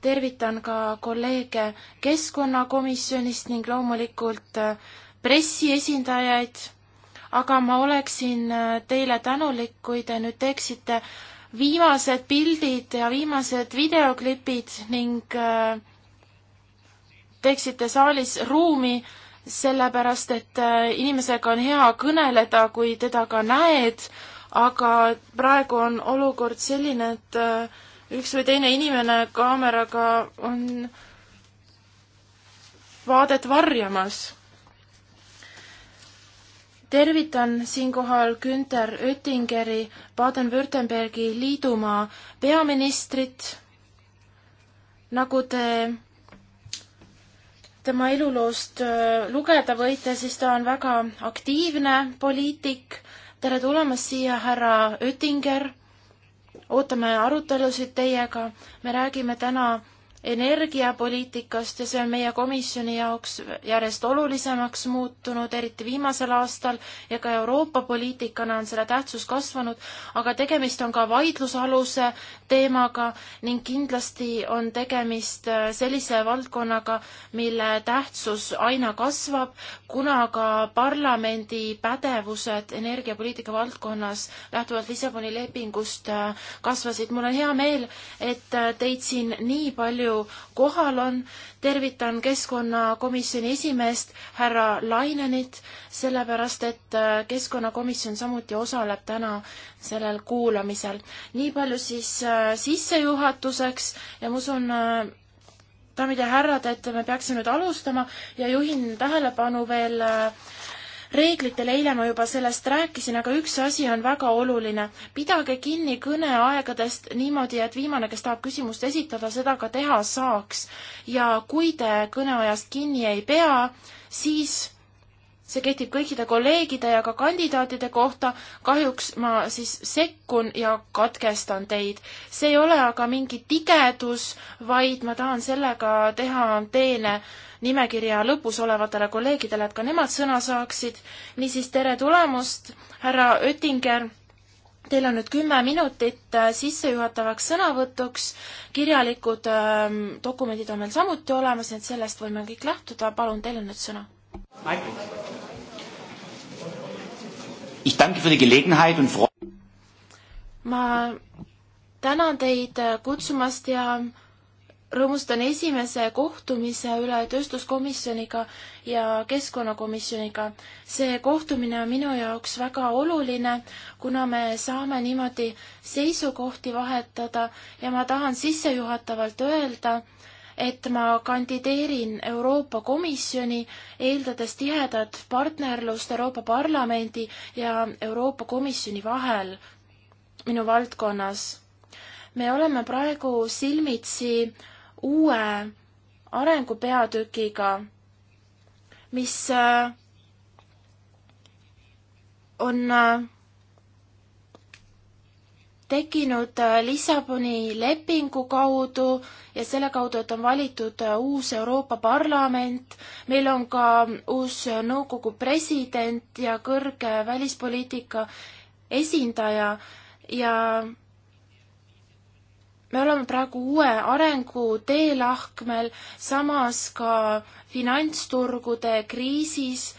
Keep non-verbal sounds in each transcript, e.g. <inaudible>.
tervitan ka kolleege keskkonnakomisjonist ning loomulikult äh, pressi esindajaid, aga ma oleksin äh, teile tänulik, kui te nüüd teeksite viimased pildid ja viimased videoklipid ning äh, teeksite saalis ruumi, sellepärast et inimesega on hea kõneleda, kui teda ka näed, aga praegu on olukord selline, et üks või teine inimene kaameraga on vaadet varjamas. tervitan siinkohal Günter Oettingeri, Baden-Württembergi liidumaa peaministrit. nagu te tema eluloost äh, lugeda võite, siis ta on väga aktiivne poliitik. tere tulemast siia, härra Oettinger ootame arutelusid teiega, me räägime täna energiapoliitikast ja see on meie komisjoni jaoks järjest olulisemaks muutunud, eriti viimasel aastal ja ka Euroopa poliitikana on selle tähtsus kasvanud, aga tegemist on ka vaidlusaluse teemaga ning kindlasti on tegemist äh, sellise valdkonnaga, mille tähtsus aina kasvab, kuna ka parlamendi pädevused energiapoliitika valdkonnas lähtuvalt Lissaboni lepingust äh, kasvasid. mul on hea meel, et äh, teid siin nii palju palju kohal on. tervitan keskkonnakomisjoni esimeest härra Lainenit, sellepärast et äh, keskkonnakomisjon samuti osaleb täna sellel kuulamisel. nii palju siis äh, sissejuhatuseks ja ma usun, äh, daamid ja härrad, et me peaksime nüüd alustama ja juhin tähelepanu veel äh, reeglitele eile ma juba sellest rääkisin, aga üks asi on väga oluline. pidage kinni kõneaegadest niimoodi, et viimane, kes tahab küsimust esitada, seda ka teha saaks. ja kui te kõneajast kinni ei pea, siis see kehtib kõikide kolleegide ja ka kandidaatide kohta. kahjuks ma siis sekkun ja katkestan teid. see ei ole aga mingi tigedus, vaid ma tahan sellega teha teene nimekirja lõpus olevatele kolleegidele, et ka nemad sõna saaksid. niisiis, tere tulemast, härra Oettinger Teil on nüüd kümme minutit äh, sissejuhatavaks sõnavõtuks, kirjalikud äh, dokumendid on meil samuti olemas, nii et sellest võime kõik lähtuda, palun, teil on nüüd sõna. Ich danke für die Gelegenheit und freue ma tänan teid kutsumast ja rõõmustan esimese kohtumise üle tööstuskomisjoniga ja keskkonnakomisjoniga. see kohtumine on minu jaoks väga oluline, kuna me saame niimoodi seisukohti vahetada ja ma tahan sissejuhatavalt öelda, et ma kandideerin Euroopa Komisjoni, eeldades tihedat partnerlust Euroopa Parlamendi ja Euroopa Komisjoni vahel minu valdkonnas. me oleme praegu silmitsi uue arengupeatükiga, mis äh, on äh, tekkinud äh, Lissaboni lepingu kaudu ja selle kaudu, et on valitud äh, uus Euroopa Parlament, meil on ka mm, uus nõukogu president ja kõrge välispoliitika esindaja ja me oleme praegu uue arengu teelahkmel, samas ka finantsturgude kriisis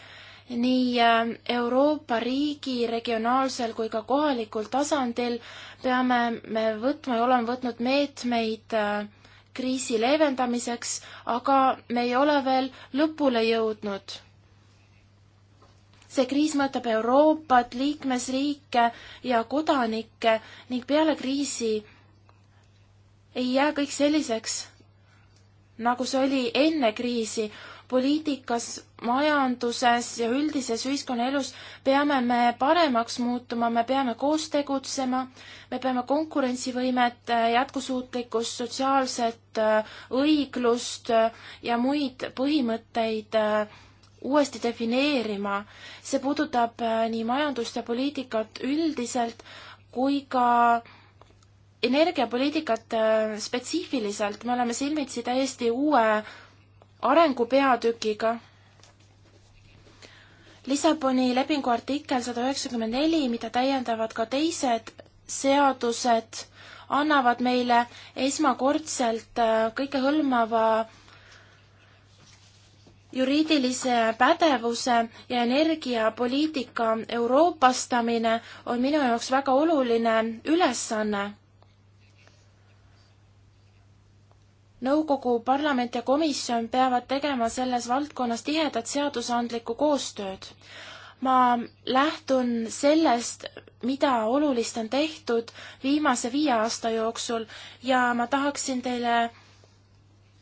nii äh, Euroopa riigi regionaalsel kui ka kohalikul tasandil peame me võtma ja oleme võtnud meetmeid äh, kriisi leevendamiseks, aga me ei ole veel lõpule jõudnud. see kriis mõjutab Euroopat, liikmesriike ja kodanikke ning peale kriisi ei jää kõik selliseks, nagu see oli enne kriisi, poliitikas, majanduses ja üldises ühiskonnaelus peame me paremaks muutuma, me peame koos tegutsema, me peame konkurentsivõimet, äh, jätkusuutlikkust, sotsiaalset äh, õiglust äh, ja muid põhimõtteid uuesti defineerima. see puudutab nii majandust ja poliitikat üldiselt kui ka energiapoliitikat spetsiifiliselt, me oleme silmitsi täiesti uue arengupeatükiga. Lissaboni lepingu artikkel sada üheksakümmend neli, mida täiendavad ka teised seadused, annavad meile esmakordselt äh, kõikehõlmava juriidilise pädevuse ja energiapoliitika euroopastamine on minu jaoks väga oluline ülesanne. nõukogu, parlament ja komisjon peavad tegema selles valdkonnas tihedat seadusandlikku koostööd. ma lähtun sellest, mida olulist on tehtud viimase viie aasta jooksul ja ma tahaksin teile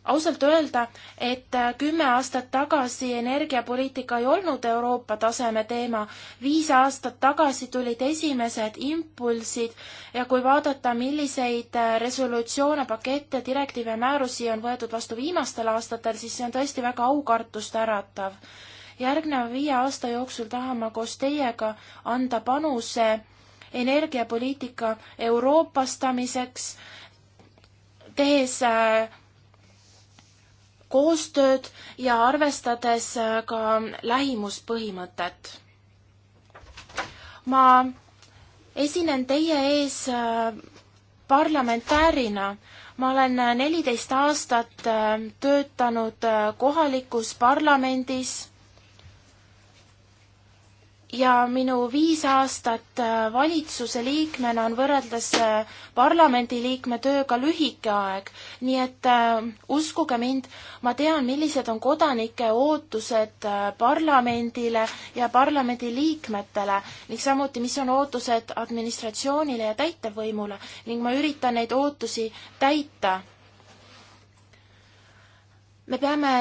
ausalt öelda, et äh, kümme aastat tagasi energiapoliitika ei olnud Euroopa taseme teema, viis aastat tagasi tulid esimesed impulsid ja kui vaadata, milliseid äh, resolutsioone, pakette, direktiive, määrusi on võetud vastu viimastel aastatel, siis see on tõesti väga aukartust äratav. järgneva viie aasta jooksul tahan ma koos teiega anda panuse energiapoliitika euroopastamiseks, tehes äh, koostööd ja arvestades äh, ka lähimuspõhimõtet. ma esinen teie ees äh, parlamentäärina. ma olen äh, neliteist aastat töötanud kohalikus parlamendis ja minu viis aastat äh, valitsuse liikmena on võrreldes äh, parlamendiliikme tööga lühike aeg, nii et äh, uskuge mind, ma tean, millised on kodanike ootused äh, parlamendile ja parlamendiliikmetele ning samuti, mis on ootused administratsioonile ja täitevvõimule ning ma üritan neid ootusi täita. me peame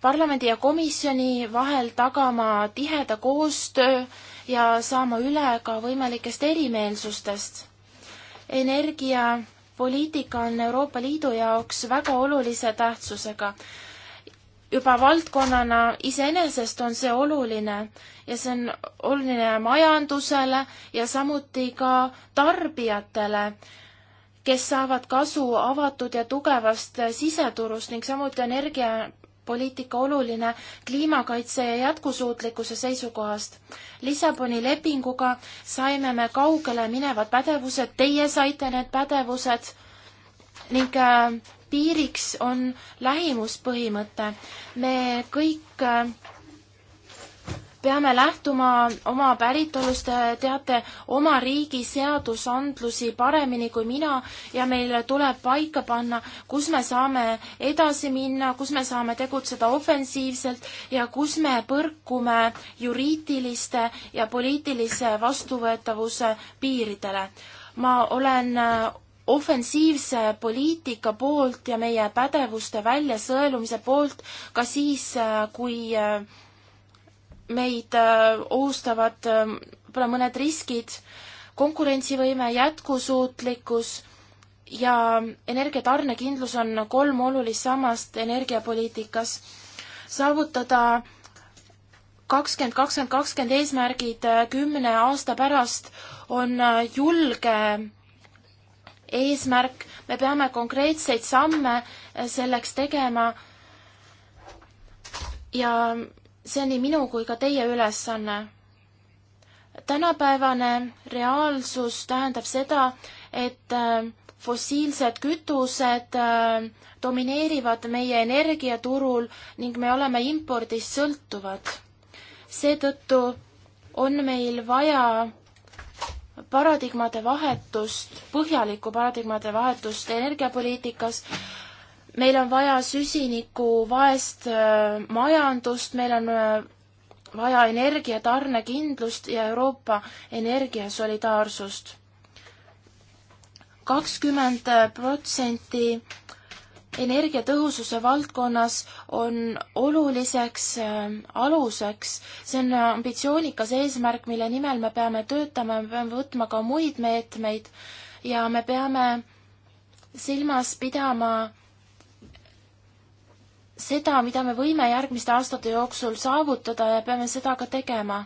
parlamendi ja komisjoni vahel tagama tiheda koostöö ja saama üle ka võimalikest erimeelsustest. energiapoliitika on Euroopa Liidu jaoks väga olulise tähtsusega. juba valdkonnana iseenesest on see oluline ja see on oluline majandusele ja samuti ka tarbijatele kes saavad kasu avatud ja tugevast siseturust ning samuti energia poliitika oluline kliimakaitse ja jätkusuutlikkuse seisukohast. Lissaboni lepinguga saime me kaugele minevad pädevused, teie saite need pädevused ning äh, piiriks on lähimuspõhimõte. me kõik äh, peame lähtuma oma päritolust, teate oma riigi seadusandlusi paremini kui mina ja meil tuleb paika panna, kus me saame edasi minna, kus me saame tegutseda ofensiivselt ja kus me põrkume juriidiliste ja poliitilise vastuvõetavuse piiridele. ma olen äh, ofensiivse poliitika poolt ja meie pädevuste väljasõelumise poolt ka siis, äh, kui äh, meid äh, ohustavad võib-olla ähm, mõned riskid, konkurentsivõime, jätkusuutlikkus ja energiatarnekindlus on kolm olulist sammast energiapoliitikas. saavutada kakskümmend, kakskümmend, kakskümmend eesmärgid äh, kümne aasta pärast on äh, julge eesmärk, me peame konkreetseid samme selleks tegema ja see on nii minu kui ka teie ülesanne. tänapäevane reaalsus tähendab seda, et äh, fossiilsed kütused äh, domineerivad meie energiaturul ning me oleme impordist sõltuvad. seetõttu on meil vaja paradigmade vahetust, põhjalikku paradigmade vahetust energiapoliitikas, meil on vaja süsinikuvaest äh, majandust, meil on äh, vaja energiatarnekindlust ja Euroopa energiasolidaarsust. kakskümmend äh, protsenti energiatõhususe valdkonnas on oluliseks aluseks, see on ambitsioonikas eesmärk, mille nimel me peame töötama, me peame võtma ka muid meetmeid ja me peame silmas pidama seda, mida me võime järgmiste aastate jooksul saavutada ja peame seda ka tegema.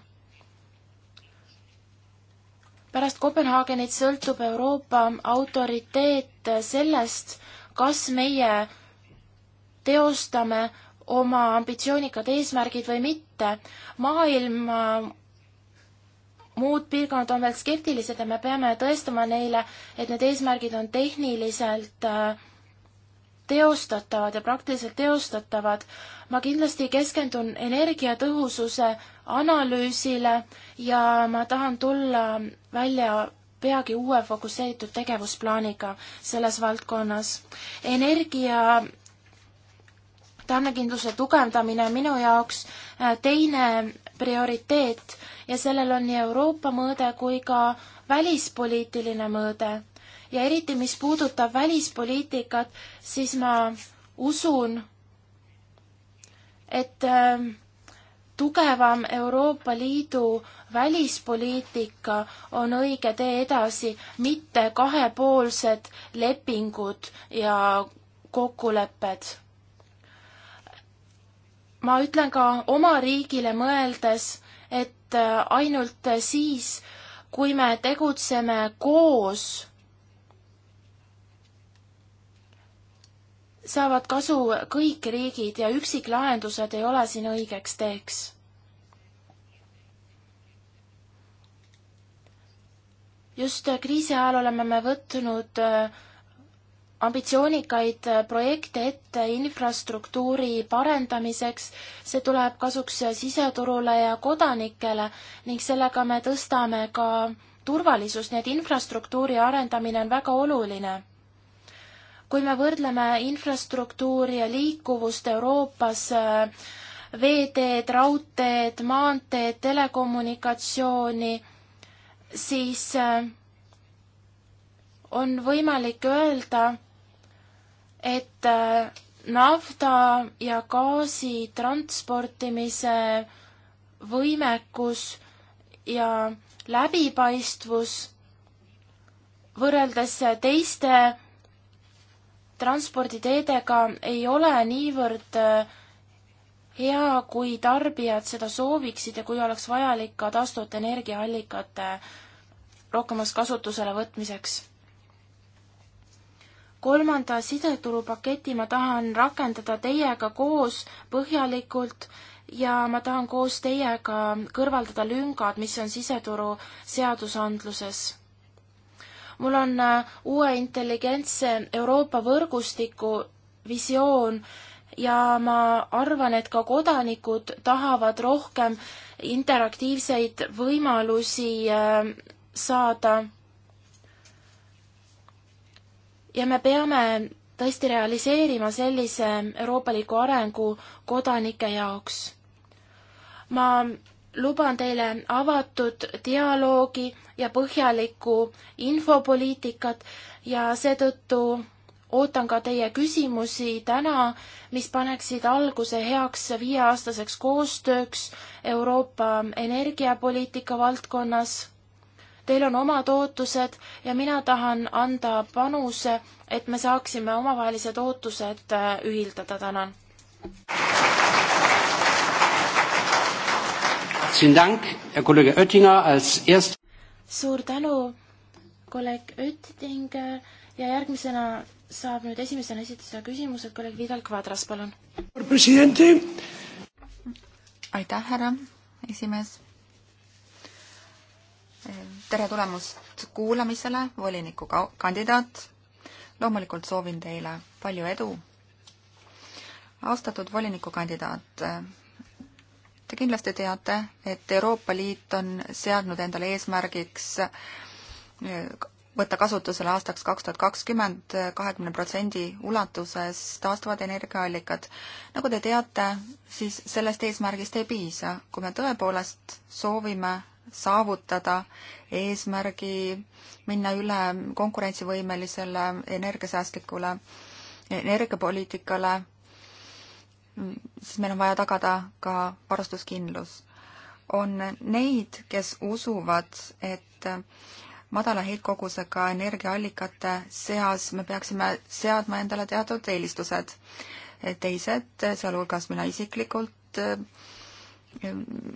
pärast Kopenhaagenit sõltub Euroopa autoriteet sellest, kas meie teostame oma ambitsioonikad eesmärgid või mitte. maailm, muud piirkonnad on veel skeptilised ja me peame tõestama neile, et need eesmärgid on tehniliselt äh, teostatavad ja praktiliselt teostatavad. ma kindlasti keskendun energiatõhususe analüüsile ja ma tahan tulla välja peagi uue fokusseeritud tegevusplaaniga selles valdkonnas. energia tarnekindluse tugevdamine on minu jaoks äh, teine prioriteet ja sellel on nii Euroopa mõõde kui ka välispoliitiline mõõde ja eriti, mis puudutab välispoliitikat, siis ma usun, et ähm, tugevam Euroopa Liidu välispoliitika on õige tee edasi, mitte kahepoolsed lepingud ja kokkulepped. ma ütlen ka oma riigile mõeldes, et äh, ainult siis, kui me tegutseme koos saavad kasu kõik riigid ja üksiklahendused ei ole siin õigeks teeks. just kriisi ajal oleme me võtnud äh, ambitsioonikaid äh, projekte ette infrastruktuuri parendamiseks, see tuleb kasuks siseturule ja kodanikele ning sellega me tõstame ka turvalisust, nii et infrastruktuuri arendamine on väga oluline kui me võrdleme infrastruktuuri ja liikuvust Euroopas, äh, veeteed, raudteed, maanteed, telekommunikatsiooni, siis äh, on võimalik öelda, et äh, nafta ja gaasi transportimise võimekus ja läbipaistvus võrreldes teiste transporditeedega ei ole niivõrd äh, hea, kui tarbijad seda sooviksid ja kui oleks vajalik ka taastuvate energiaallikate rohkemas kasutusele võtmiseks. kolmanda sideturupaketi ma tahan rakendada teiega koos põhjalikult ja ma tahan koos teiega kõrvaldada lüngad, mis on siseturu seadusandluses mul on äh, uue intelligentse Euroopa võrgustiku visioon ja ma arvan, et ka kodanikud tahavad rohkem interaktiivseid võimalusi äh, saada. ja me peame tõesti realiseerima sellise euroopaliku arengu kodanike jaoks. ma luban teile avatud dialoogi ja põhjalikku infopoliitikat ja seetõttu ootan ka teie küsimusi täna, mis paneksid alguse heaks viieaastaseks koostööks Euroopa energiapoliitika valdkonnas. Teil on omad ootused ja mina tahan anda panuse, et me saaksime omavahelised ootused äh, ühildada, tänan. Vielen Dank, Herr Kollege Oettinger, als erst... suur tänu, kolleeg Oettinger ja järgmisena saab nüüd esimesena esitada küsimused kolleeg Vidal Quadras, palun. aitäh, härra esimees. tere tulemast kuulamisele, voliniku kandidaat. loomulikult soovin teile palju edu. austatud volinikukandidaat Te kindlasti teate, et Euroopa Liit on seadnud endale eesmärgiks eh, võtta kasutusele aastaks kaks tuhat kakskümmend eh, kahekümne protsendi ulatuses taastuvad energiaallikad. nagu te teate, siis sellest eesmärgist ei piisa, kui me tõepoolest soovime saavutada eesmärgi minna üle konkurentsivõimelisele energiasäästlikule energiapoliitikale siis meil on vaja tagada ka varustuskindlus. on neid, kes usuvad, et madala heitkogusega energiaallikate seas me peaksime seadma endale teatud eelistused. teised, sealhulgas mina isiklikult,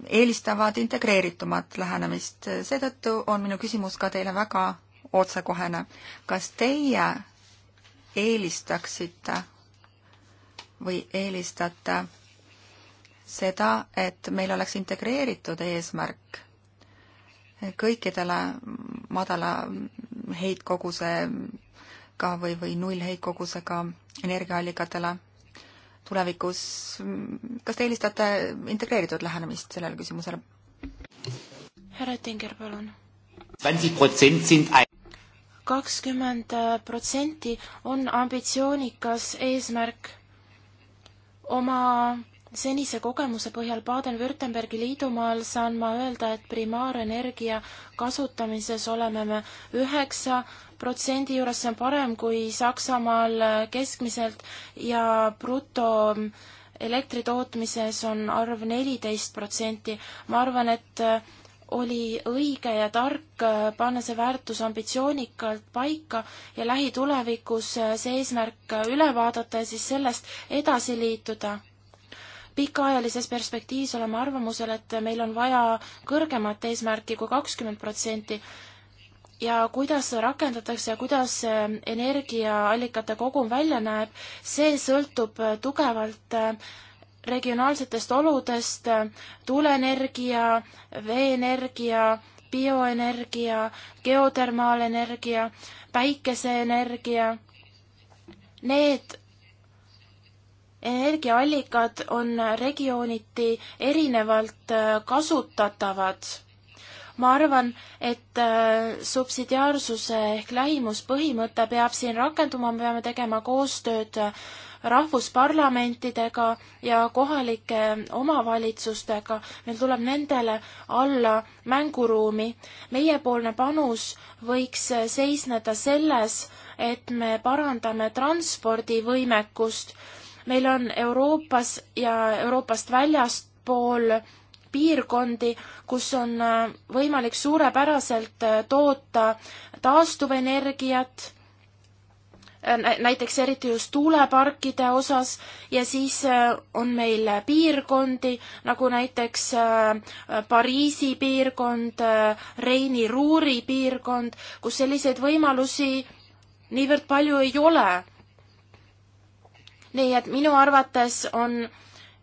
eelistavad integreeritumat lähenemist. seetõttu on minu küsimus ka teile väga otsekohene. kas teie eelistaksite või eelistate seda, et meil oleks integreeritud eesmärk kõikidele madala heitkogusega või, või nullheitkogusega energiaallikatele tulevikus. kas te eelistate integreeritud lähenemist sellele küsimusele? härra Tinger, palun. kakskümmend protsenti on ambitsioonikas eesmärk oma senise kogemuse põhjal Baden-Württembergi liidumaal saan ma öelda, et primaarenergia kasutamises oleme me üheksa protsendi juures, see on parem kui Saksamaal keskmiselt ja bruto elektritootmises on arv neliteist protsenti. ma arvan, et oli õige ja tark panna see väärtus ambitsioonikalt paika ja lähitulevikus see eesmärk üle vaadata ja siis sellest edasi liituda. pikaajalises perspektiivis oleme arvamusel, et meil on vaja kõrgemat eesmärki kui kakskümmend protsenti ja kuidas seda rakendatakse ja kuidas energiaallikate kogum välja näeb, see sõltub tugevalt regionaalsetest oludest tuuleenergia, veeenergia, bioenergia, geotermaalenergia, päikeseenergia. Need energiaallikad on regiooniti erinevalt äh, kasutatavad. ma arvan, et äh, subsidiaarsuse ehk lähimuspõhimõte peab siin rakenduma, me peame tegema koostööd äh, rahvusparlamentidega ja kohalike omavalitsustega, meil tuleb nendele alla mänguruumi. meiepoolne panus võiks seisneda selles, et me parandame transpordivõimekust. meil on Euroopas ja Euroopast väljaspool piirkondi, kus on võimalik suurepäraselt toota taastuvenergiat Äh, näiteks eriti just tuuleparkide osas ja siis äh, on meil piirkondi, nagu näiteks äh, Pariisi piirkond, Reini-Ruuri piirkond, kus selliseid võimalusi niivõrd palju ei ole. nii et minu arvates on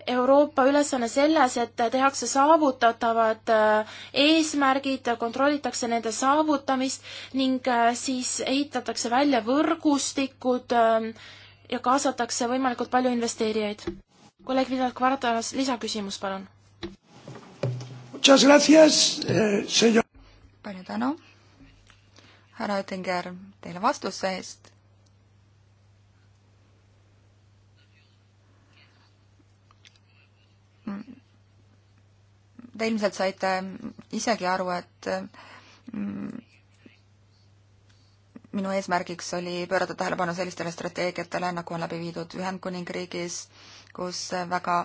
Euroopa ülesanne selles, et tehakse saavutatavad äh, eesmärgid, kontrollitakse nende saavutamist ning äh, siis ehitatakse välja võrgustikud äh, ja kaasatakse võimalikult palju investeerijaid. kolleeg Vidal Kvartalas, lisaküsimus, palun. Eh, palju tänu, härra Oettinger, teile vastuse eest te ilmselt saite isegi aru, et mm, minu eesmärgiks oli pöörata tähelepanu sellistele strateegiatele, nagu on läbi viidud Ühendkuningriigis, kus väga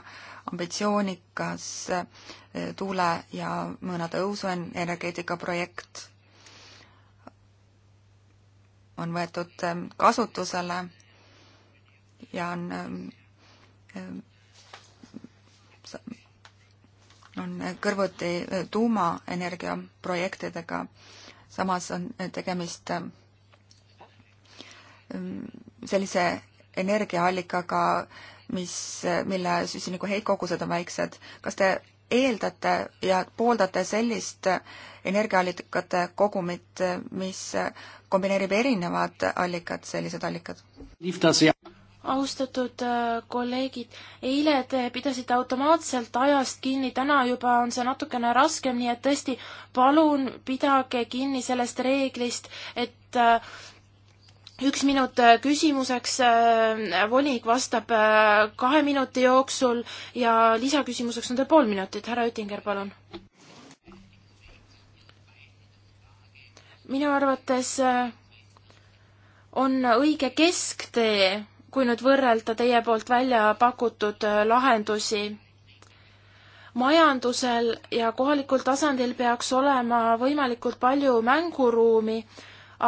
ambitsioonikas eh, tuule- ja mõõnatõusu energeetikaprojekt on võetud eh, kasutusele ja on eh, on kõrvuti tuumaenergia projektidega, samas on tegemist mm, sellise energiaallikaga, mis, mille süsiniku heitkogused on väiksed. kas te eeldate ja pooldate sellist energiaallikate kogumit, mis kombineerib erinevad allikad, sellised allikad? austatud äh, kolleegid, eile te pidasite automaatselt ajast kinni, täna juba on see natukene raskem, nii et tõesti palun pidage kinni sellest reeglist, et äh, üks minut äh, küsimuseks, volinik vastab kahe minuti jooksul ja lisaküsimuseks on teil pool minutit, härra Oettinger, palun. minu arvates on õige kesktee kui nüüd võrrelda teie poolt välja pakutud äh, lahendusi, majandusel ja kohalikul tasandil peaks olema võimalikult palju mänguruumi,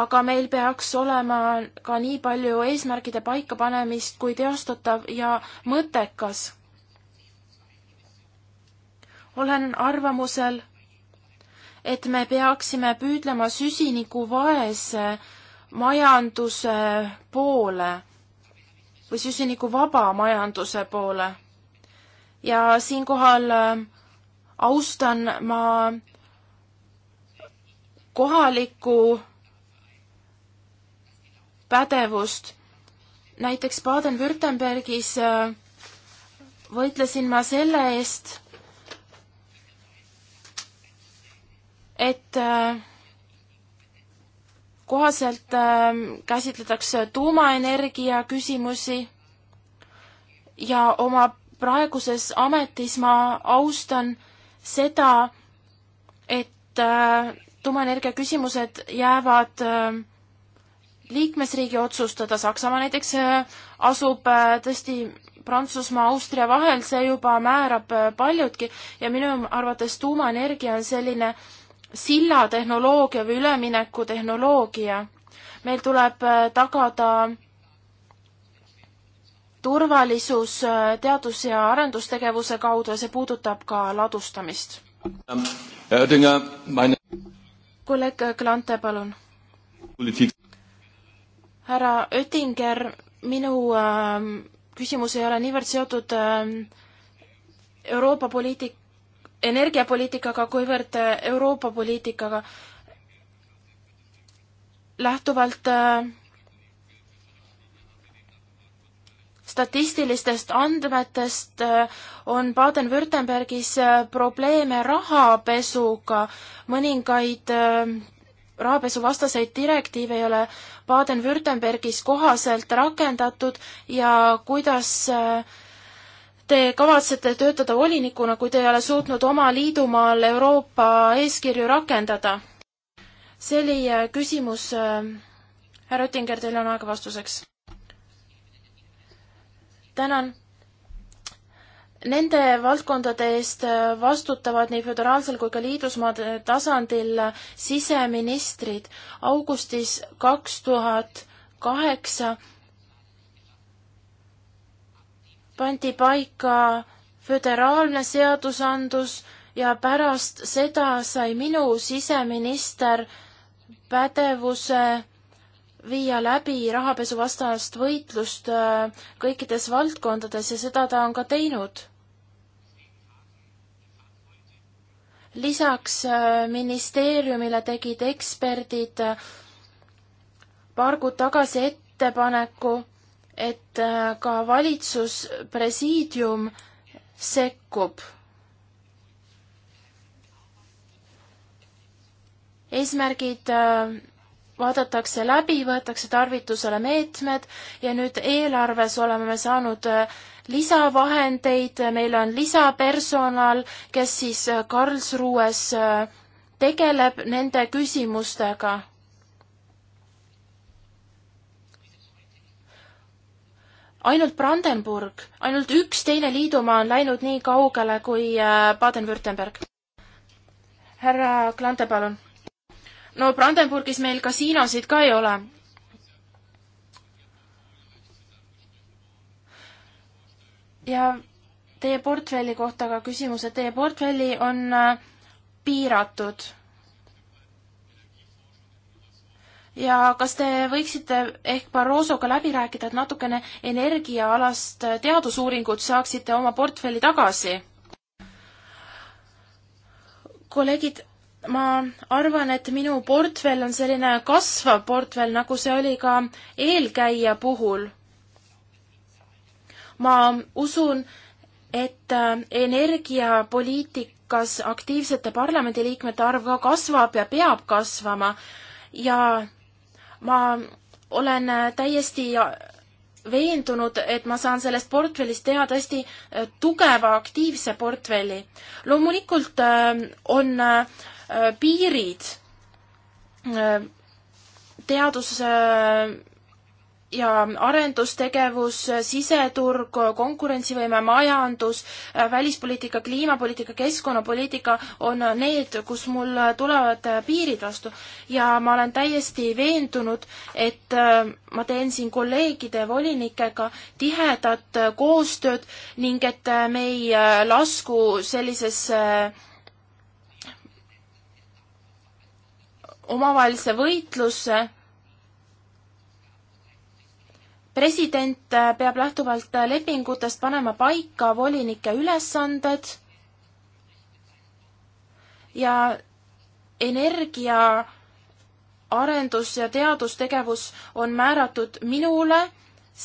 aga meil peaks olema ka nii palju eesmärgide paikapanemist kui teostatav ja mõttekas. olen arvamusel, et me peaksime püüdlema süsinikuvaese majanduse poole või süsinikuvaba nagu majanduse poole. ja siinkohal äh, austan ma kohalikku pädevust. näiteks Baden-Württembergis äh, võitlesin ma selle eest, et äh, kohaselt ähm, käsitletakse tuumaenergia küsimusi ja oma praeguses ametis ma austan seda, et äh, tuumaenergia küsimused jäävad ähm, liikmesriigi otsustada, Saksamaa näiteks äh, asub äh, tõesti Prantsusmaa, Austria vahel, see juba määrab paljudki ja minu arvates tuumaenergia on selline äh, sillatehnoloogia või üleminekutehnoloogia. meil tuleb äh, tagada turvalisus äh, teadus- ja arendustegevuse kaudu ja see puudutab ka ladustamist. Ähm, kolleeg Klante, palun. härra Oettinger, minu äh, küsimus ei ole niivõrd seotud äh, Euroopa poliitik-, energiapoliitikaga, kuivõrd äh, Euroopa poliitikaga. lähtuvalt äh, statistilistest andmetest äh, on Baden-Württembergis probleeme rahapesuga, mõningaid rahapesuvastaseid direktiive ei ole Baden-Württembergis kohaselt rakendatud ja kuidas äh, Te kavatsete töötada volinikuna, kui te ei ole suutnud oma liidumaal Euroopa eeskirju rakendada. see oli äh, küsimus. Äh, härra Oettinger, teil on aega vastuseks. tänan Nende valdkondade eest äh, vastutavad nii föderaalsel kui ka liidusmaade tasandil siseministrid. augustis kaks tuhat kaheksa pandi paika föderaalne seadusandlus ja pärast seda sai minu siseminister pädevuse viia läbi rahapesuvastast võitlust äh, kõikides valdkondades ja seda ta on ka teinud. lisaks äh, ministeeriumile tegid eksperdid äh, paar kuud tagasi ettepaneku, et äh, ka valitsuspresiidium sekkub. eesmärgid äh, vaadatakse läbi, võetakse tarvitusele meetmed ja nüüd eelarves oleme me saanud äh, lisavahendeid, meil on lisapersonal, kes siis Karlsruhes tegeleb nende küsimustega ainult Brandenburg, ainult üks teine liidumaa on läinud nii kaugele kui äh, Baden-Württemberg. härra Klante, palun. no Brandenburgis meil kasiinosid ka ei ole. ja teie portfelli kohta ka küsimus, et teie portfelli on äh, piiratud ja kas te võiksite ehk Barrosoga läbi rääkida, et natukene energiaalast äh, teadusuuringut saaksite oma portfelli tagasi? kolleegid, ma arvan, et minu portfell on selline kasvav portfell, nagu see oli ka eelkäija puhul. ma usun, et äh, energiapoliitikas aktiivsete parlamendiliikmete arv ka kasvab ja peab kasvama ja ma olen äh, täiesti veendunud, et ma saan sellest portfellist teha tõesti äh, tugeva, aktiivse portfelli. loomulikult äh, on piirid teadus ja arendustegevus, siseturg, konkurentsivõime, majandus, välispoliitika, kliimapoliitika, keskkonnapoliitika on need, kus mul tulevad piirid vastu. ja ma olen täiesti veendunud, et ma teen siin kolleegide, volinikega tihedat koostööd ning et me ei lasku sellisesse omavahelisse võitlusse president äh, peab lähtuvalt äh, lepingutest panema paika volinike ülesanded ja energia arendus- ja teadustegevus on määratud minule,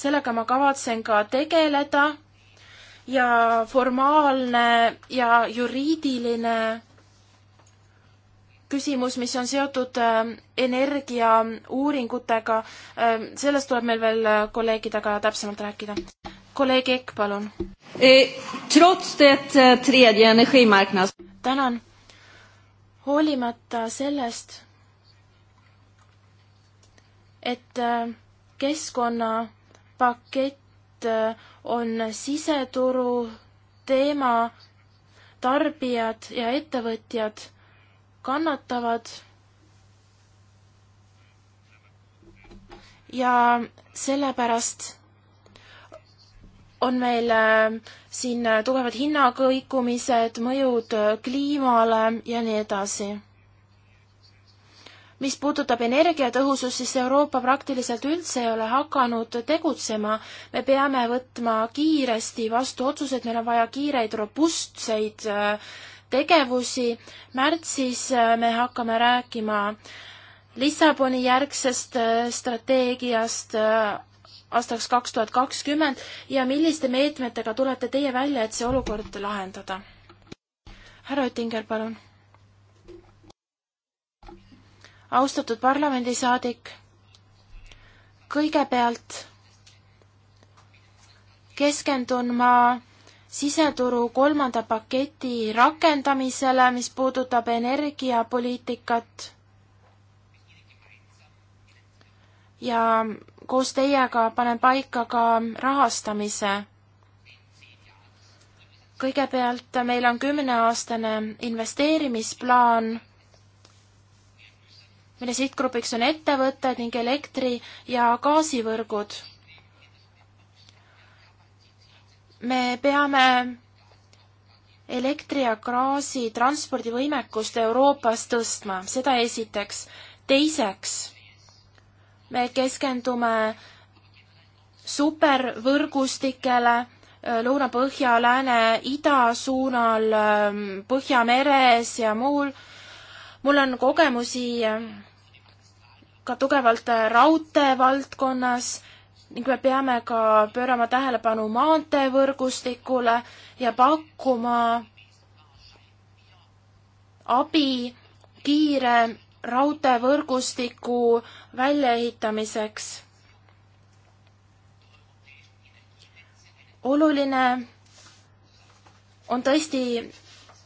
sellega ma kavatsen ka tegeleda ja formaalne ja juriidiline küsimus, mis on seotud äh, energiauuringutega, äh, sellest tuleb meil veel äh, kolleegidega täpsemalt rääkida. kolleeg Ekk, palun. Eh, eh, tänan. hoolimata sellest, et keskkonnapakett on siseturu teema, tarbijad ja ettevõtjad kannatavad ja sellepärast on meil äh, siin äh, tugevad hinnakõikumised, mõjud äh, kliimale ja nii edasi. mis puudutab energiatõhusust, siis Euroopa praktiliselt üldse ei ole hakanud tegutsema. me peame võtma kiiresti vastu otsused, meil on vaja kiireid robustseid äh, tegevusi. märtsis äh, me hakkame rääkima Lissaboni järgsest äh, strateegiast äh, aastaks kaks tuhat kakskümmend ja milliste meetmetega tulete teie välja, et see olukord lahendada? härra Oettinger, palun. austatud parlamendisaadik, kõigepealt keskendun ma siseturu kolmanda paketi rakendamisele, mis puudutab energiapoliitikat. ja koos teiega panen paika ka rahastamise. kõigepealt meil on kümneaastane investeerimisplaan, mille sihtgrupiks on ettevõtted ning elektri- ja gaasivõrgud me peame elektri ja gaasi transpordivõimekust Euroopas tõstma, seda esiteks. teiseks, me keskendume supervõrgustikele äh, lõuna-põhja, lääne-ida suunal, ähm, Põhjameres ja muul. mul on kogemusi äh, ka tugevalt äh, raudtee valdkonnas ning me peame ka pöörama tähelepanu maanteevõrgustikule ja pakkuma abi kiire raudteevõrgustiku väljaehitamiseks. oluline on tõesti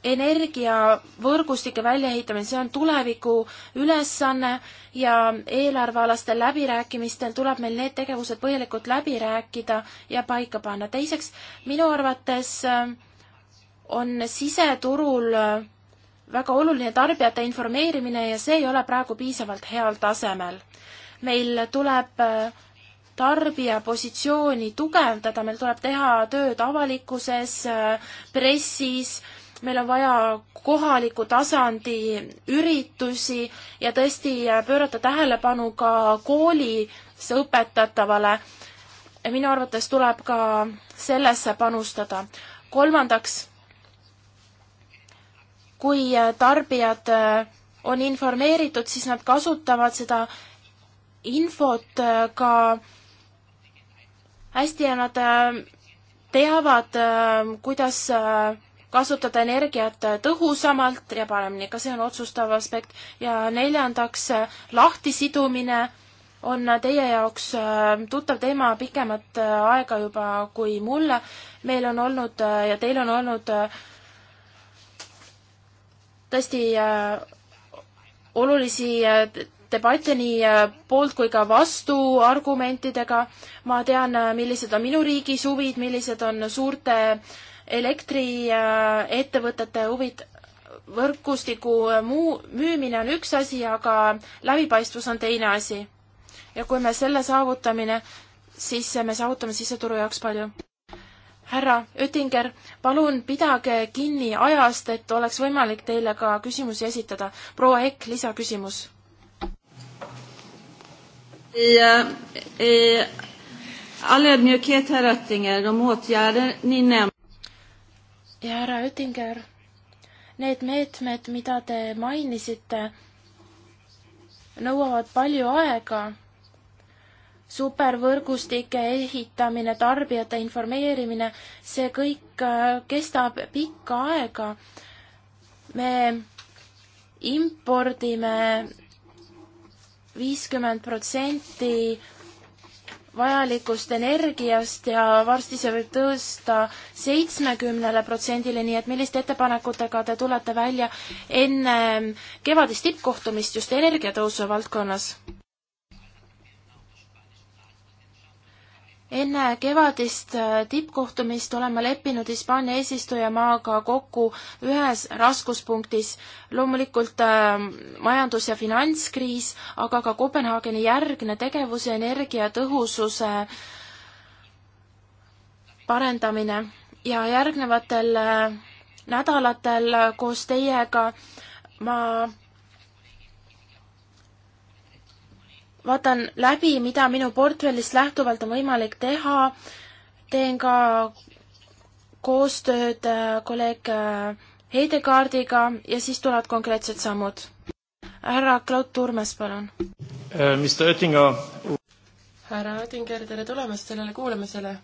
energiavõrgustike väljaehitamine, see on tuleviku ülesanne ja eelarvealastel läbirääkimistel tuleb meil need tegevused põhjalikult läbi rääkida ja paika panna. teiseks, minu arvates äh, on siseturul äh, väga oluline tarbijate informeerimine ja see ei ole praegu piisavalt heal tasemel. meil tuleb äh, tarbija positsiooni tugevdada, meil tuleb teha tööd avalikkuses, pressis meil on vaja kohaliku tasandi üritusi ja tõesti pöörata tähelepanu ka koolis õpetatavale. minu arvates tuleb ka sellesse panustada. kolmandaks, kui tarbijad on informeeritud, siis nad kasutavad seda infot ka hästi ja nad teavad, kuidas kasutada energiat tõhusamalt ja paremini, ka see on otsustav aspekt. ja neljandaks, lahtisidumine on teie jaoks äh, tuttav teema pikemat äh, aega juba kui mulle. meil on olnud äh, ja teil on olnud tõesti olulisi debatte nii poolt kui ka vastu argumentidega. ma tean, millised on minu riigis huvid, millised on suurte äh, elektriettevõtete huvid võrgustiku muu, müümine on üks asi, aga läbipaistvus on teine asi. ja kui me selle saavutamine, siis me saavutame siseturu jaoks palju. härra Oettinger, palun pidage kinni ajast, et oleks võimalik teile ka küsimusi esitada. proua Ekk, lisaküsimus. ja, ja eh, eh, All ödmjukhet, herr Oettinger, de åtgärder ni nämner ja härra Oettinger, need meetmed, mida te mainisite, nõuavad palju aega. supervõrgustike ehitamine, tarbijate informeerimine, see kõik äh, kestab pikka aega. me impordime viiskümmend protsenti vajalikust energiast ja varsti see võib tõusta seitsmekümnele protsendile, nii et milliste ettepanekutega te tulete välja enne kevadist tippkohtumist just energiatõusu valdkonnas? enne kevadist äh, tippkohtumist oleme leppinud Hispaania eesistujamaaga kokku ühes raskuspunktis. loomulikult äh, majandus- ja finantskriis, aga ka Kopenhaageni järgne tegevus ja energiatõhususe parendamine ja järgnevatel äh, nädalatel äh, koos teiega ma äh, vaatan läbi, mida minu portfellist lähtuvalt on võimalik teha, teen ka koostööd äh, kolleeg äh, Heidekaardiga ja siis tulevad konkreetsed sammud. härra Claude Turmes, palun äh,. Mr Oettinger. härra Oettinger, tere tulemast sellele kuulamisele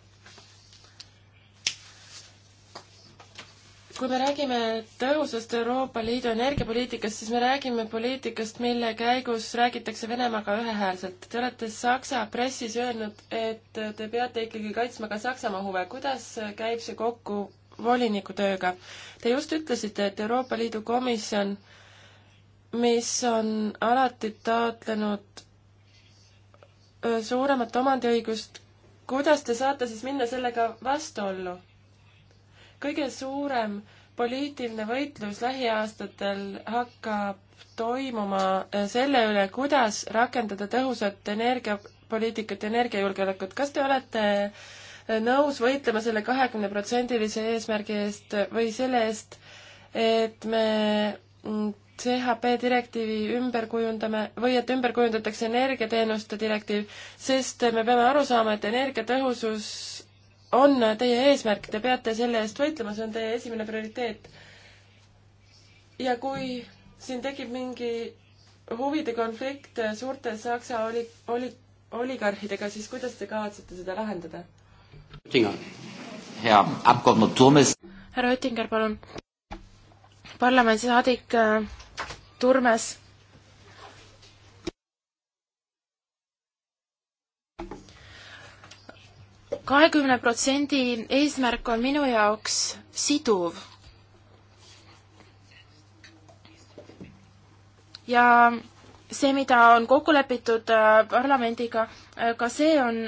kui me räägime tõhusast Euroopa Liidu energiapoliitikast, siis me räägime poliitikast, mille käigus räägitakse Venemaaga ühehäälselt. Te olete Saksa pressis öelnud, et te peate ikkagi kaitsma ka Saksamaa huve. kuidas käib see kokku voliniku tööga? Te just ütlesite, et Euroopa Liidu komisjon, mis on alati taotlenud äh, suuremat omandiõigust, kuidas te saate siis minna sellega vastuollu? kõige suurem poliitiline võitlus lähiaastatel hakkab toimuma äh, selle üle, kuidas rakendada tõhusat energiapoliitikat, energiajulgeolekut. kas te olete äh, nõus võitlema selle kahekümneprotsendilise eesmärgi eest või selle eest, et me mm, CHP direktiivi ümber kujundame või et ümber kujundatakse energiateenuste direktiiv, sest me peame aru saama, et energiatõhusus on teie eesmärk, te peate selle eest võitlema, see on teie esimene prioriteet. ja kui siin tekib mingi huvide konflikt suurte Saksa oli, oli, oligarhidega, siis kuidas te kavatsete seda lahendada? hea abgeordnet Turmes. härra Oettinger, palun. parlamendisaadik äh, Turmes kahekümne protsendi eesmärk on minu jaoks siduv. ja see, mida on kokku lepitud äh, parlamendiga, äh, ka see on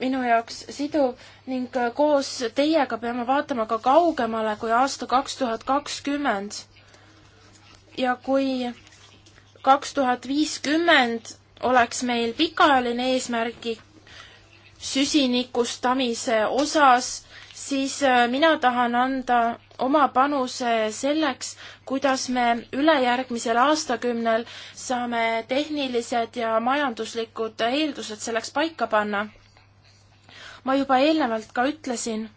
minu jaoks siduv ning äh, koos teiega peame vaatama ka kaugemale kui aasta kaks tuhat kakskümmend. ja kui kaks tuhat viiskümmend oleks meil pikaajaline eesmärgik, süsinikustamise osas, siis äh, mina tahan anda oma panuse selleks, kuidas me ülejärgmisel aastakümnel saame tehnilised ja majanduslikud eeldused selleks paika panna. ma juba eelnevalt ka ütlesin,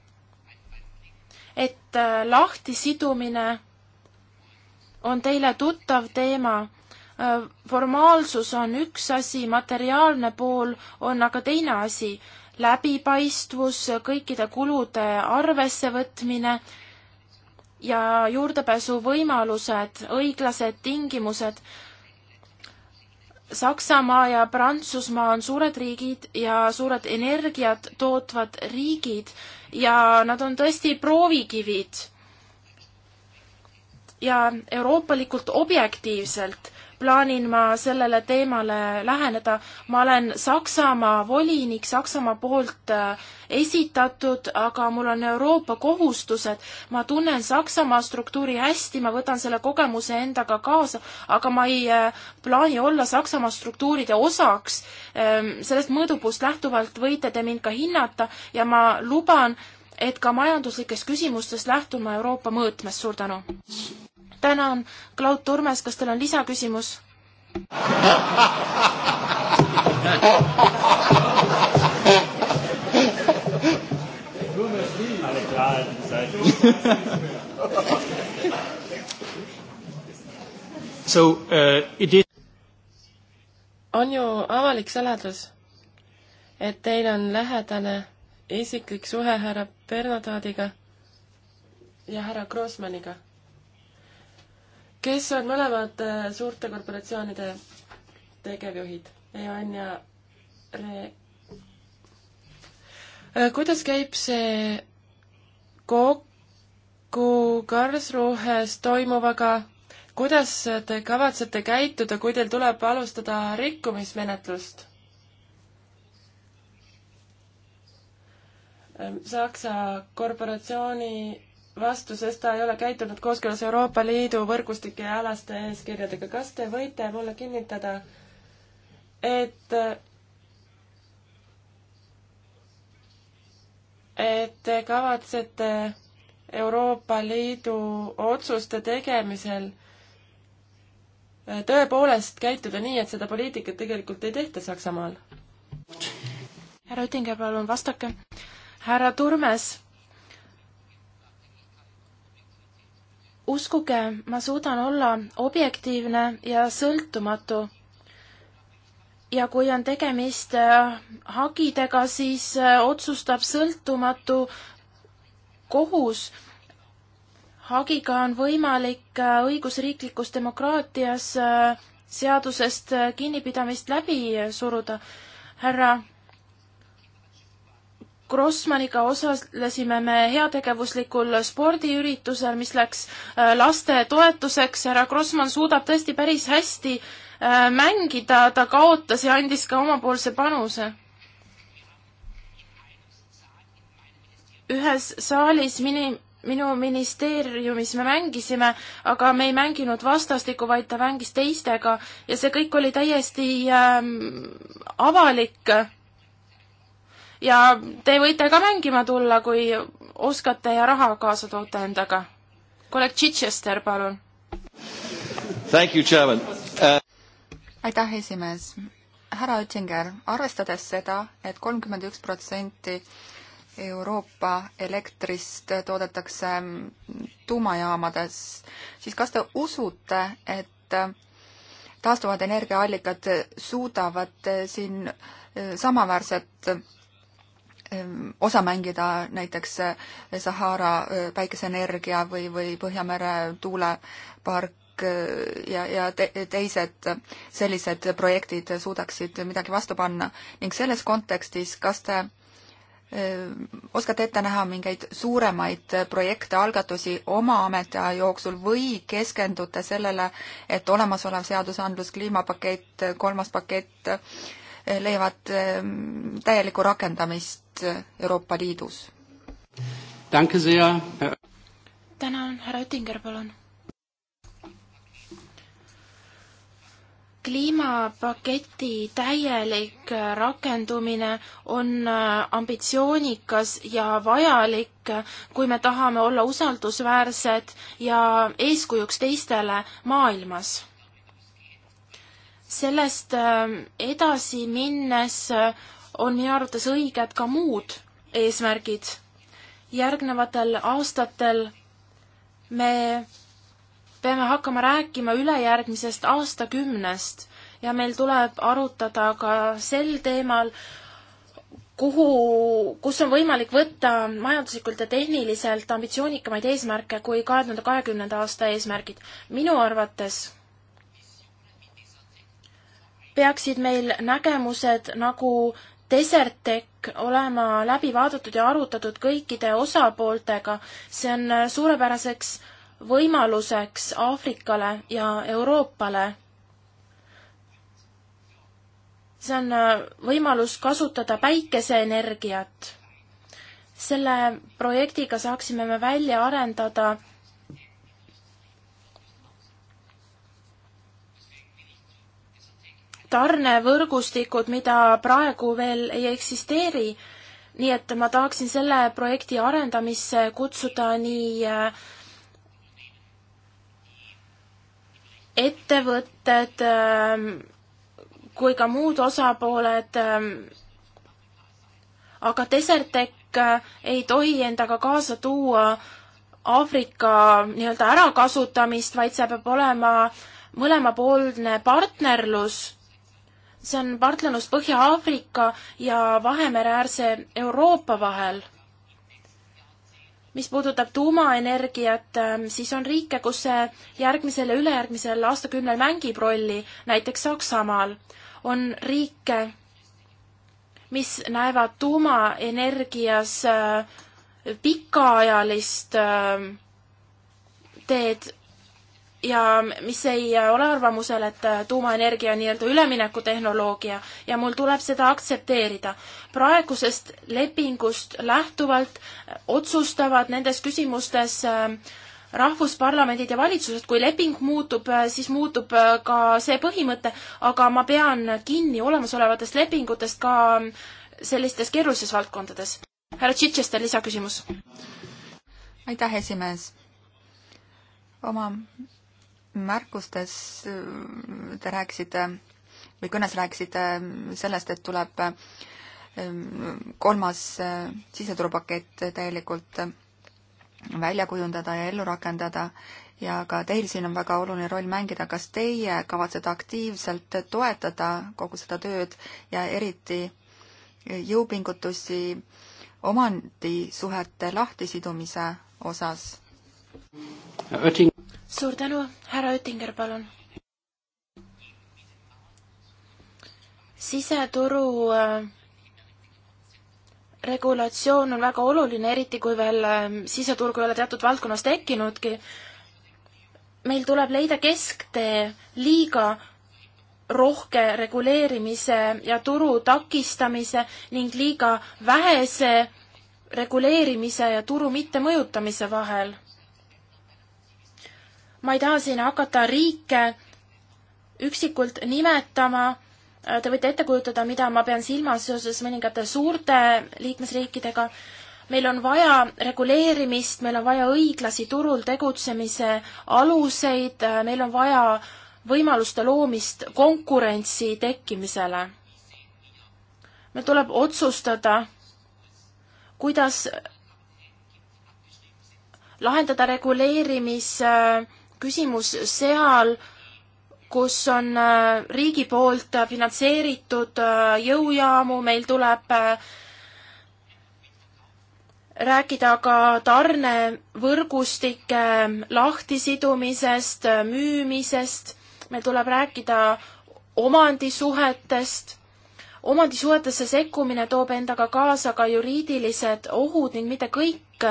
et äh, lahtisidumine on teile tuttav teema Äh, formaalsus on üks asi, materiaalne pool on aga teine asi. läbipaistvus, kõikide kulude arvessevõtmine ja juurdepääsuvõimalused, õiglased tingimused. Saksamaa ja Prantsusmaa on suured riigid ja suured energiat tootvad riigid ja nad on tõesti proovikivid ja euroopalikult objektiivselt plaanin ma sellele teemale läheneda. ma olen Saksamaa volinik Saksamaa poolt äh, esitatud, aga mul on Euroopa kohustused. ma tunnen Saksamaa struktuuri hästi, ma võtan selle kogemuse endaga kaasa, aga ma ei äh, plaani olla Saksamaa struktuuride osaks. Ähm, sellest mõõdupuust lähtuvalt võite te mind ka hinnata ja ma luban, et ka majanduslikest küsimustest lähtuma Euroopa mõõtmes. suur tänu! tänan, Klaud Turmes, kas teil on lisaküsimus? So, uh, it is... on ju avalik saladus, et teil on lähedane isiklik suhe härra Bernadaadiga ja härra Grossmanniga kes on mõlemad äh, suurte korporatsioonide tegevjuhid, EON ja Re-. Äh, kuidas käib see kokku Karlsruhes toimuvaga? kuidas te kavatsete käituda, kui teil tuleb alustada rikkumismenetlust? Äh, Saksa korporatsiooni vastu, sest ta ei ole käitunud kooskõlas Euroopa Liidu võrgustike ja alaste eeskirjadega. kas te võite mulle kinnitada, et, et te kavatsete Euroopa Liidu otsuste tegemisel tõepoolest käituda nii, et seda poliitikat tegelikult ei tehta Saksamaal? härra Oettinger, palun vastake. härra Turmes uskuge, ma suudan olla objektiivne ja sõltumatu. ja kui on tegemist äh, hagidega, siis äh, otsustab sõltumatu kohus. hagiga on võimalik äh, õigusriiklikus demokraatias seadusest kinnipidamist läbi suruda. härra Grossmaniga osalesime me heategevuslikul spordiüritusel, mis läks äh, laste toetuseks. härra Grossman suudab tõesti päris hästi äh, mängida, ta kaotas ja andis ka omapoolse panuse. ühes saalis mini, minu ministeeriumis me mängisime, aga me ei mänginud vastastikku, vaid ta mängis teistega ja see kõik oli täiesti äh, avalik ja te võite ka mängima tulla, kui oskate ja raha kaasa toote endaga. kolleeg Chichester, palun. Uh... aitäh, esimees. härra Oettinger, arvestades seda et, et kolmkümmend üks protsenti Euroopa elektrist toodetakse tuumajaamades, siis kas te usute, et taastuvad energiaallikad suudavad siin samaväärset Ehm, osa mängida näiteks eh, Sahara eh, päikeseenergia või, või Põhjamere tuulepark eh, ja, ja te, teised sellised projektid suudaksid midagi vastu panna ning selles kontekstis, kas te ehm, oskate ette näha mingeid suuremaid projekte, algatusi oma ametiaja jooksul või keskendute sellele, et olemasolev seadusandlus, kliimapakett, kolmas pakett äh, leiavad ehm, täielikku rakendamist Euroopa Liidus. tänan, härra Oettinger, palun. kliimapaketi täielik rakendumine on äh, ambitsioonikas ja vajalik, kui me tahame olla usaldusväärsed ja eeskujuks teistele maailmas sellest ähm, edasi minnes äh, on minu arvates õiged ka muud eesmärgid. järgnevatel aastatel me peame hakkama rääkima ülejärgmisest aastakümnest ja meil tuleb arutada ka sel teemal, kuhu, kus on võimalik võtta majanduslikult ja tehniliselt ambitsioonikamaid eesmärke kui kahe tuhande kahekümnenda aasta eesmärgid. minu arvates peaksid meil nägemused nagu Desertec olema läbi vaadatud ja arutatud kõikide osapooltega. see on suurepäraseks võimaluseks Aafrikale ja Euroopale. see on äh, võimalus kasutada päikeseenergiat. selle projektiga saaksime me välja arendada tarnevõrgustikud, mida praegu veel ei eksisteeri. nii et ma tahaksin selle projekti arendamisse kutsuda nii äh, ettevõtted äh, kui ka muud osapooled, äh, aga Desertec ei tohi endaga kaasa tuua Aafrika nii-öelda ärakasutamist, vaid see peab olema mõlemapoolne partnerlus see on partnerlus Põhja-Aafrika ja Vahemereäärse Euroopa vahel. mis puudutab tuumaenergiat, ähm, siis on riike, kus see järgmisel ja ülejärgmisel aastakümnel mängib rolli, näiteks Saksamaal on riike, mis näevad tuumaenergias äh, pikaajalist ähm, teed ja mis ei ole arvamusel, et tuumaenergia on nii-öelda üleminekutehnoloogia ja mul tuleb seda aktsepteerida. praegusest lepingust lähtuvalt otsustavad nendes küsimustes äh, rahvusparlamendid ja valitsused, kui leping muutub, äh, siis muutub äh, ka see põhimõte, aga ma pean kinni olemasolevatest lepingutest ka sellistes keerulistes valdkondades. härra Tšitšester, lisaküsimus. aitäh, esimees. oma märkustes äh, te rääkisite või kõnes rääkisite äh, sellest, et tuleb äh, kolmas siseturupakett täielikult välja kujundada ja ellu rakendada ja ka teil siin on väga oluline roll mängida. kas teie kavatsete aktiivselt toetada kogu seda tööd ja eriti jõupingutusi omandisuhete lahtisidumise osas? suur tänu, härra Oettinger, palun. siseturu äh, regulatsioon on väga oluline, eriti kui veel äh, siseturgu ei ole teatud valdkonnas tekkinudki. meil tuleb leida kesktee liiga rohke reguleerimise ja turu takistamise ning liiga vähese reguleerimise ja turu mittemõjutamise vahel ma ei taha siin hakata riike üksikult nimetama, te võite ette kujutada, mida ma pean silmas seoses mõningate suurte liikmesriikidega, meil on vaja reguleerimist, meil on vaja õiglasi turul tegutsemise aluseid, meil on vaja võimaluste loomist konkurentsi tekkimisele. meil tuleb otsustada, kuidas lahendada reguleerimis äh, küsimus seal, kus on äh, riigi poolt finantseeritud äh, jõujaamu, meil tuleb äh, rääkida ka tarnevõrgustike lahtisidumisest, müümisest, meil tuleb rääkida omandisuhetest. omandisuhetesse sekkumine toob endaga kaasa ka juriidilised ohud ning mitte kõik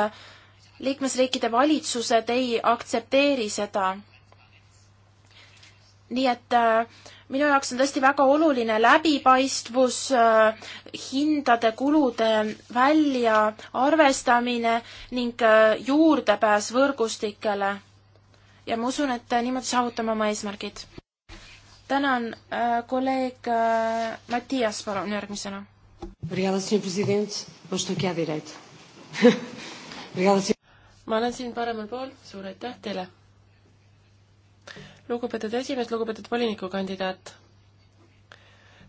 liikmesriikide valitsused ei aktsepteeri seda. nii et äh, minu jaoks on tõesti väga oluline läbipaistvus äh,, hindade, kulude väljaarvestamine ning äh, juurdepääs võrgustikele. ja ma usun, et äh, niimoodi saavutame oma eesmärgid. tänan, äh, kolleeg äh, Mattias, palun järgmisena. Obrigada, senhor presidente. Hoje estou aqui à direita. <laughs> Obrigada, senhor ma olen siin paremal pool, suur aitäh teile! lugupeetud esimees, lugupeetud volinikukandidaat!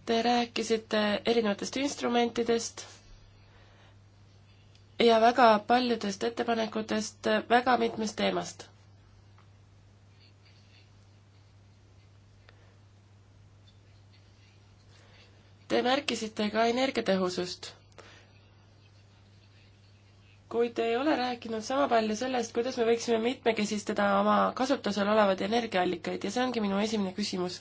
Te rääkisite erinevatest instrumentidest ja väga paljudest ettepanekutest väga mitmest teemast. Te märkisite ka energiatõhusust kuid te ei ole rääkinud sama palju sellest, kuidas me võiksime mitmekesistada oma kasutusel olevaid energiaallikaid ja see ongi minu esimene küsimus.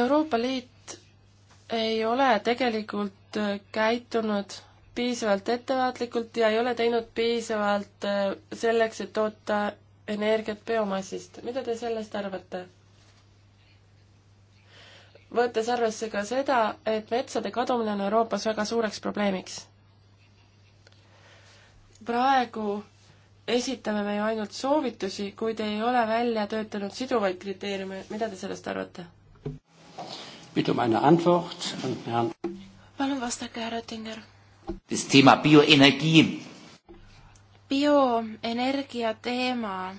Euroopa Liit ei ole tegelikult käitunud piisavalt ettevaatlikult ja ei ole teinud piisavalt äh, selleks, et toota energiat biomassist. mida te sellest arvate? võttes arvesse ka seda, et metsade kadumine on Euroopas väga suureks probleemiks. praegu esitame me ju ainult soovitusi, kuid ei ole välja töötanud siduvaid kriteeriume, mida te sellest arvate? Um palun vastake, härra Oettinger. bioenergia teema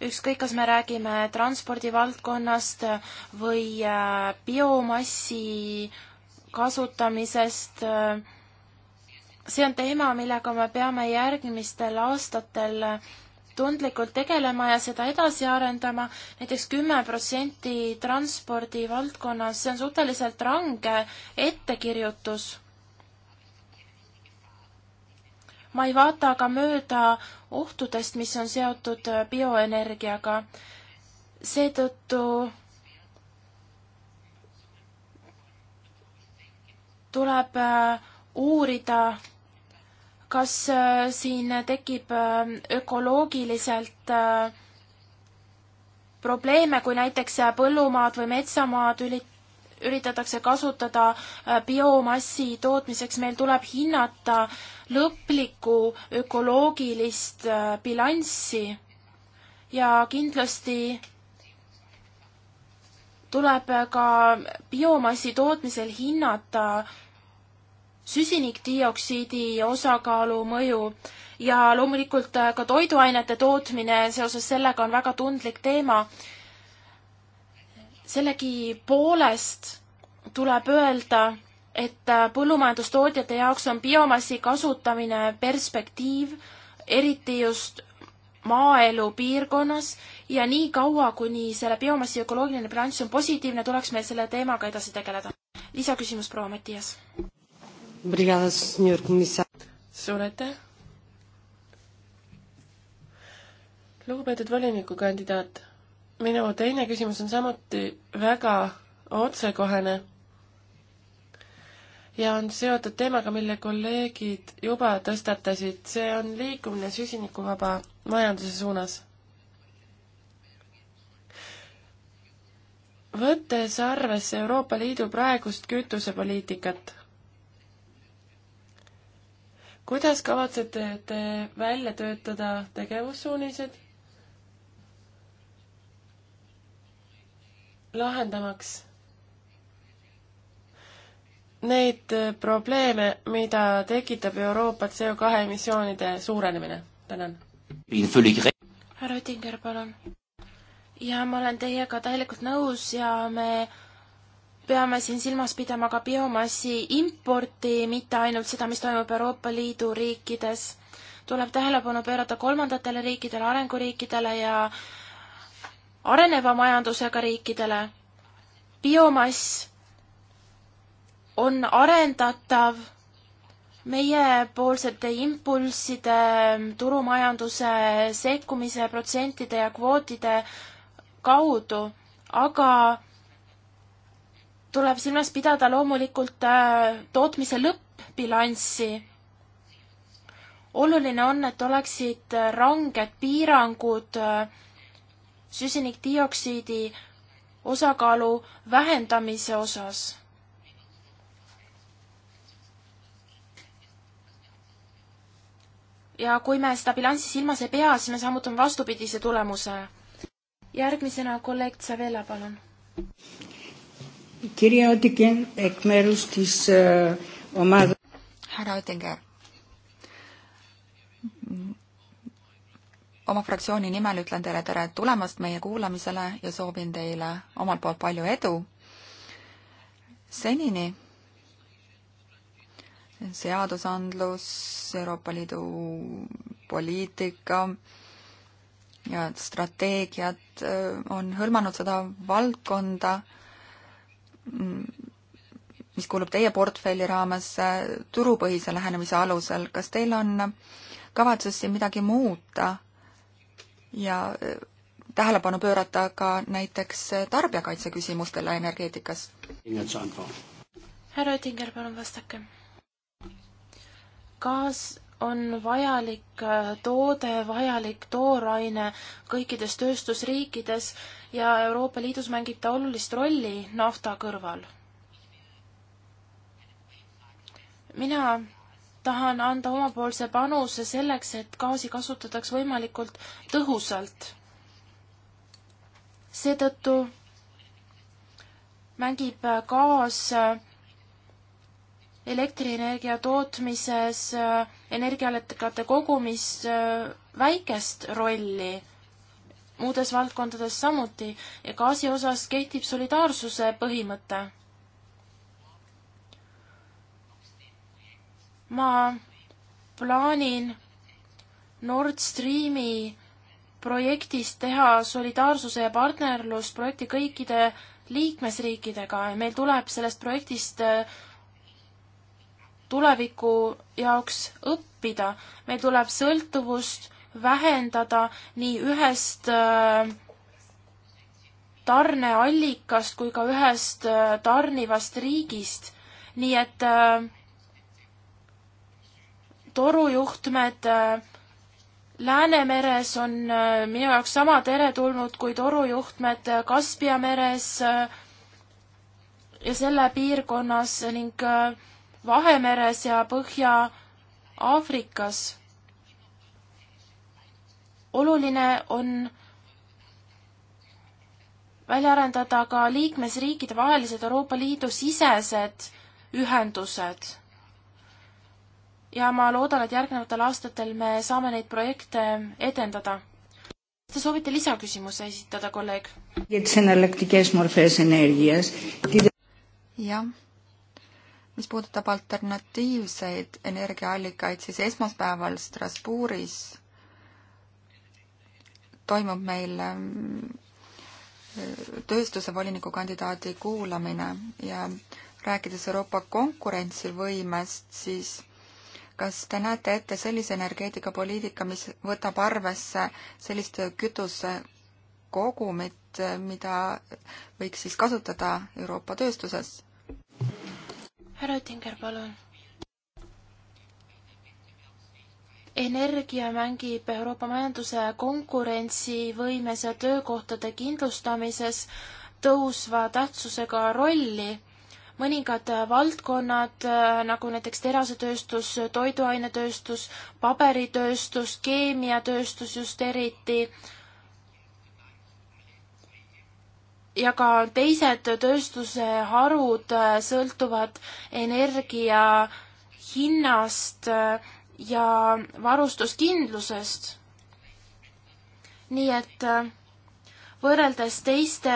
ükskõik, kas me räägime transpordivaldkonnast või äh, biomassi kasutamisest, äh, see on teema, millega me peame järgmistel aastatel tundlikult tegelema ja seda edasi arendama näiteks. näiteks kümme protsenti transpordivaldkonnas, see on suhteliselt range ettekirjutus. ma ei vaata aga mööda ohtudest, mis on seotud äh, bioenergiaga. seetõttu tuleb äh, uurida, kas äh, siin tekib ökoloogiliselt probleeme, kui näiteks põllumaad või metsamaad üli-, üritatakse kasutada äh, biomassi tootmiseks, meil tuleb hinnata lõplikku ökoloogilist äh, bilanssi ja kindlasti tuleb äh, ka biomassi tootmisel hinnata süsinikdioksiidi osakaalu mõju ja loomulikult ka toiduainete tootmine seoses sellega on väga tundlik teema sellegipoolest tuleb öelda, et põllumajandustootjate jaoks on biomassi kasutamine perspektiiv, eriti just maaelu piirkonnas ja nii kaua, kuni selle biomassi ökoloogiline bilanss on positiivne, tuleks meil selle teemaga edasi tegeleda. lisaküsimus, proua Mattias. suur aitäh. lugupeetud volinikukandidaat minu teine küsimus on samuti väga otsekohene ja on seotud teemaga, mille kolleegid juba tõstatasid. see on liikumine süsinikuvaba majanduse suunas. võttes arvesse Euroopa Liidu praegust kütusepoliitikat, kuidas kavatsete te välja töötada tegevussuunised lahendamaks neid probleeme, mida tekitab Euroopa CO2 emissioonide suurenemine. tänan. härra Oettinger, palun. ja ma olen teiega täielikult nõus ja me peame siin silmas pidama ka biomassi importi, mitte ainult seda, mis toimub Euroopa Liidu riikides. tuleb tähelepanu pöörata kolmandatele riikidele, arenguriikidele ja areneva majandusega riikidele. biomass on arendatav meiepoolsete impulsside, turumajanduse sekkumise protsentide ja kvootide kaudu, aga tuleb silmas pidada loomulikult äh, tootmise lõppbilanssi. oluline on, et oleksid ranged piirangud äh, süsinikdioksiidi osakaalu vähendamise osas. ja kui me seda bilanssi silmas ei pea, siis me saavutame vastupidise tulemuse. järgmisena kolleeg Tsavela, palun. Äh, härra Oettinger oma fraktsiooni nimel ütlen teile tere tulemast meie kuulamisele ja soovin teile omalt poolt palju edu. senini seadusandlus, Euroopa Liidu poliitika ja strateegiad äh, on hõlmanud seda valdkonda, mm, mis kuulub teie portfelli raames turupõhise lähenemise alusel. kas teil on kavatsus siin midagi muuta? ja äh, tähelepanu pöörata ka näiteks äh, tarbijakaitse küsimustele energeetikas? härra Oettinger, palun vastake. gaas on vajalik äh, toode, vajalik tooraine kõikides tööstusriikides ja Euroopa Liidus mängib ta olulist rolli nafta kõrval. mina tahan anda omapoolse panuse selleks, et gaasi kasutataks võimalikult tõhusalt. seetõttu mängib gaas elektrienergia tootmises energiaallikate kogumis väikest rolli, muudes valdkondades samuti ja gaasi osas kehtib solidaarsuse põhimõte ma plaanin Nord Streami projektis teha solidaarsuse ja partnerlusprojekti kõikide liikmesriikidega ja meil tuleb sellest projektist äh, tuleviku jaoks õppida. meil tuleb sõltuvust vähendada nii ühest äh, tarneallikast kui ka ühest äh, tarnivast riigist. nii et äh, torujuhtmed äh, Läänemeres on äh, minu jaoks sama teretulnud kui torujuhtmed äh, Kaspia meres ja selle piirkonnas ning Vahemeres ja Põhja-Aafrikas. oluline on välja arendada ka liikmesriikide vahelised Euroopa Liidu sisesed ühendused ja ma loodan, et järgnevatel aastatel me saame neid projekte edendada. Te soovite lisaküsimuse esitada, kolleeg? jah. mis puudutab alternatiivseid energiaallikaid, siis esmaspäeval Strasbourgis toimub meil äh, tööstuse voliniku kandidaadi kuulamine ja rääkides Euroopa konkurentsivõimest, siis kas te näete ette sellise energeetikapoliitika, mis võtab arvesse sellist kütusekogumit, mida võiks siis kasutada Euroopa tööstuses? härra Oettinger, palun. energia mängib Euroopa majanduse konkurentsivõimes ja töökohtade kindlustamises tõusva tähtsusega rolli mõningad äh, valdkonnad äh, nagu näiteks terasetööstus, toiduainetööstus, paberitööstus, keemiatööstus just eriti ja ka teised tööstuse harud äh, sõltuvad energia hinnast ja varustuskindlusest. nii et võrreldes teiste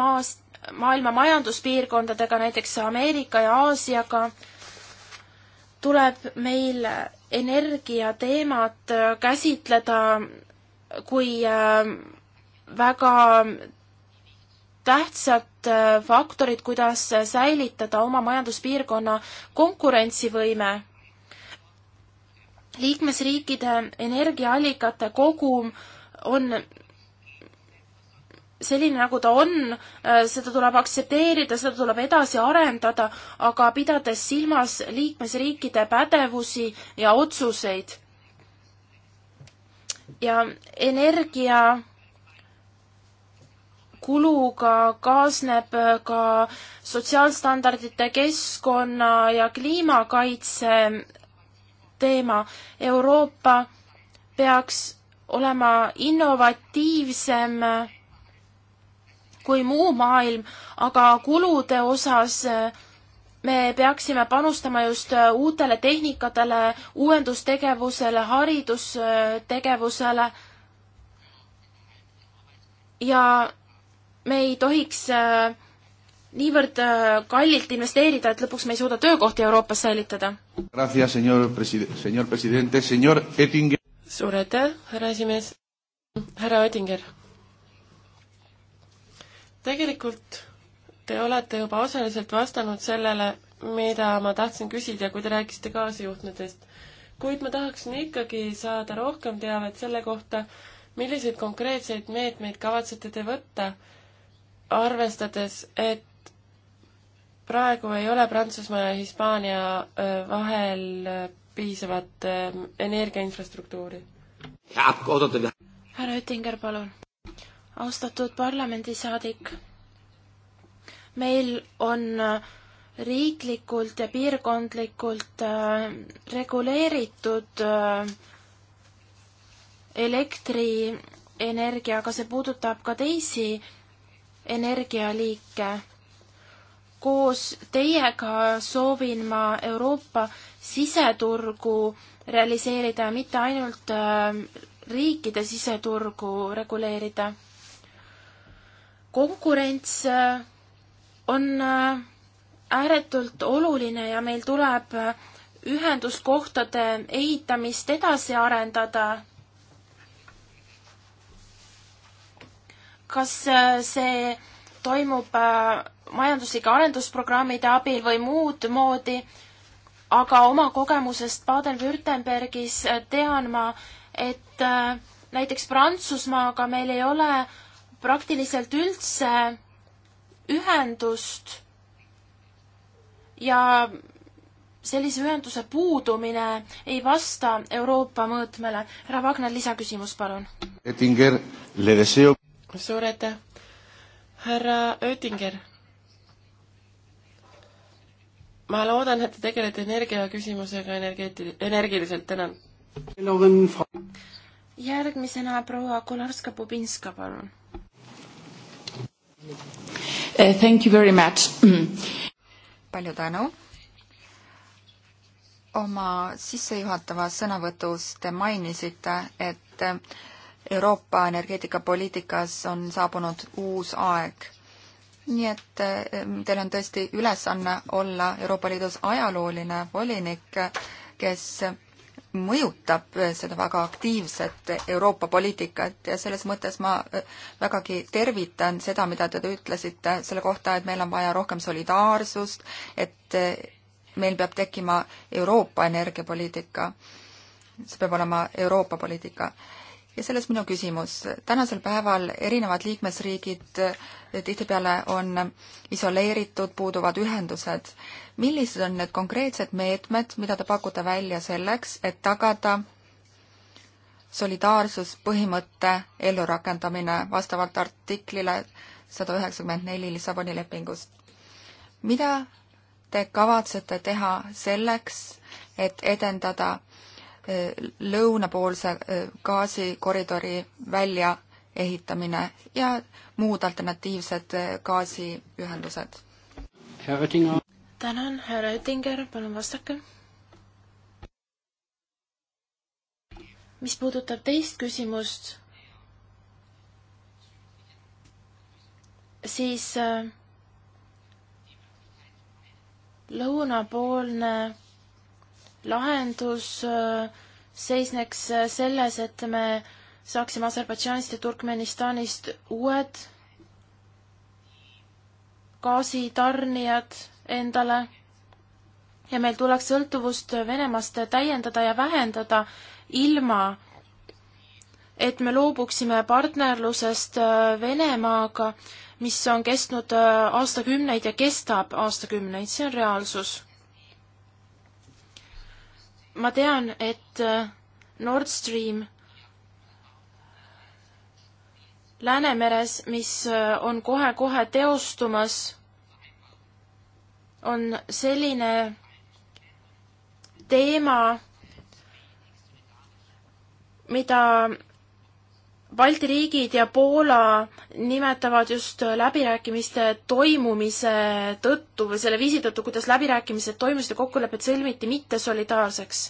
maast maailma majanduspiirkondadega, näiteks Ameerika ja Aasiaga, tuleb meil energiateemat äh, käsitleda kui äh, väga tähtsat äh, faktorit, kuidas säilitada oma majanduspiirkonna konkurentsivõime. liikmesriikide energiaallikate kogum on selline, nagu ta on, äh, seda tuleb aktsepteerida, seda tuleb edasi arendada, aga pidades silmas liikmesriikide pädevusi ja otsuseid. ja energia kuluga kaasneb ka sotsiaalstandardite keskkonna ja kliimakaitse teema. Euroopa peaks olema innovatiivsem kui muu maailm, aga kulude osas äh, me peaksime panustama just äh, uutele tehnikatele, uuendustegevusele, haridustegevusele. ja me ei tohiks äh, niivõrd kallilt investeerida, et lõpuks me ei suuda töökohti Euroopas säilitada. suur aitäh, härra esimees, härra Oettinger tegelikult te olete juba osaliselt vastanud sellele, mida ma tahtsin küsida, kui te rääkisite gaasijuhtmetest. kuid ma tahaksin ikkagi saada rohkem teavet selle kohta, milliseid konkreetseid meetmeid kavatsete te võtta, arvestades, et praegu ei ole Prantsusmaa ja Hispaania vahel piisavat energiainfrastruktuuri. härra Oettinger, palun austatud parlamendisaadik. meil on äh, riiklikult ja piirkondlikult äh, reguleeritud äh, elektrienergia, aga see puudutab ka teisi energialiike. koos teiega soovin ma Euroopa siseturgu realiseerida, mitte ainult äh, riikide siseturgu reguleerida konkurents äh, on äh, ääretult oluline ja meil tuleb äh, ühenduskohtade ehitamist edasi arendada. kas see toimub majanduslike arendusprogrammide abil või muud moodi, aga oma kogemusest Baden-Württembergis tean ma, et näiteks Prantsusmaaga meil ei ole praktiliselt üldse ühendust ja sellise ühenduse puudumine ei vasta Euroopa mõõtmele. härra Wagner, lisaküsimus, palun. Oettinger, le deseo. suur aitäh. härra Oettinger, ma loodan, et te tegelete energiaküsimusega energeeti-, energiliselt, tänan. järgmisena proua Kolarska-Bubinska, palun Uh, thank you very much. <clears throat> palju tänu. oma sissejuhatavas sõnavõtus te mainisite, et uh, Euroopa energeetikapoliitikas on saabunud uus aeg. nii et uh, teil on tõesti ülesanne olla Euroopa Liidus ajalooline volinik, kes mõjutab seda väga aktiivset Euroopa poliitikat ja selles mõttes ma äh, vägagi tervitan seda, mida te ütlesite selle kohta, et meil on vaja rohkem solidaarsust, et äh, meil peab tekkima Euroopa energiapoliitika. see peab olema Euroopa poliitika ja selles minu küsimus. tänasel päeval erinevad liikmesriigid eh, tihtipeale on isoleeritud, puuduvad ühendused. millised on need konkreetsed meetmed, mida te pakute välja selleks, et tagada solidaarsuspõhimõtte ellurakendamine vastavalt artiklile sada üheksakümmend neli Lissaboni lepingust? mida te kavatsete teha selleks, et edendada Äh, lõunapoolse äh, gaasikoridori väljaehitamine ja muud alternatiivsed äh, gaasiühendused. tänan, härra Oettinger, palun vastake. mis puudutab teist küsimust, siis lõunapoolne lahendus äh, seisneks äh, selles, et me saaksime Aserbaidžaanist ja Turkmenistanist uued gaasitarnijad endale ja meil tuleks sõltuvust Venemaast täiendada ja vähendada ilma, et me loobuksime partnerlusest äh, Venemaaga, mis on kestnud aastakümneid ja kestab aastakümneid, see on reaalsus ma tean, et äh, Nord Stream Läänemeres, mis äh, on kohe-kohe teostumas, on selline teema, mida Balti riigid ja Poola nimetavad just läbirääkimiste toimumise tõttu või selle viisi tõttu, kuidas läbirääkimised toimusid ja kokkulepped sõlmiti, mittesolidaarseks.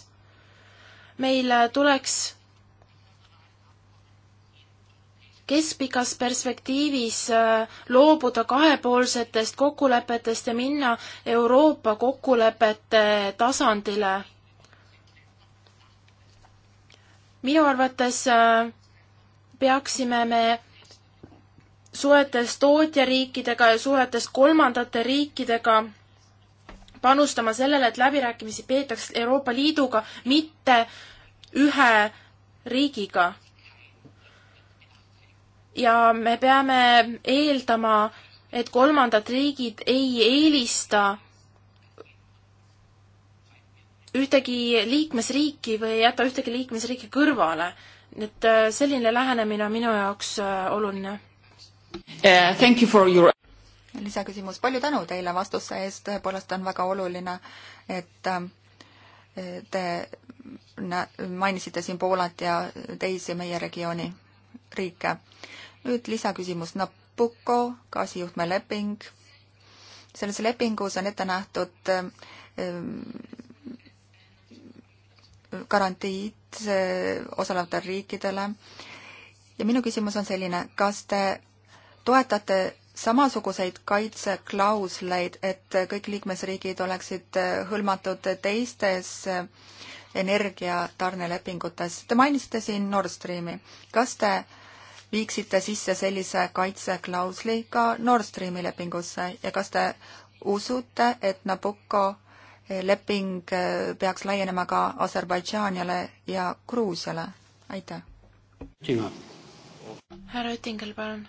meil tuleks keskpikas perspektiivis äh, loobuda kahepoolsetest kokkulepetest ja minna Euroopa kokkulepete tasandile. minu arvates äh, peaksime me suhetes tootjariikidega ja suhetes kolmandate riikidega panustama sellele, et läbirääkimisi peetaks Euroopa Liiduga, mitte ühe riigiga. ja me peame eeldama, et kolmandad riigid ei eelista ühtegi liikmesriiki või ei jäta ühtegi liikmesriiki kõrvale et äh, selline lähenemine on minu jaoks äh, oluline uh,. Thank you for your lisaküsimus, palju tänu teile vastuse eest, tõepoolest on väga oluline, et äh, te mainisite siin Poolat ja teisi meie regiooni riike. nüüd lisaküsimus, Nabucco gaasijuhtme leping. selles lepingus on ette nähtud garantiid osalevatele riikidele. ja minu küsimus on selline, kas te toetate samasuguseid kaitseklausleid, et kõik liikmesriigid oleksid hõlmatud teistes energiatarnelepingutes. Te mainisite siin Nord Streami. kas te viiksite sisse sellise kaitseklausli ka Nord Streami lepingusse ja kas te usute, et Nabucco leping äh, peaks laienema ka Aserbaidžaaniale ja Gruusiale. aitäh! härra Oettingel, palun!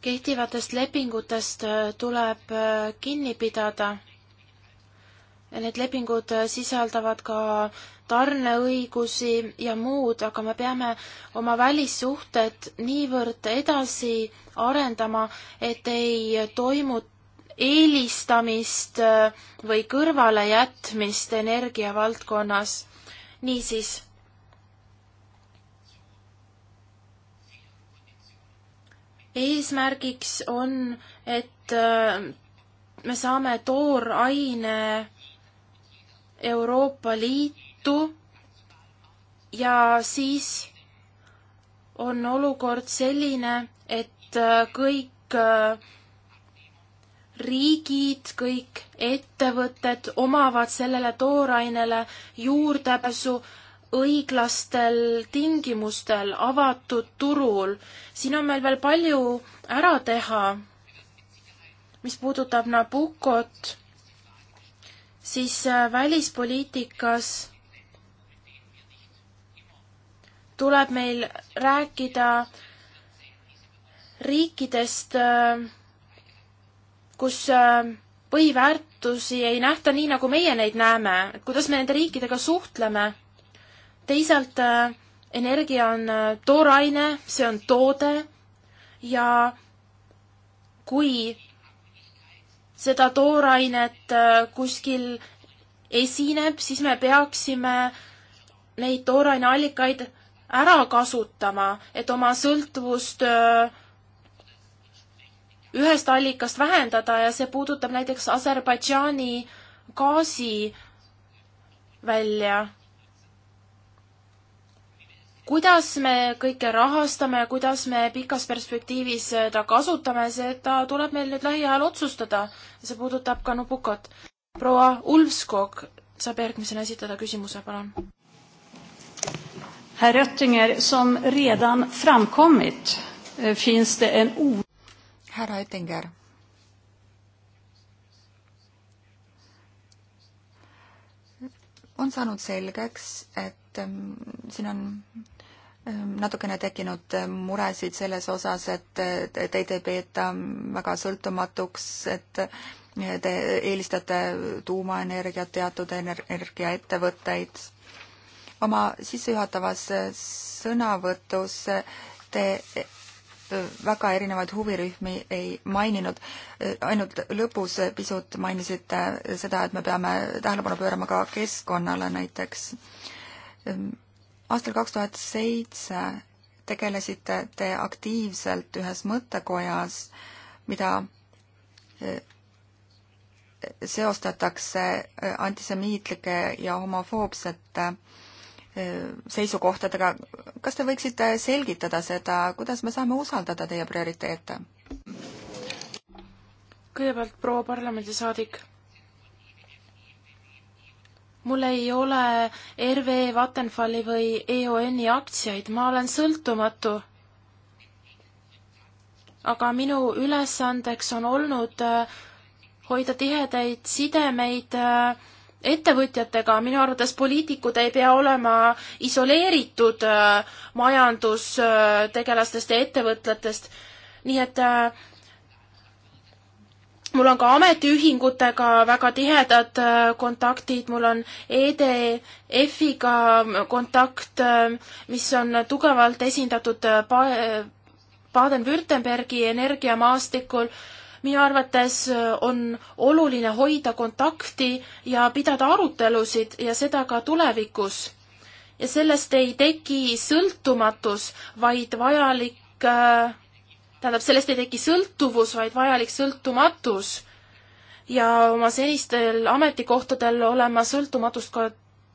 kehtivatest lepingutest äh, tuleb äh, kinni pidada Need lepingud äh, sisaldavad ka tarneõigusi ja muud, aga me peame oma välissuhted niivõrd edasi arendama, et ei toimu eelistamist äh, või kõrvalejätmist energiavaldkonnas. niisiis eesmärgiks on, et äh, me saame tooraine Euroopa Liitu ja siis on olukord selline, et äh, kõik äh, riigid, kõik ettevõtted omavad sellele toorainele juurdepääsu õiglastel tingimustel, avatud turul. siin on meil veel palju ära teha, mis puudutab Nabucot siis äh, välispoliitikas tuleb meil rääkida riikidest, äh, kus äh, põhiväärtusi ei nähta nii, nagu meie neid näeme, et kuidas me nende riikidega suhtleme. teisalt energia on tooraine, see on toode ja kui seda toorainet äh, kuskil esineb, siis me peaksime neid tooraineallikaid ära kasutama, et oma sõltuvust äh, ühest allikast vähendada ja see puudutab näiteks Aserbaidžaani gaasi välja kuidas me kõike rahastame ja kuidas me pikas perspektiivis seda kasutame, seda tuleb meil nüüd lähiajal otsustada. see puudutab ka Nubukot. proua Ulfskog saab järgmisena esitada küsimuse, palun. Herr Oettinger, som redan framkommit eh, finns det en o-. härra Oettinger on saanud selgeks, et ähm, siin on Ehm, natukene tekkinud ehm, muresid selles osas, et teid ei peeta väga sõltumatuks, et eh, te eelistate tuumaenergiat, teatud energiaettevõtteid. oma sissejuhatavas eh, sõnavõtus eh, te väga erinevaid huvirühmi ei maininud, ainult lõpus pisut mainisite seda, et me peame tähelepanu pöörama ka keskkonnale näiteks. Ehm, aastal kaks tuhat seitse tegelesite te aktiivselt ühes mõttekojas, mida e, seostatakse e, antisemiitlike ja homofoobsete e, seisukohtadega. kas te võiksite selgitada seda, kuidas me saame usaldada teie prioriteete? kõigepealt proua parlamendisaadik mul ei ole RV, Vattenfalli või EON-i aktsiaid, ma olen sõltumatu. aga minu ülesandeks on olnud äh, hoida tihedaid sidemeid äh, ettevõtjatega, minu arvates poliitikud ei pea olema isoleeritud äh, majandustegelastest ja ettevõtlatest. nii et sest mul on ka ametiühingutega väga tihedad äh, kontaktid, mul on EDF-iga kontakt, äh, mis on tugevalt esindatud äh, Baden-Württembergi energiamaastikul. minu arvates on oluline hoida kontakti ja pidada arutelusid ja seda ka tulevikus. ja sellest ei teki sõltumatus, vaid vajalik äh, tähendab, sellest ei teki sõltuvus, vaid vajalik sõltumatus. ja oma senistel ametikohtadel olen ma sõltumatust ka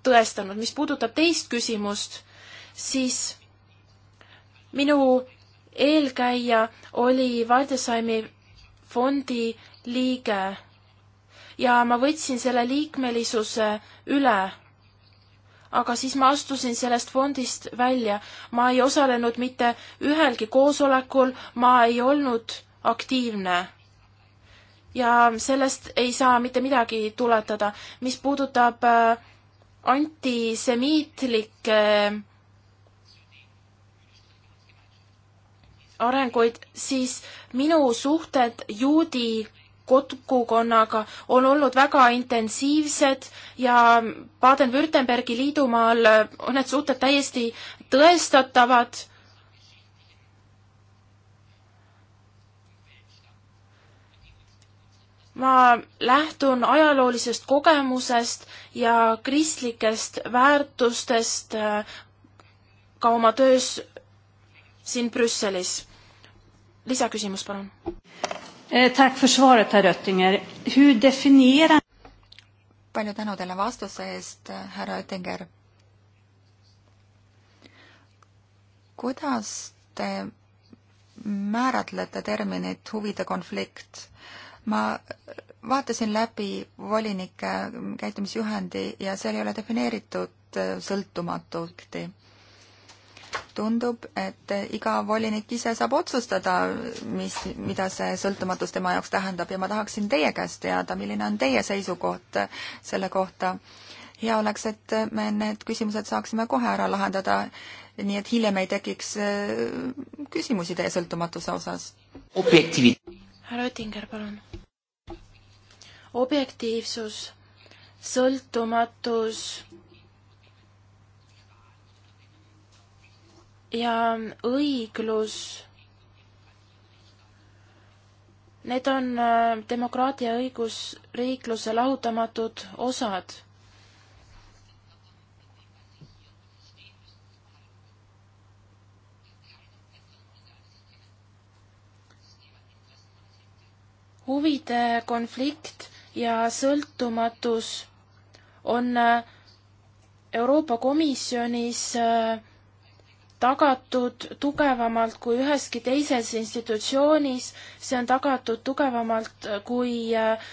tõestanud. mis puudutab teist küsimust, siis minu eelkäija oli Valdesaimi fondi liige ja ma võtsin selle liikmelisuse üle aga siis ma astusin sellest fondist välja. ma ei osalenud mitte ühelgi koosolekul, ma ei olnud aktiivne. ja sellest ei saa mitte midagi tuletada. mis puudutab äh, antisemiitlikke äh, arenguid, siis minu suhted juudi kogukonnaga on olnud väga intensiivsed ja Baden-Württembergi liidumaal on need suhted täiesti tõestatavad. ma lähtun ajaloolisest kogemusest ja kristlikest väärtustest äh, ka oma töös siin Brüsselis. lisaküsimus, palun Eh, tack för svaret, herr Röttinger. Hur definierar... Palju tänu teile vastuse eest, härra Oettinger. Kuidas te määratlete terminit huvide konflikt? Ma vaatasin läbi volinike käitumisjuhendi ja seal ei ole defineeritud eh, sõltumatult tundub, et iga volinik ise saab otsustada, mis, mida see sõltumatus tema jaoks tähendab ja ma tahaksin teie käest teada, milline on teie seisukoht selle kohta. hea oleks, et me need küsimused saaksime kohe ära lahendada, nii et hiljem ei tekiks äh, küsimusi teie sõltumatuse osas. härra Oettinger, palun. objektiivsus, sõltumatus ja õiglus. Need on äh, demokraatia õigusriikluse lahutamatud osad. huvide konflikt ja sõltumatus on äh, Euroopa Komisjonis äh, tagatud tugevamalt kui üheski teises institutsioonis, see on tagatud tugevamalt kui äh,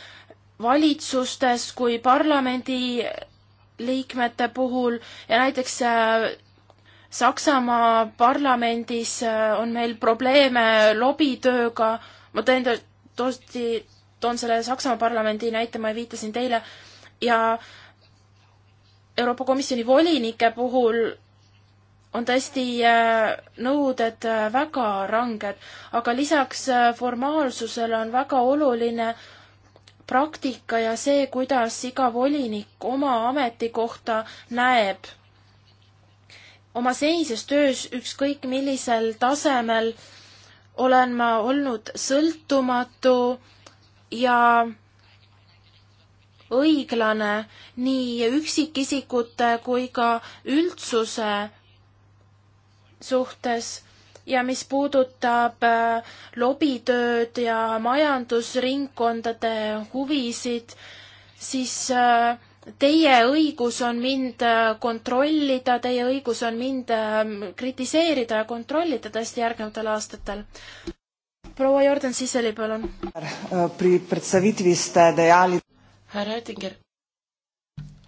valitsustes, kui parlamendi liikmete puhul ja näiteks äh, Saksamaa parlamendis äh, on meil probleeme lobitööga, ma tõin, toosti, toon selle Saksamaa parlamendi näite, ma viitasin teile, ja Euroopa Komisjoni volinike puhul on tõesti äh, nõuded äh, väga ranged, aga lisaks äh, formaalsusele on väga oluline praktika ja see, kuidas iga volinik oma ametikohta näeb. oma senises töös ükskõik millisel tasemel olen ma olnud sõltumatu ja õiglane nii üksikisikute kui ka üldsuse suhtes ja mis puudutab äh, lobitööd ja majandusringkondade huvisid, siis äh, teie õigus on mind äh, kontrollida, teie õigus on mind ähm, kritiseerida ja kontrollida tõesti järgnevatel aastatel. proua Jordan Siseli, palun. härra Oettinger,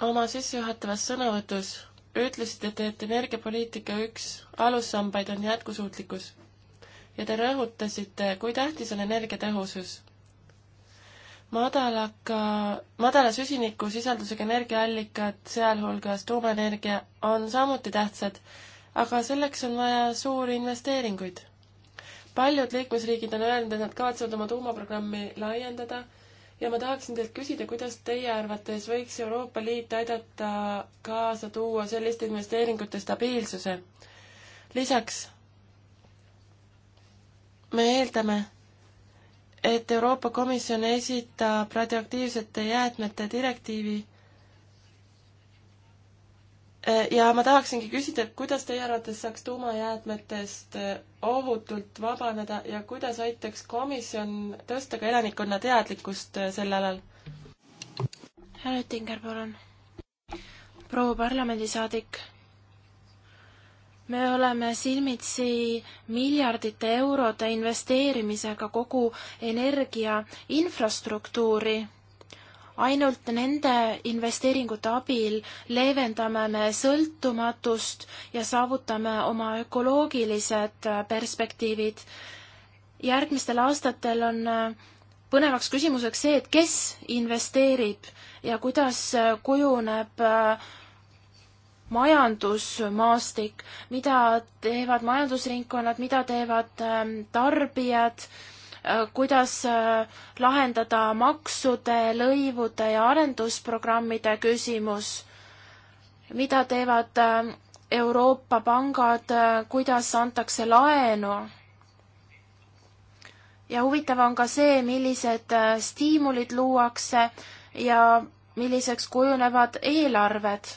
oma sissejuhatavas sõnavõtus ütlesite te, et energiapoliitika üks alussambaid on jätkusuutlikkus ja te rõhutasite, kui tähtis on energiatõhusus. madalaga, madala süsinikusisaldusega energiaallikad, sealhulgas tuumaenergia, on samuti tähtsad, aga selleks on vaja suuri investeeringuid. paljud liikmesriigid on öelnud, et nad kavatsevad oma tuumaprogrammi laiendada ja ma tahaksin teilt küsida, kuidas teie arvates võiks Euroopa Liit aidata kaasa tuua selliste investeeringute stabiilsuse? lisaks me eeldame, et Euroopa Komisjon esitab radioaktiivsete jäätmete direktiivi Äh, ja ma tahaksingi küsida, et kuidas teie arvates saaks tuumajäätmetest äh, ohutult vabaneda ja kuidas aitaks komisjon tõsta ka elanikkonna teadlikkust äh, sel alal? härra Oettinger, palun. proua parlamendisaadik, me oleme silmitsi miljardite eurode investeerimisega kogu energia infrastruktuuri ainult nende investeeringute abil leevendame me sõltumatust ja saavutame oma ökoloogilised äh, perspektiivid. järgmistel aastatel on äh, põnevaks küsimuseks see, et kes investeerib ja kuidas äh, kujuneb majandusmaastik, mida teevad majandusringkonnad, mida teevad tarbijad kuidas äh, lahendada maksude, lõivude ja arendusprogrammide küsimus, mida teevad äh, Euroopa pangad, äh, kuidas antakse laenu. ja huvitav on ka see, millised stiimulid luuakse ja milliseks kujunevad eelarved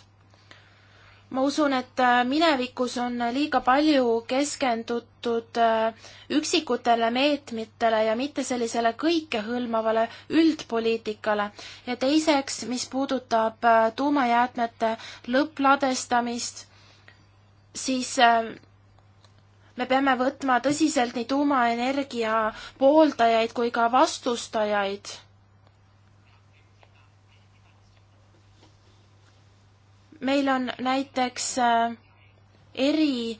ma usun, et äh, minevikus on liiga palju keskendutud äh, üksikutele meetmitele ja mitte sellisele kõikehõlmavale üldpoliitikale. ja teiseks, mis puudutab äh, tuumajäätmete lõppladestamist, siis me peame võtma tõsiselt nii tuumaenergia pooldajaid kui ka vastustajaid meil on näiteks äh, eri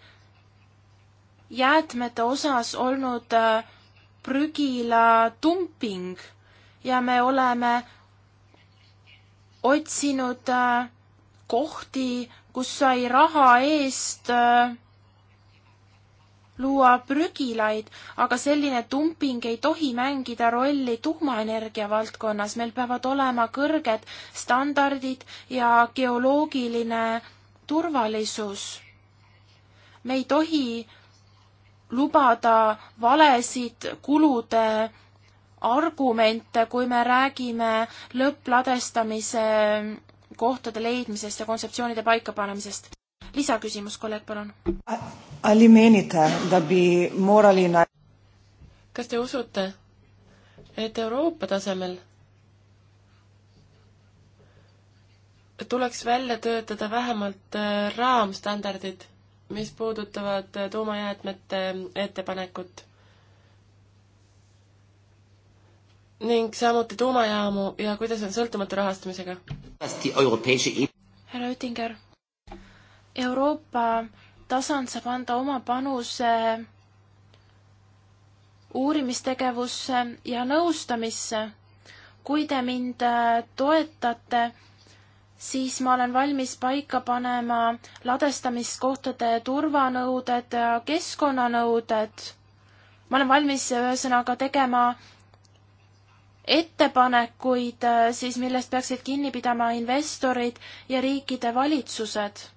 jäätmete osas olnud äh, prügila dumping ja me oleme otsinud äh, kohti, kus sai raha eest äh, luua prügilaid, aga selline dumping ei tohi mängida rolli tuumaenergia valdkonnas, meil peavad olema kõrged standardid ja geoloogiline turvalisus. me ei tohi lubada valesid kulude argumente, kui me räägime lõppladestamise kohtade leidmisest ja kontseptsioonide paikapanemisest lisaküsimus, kolleeg, palun. ali menite, da bi morali na-? kas te usute, et Euroopa tasemel tuleks välja töötada vähemalt äh, raamstandardid, mis puudutavad äh, tuumajäätmete äh, ettepanekut. ning samuti tuumajaamu ja kuidas on sõltumatu rahastamisega? härra Oettinger Euroopa tasand saab anda oma panuse uurimistegevusse ja nõustamisse. kui te mind äh, toetate, siis ma olen valmis paika panema ladestamiskohtade turvanõuded ja keskkonnanõuded. ma olen valmis äh, ühesõnaga tegema ettepanekuid äh, siis, millest peaksid kinni pidama investorid ja riikide valitsused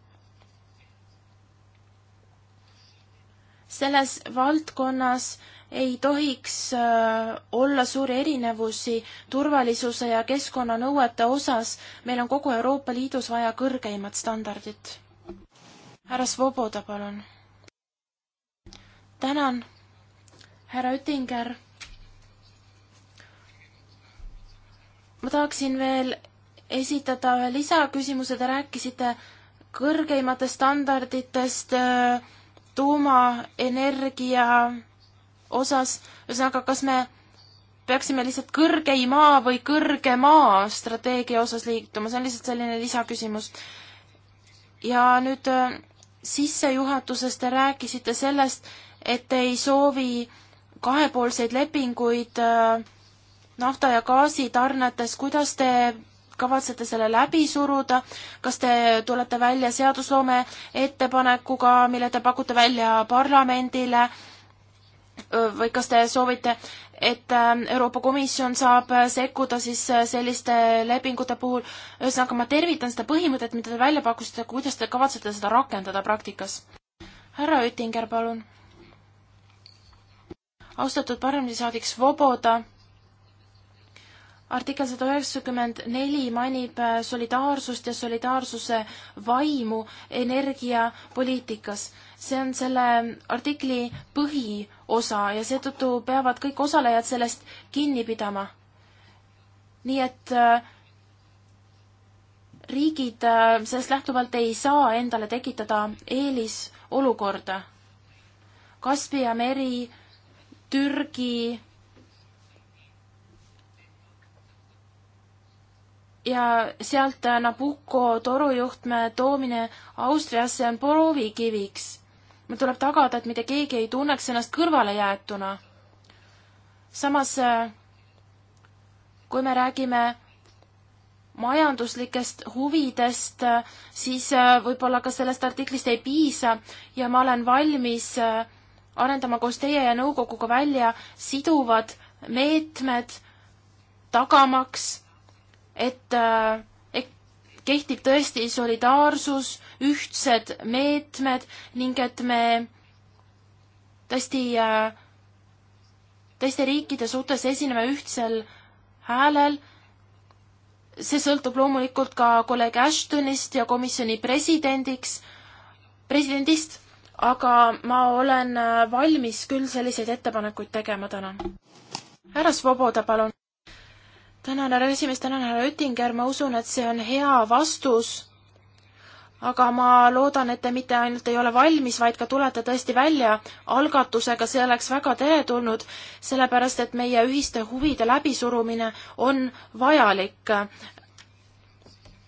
selles valdkonnas ei tohiks äh, olla suuri erinevusi turvalisuse ja keskkonnanõuete osas. meil on kogu Euroopa Liidus vaja kõrgeimat standardit. härra Svoboda, palun. tänan, härra Oettinger. ma tahaksin veel esitada ühe lisaküsimuse, te rääkisite kõrgeimatest standarditest äh, tuumaenergia osas, ühesõnaga, kas me peaksime lihtsalt kõrgeimaa või kõrgemaa strateegia osas liituma, see on lihtsalt selline lisaküsimus. ja nüüd äh, sissejuhatuses te rääkisite sellest, et te ei soovi kahepoolseid lepinguid äh, nafta ja gaasi tarnetes, kuidas te kavatsete selle läbi suruda, kas te tulete välja seadusloome ettepanekuga, mille te pakute välja parlamendile või kas te soovite, et ähm, Euroopa Komisjon saab sekkuda siis äh, selliste lepingute puhul, ühesõnaga ma tervitan seda põhimõtet, mida te välja pakkusite, kuidas te kavatsete seda rakendada praktikas? härra Oettinger, palun. austatud parlamendisaadik Svoboda artikkel sada üheksakümmend neli mainib äh, solidaarsust ja solidaarsuse vaimu energiapoliitikas. see on selle artikli põhiosa ja seetõttu peavad kõik osalejad sellest kinni pidama. nii et äh, riigid äh, sellest lähtuvalt ei saa endale tekitada eelisolukorda. Kaspia meri, Türgi, ja sealt Nabucco torujuhtme toomine Austriasse on proovikiviks. meil tuleb tagada, et mitte keegi ei tunneks ennast kõrvalejäetuna. samas, kui me räägime majanduslikest huvidest, siis äh, võib-olla ka sellest artiklist ei piisa ja ma olen valmis äh, arendama koos teie ja nõukoguga välja siduvad meetmed, tagamaks Äh, et kehtib tõesti solidaarsus, ühtsed meetmed ning et me tõesti äh, teiste riikide suhtes esineme ühtsel häälel. see sõltub loomulikult ka kolleeg Ashtonist ja komisjoni presidendiks, presidendist, aga ma olen äh, valmis küll selliseid ettepanekuid tegema täna. härra Svoboda, palun tänan, härra esimees, tänan, härra Oettinger, ma usun, et see on hea vastus. aga ma loodan, et te mitte ainult ei ole valmis, vaid ka tulete tõesti välja algatusega, see oleks väga teretulnud, sellepärast et meie ühiste huvide läbisurumine on vajalik.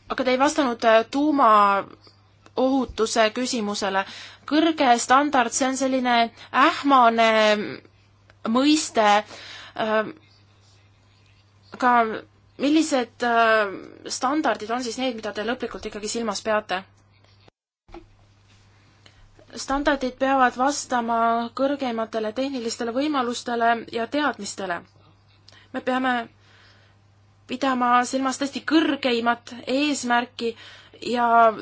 aga te ei vastanud äh, tuumaohutuse küsimusele. kõrge standard, see on selline ähmane mõiste äh, aga millised äh, standardid on siis need, mida te lõplikult ikkagi silmas peate? standardid peavad vastama kõrgeimatele tehnilistele võimalustele ja teadmistele. me peame pidama silmas tõesti kõrgeimat eesmärki ja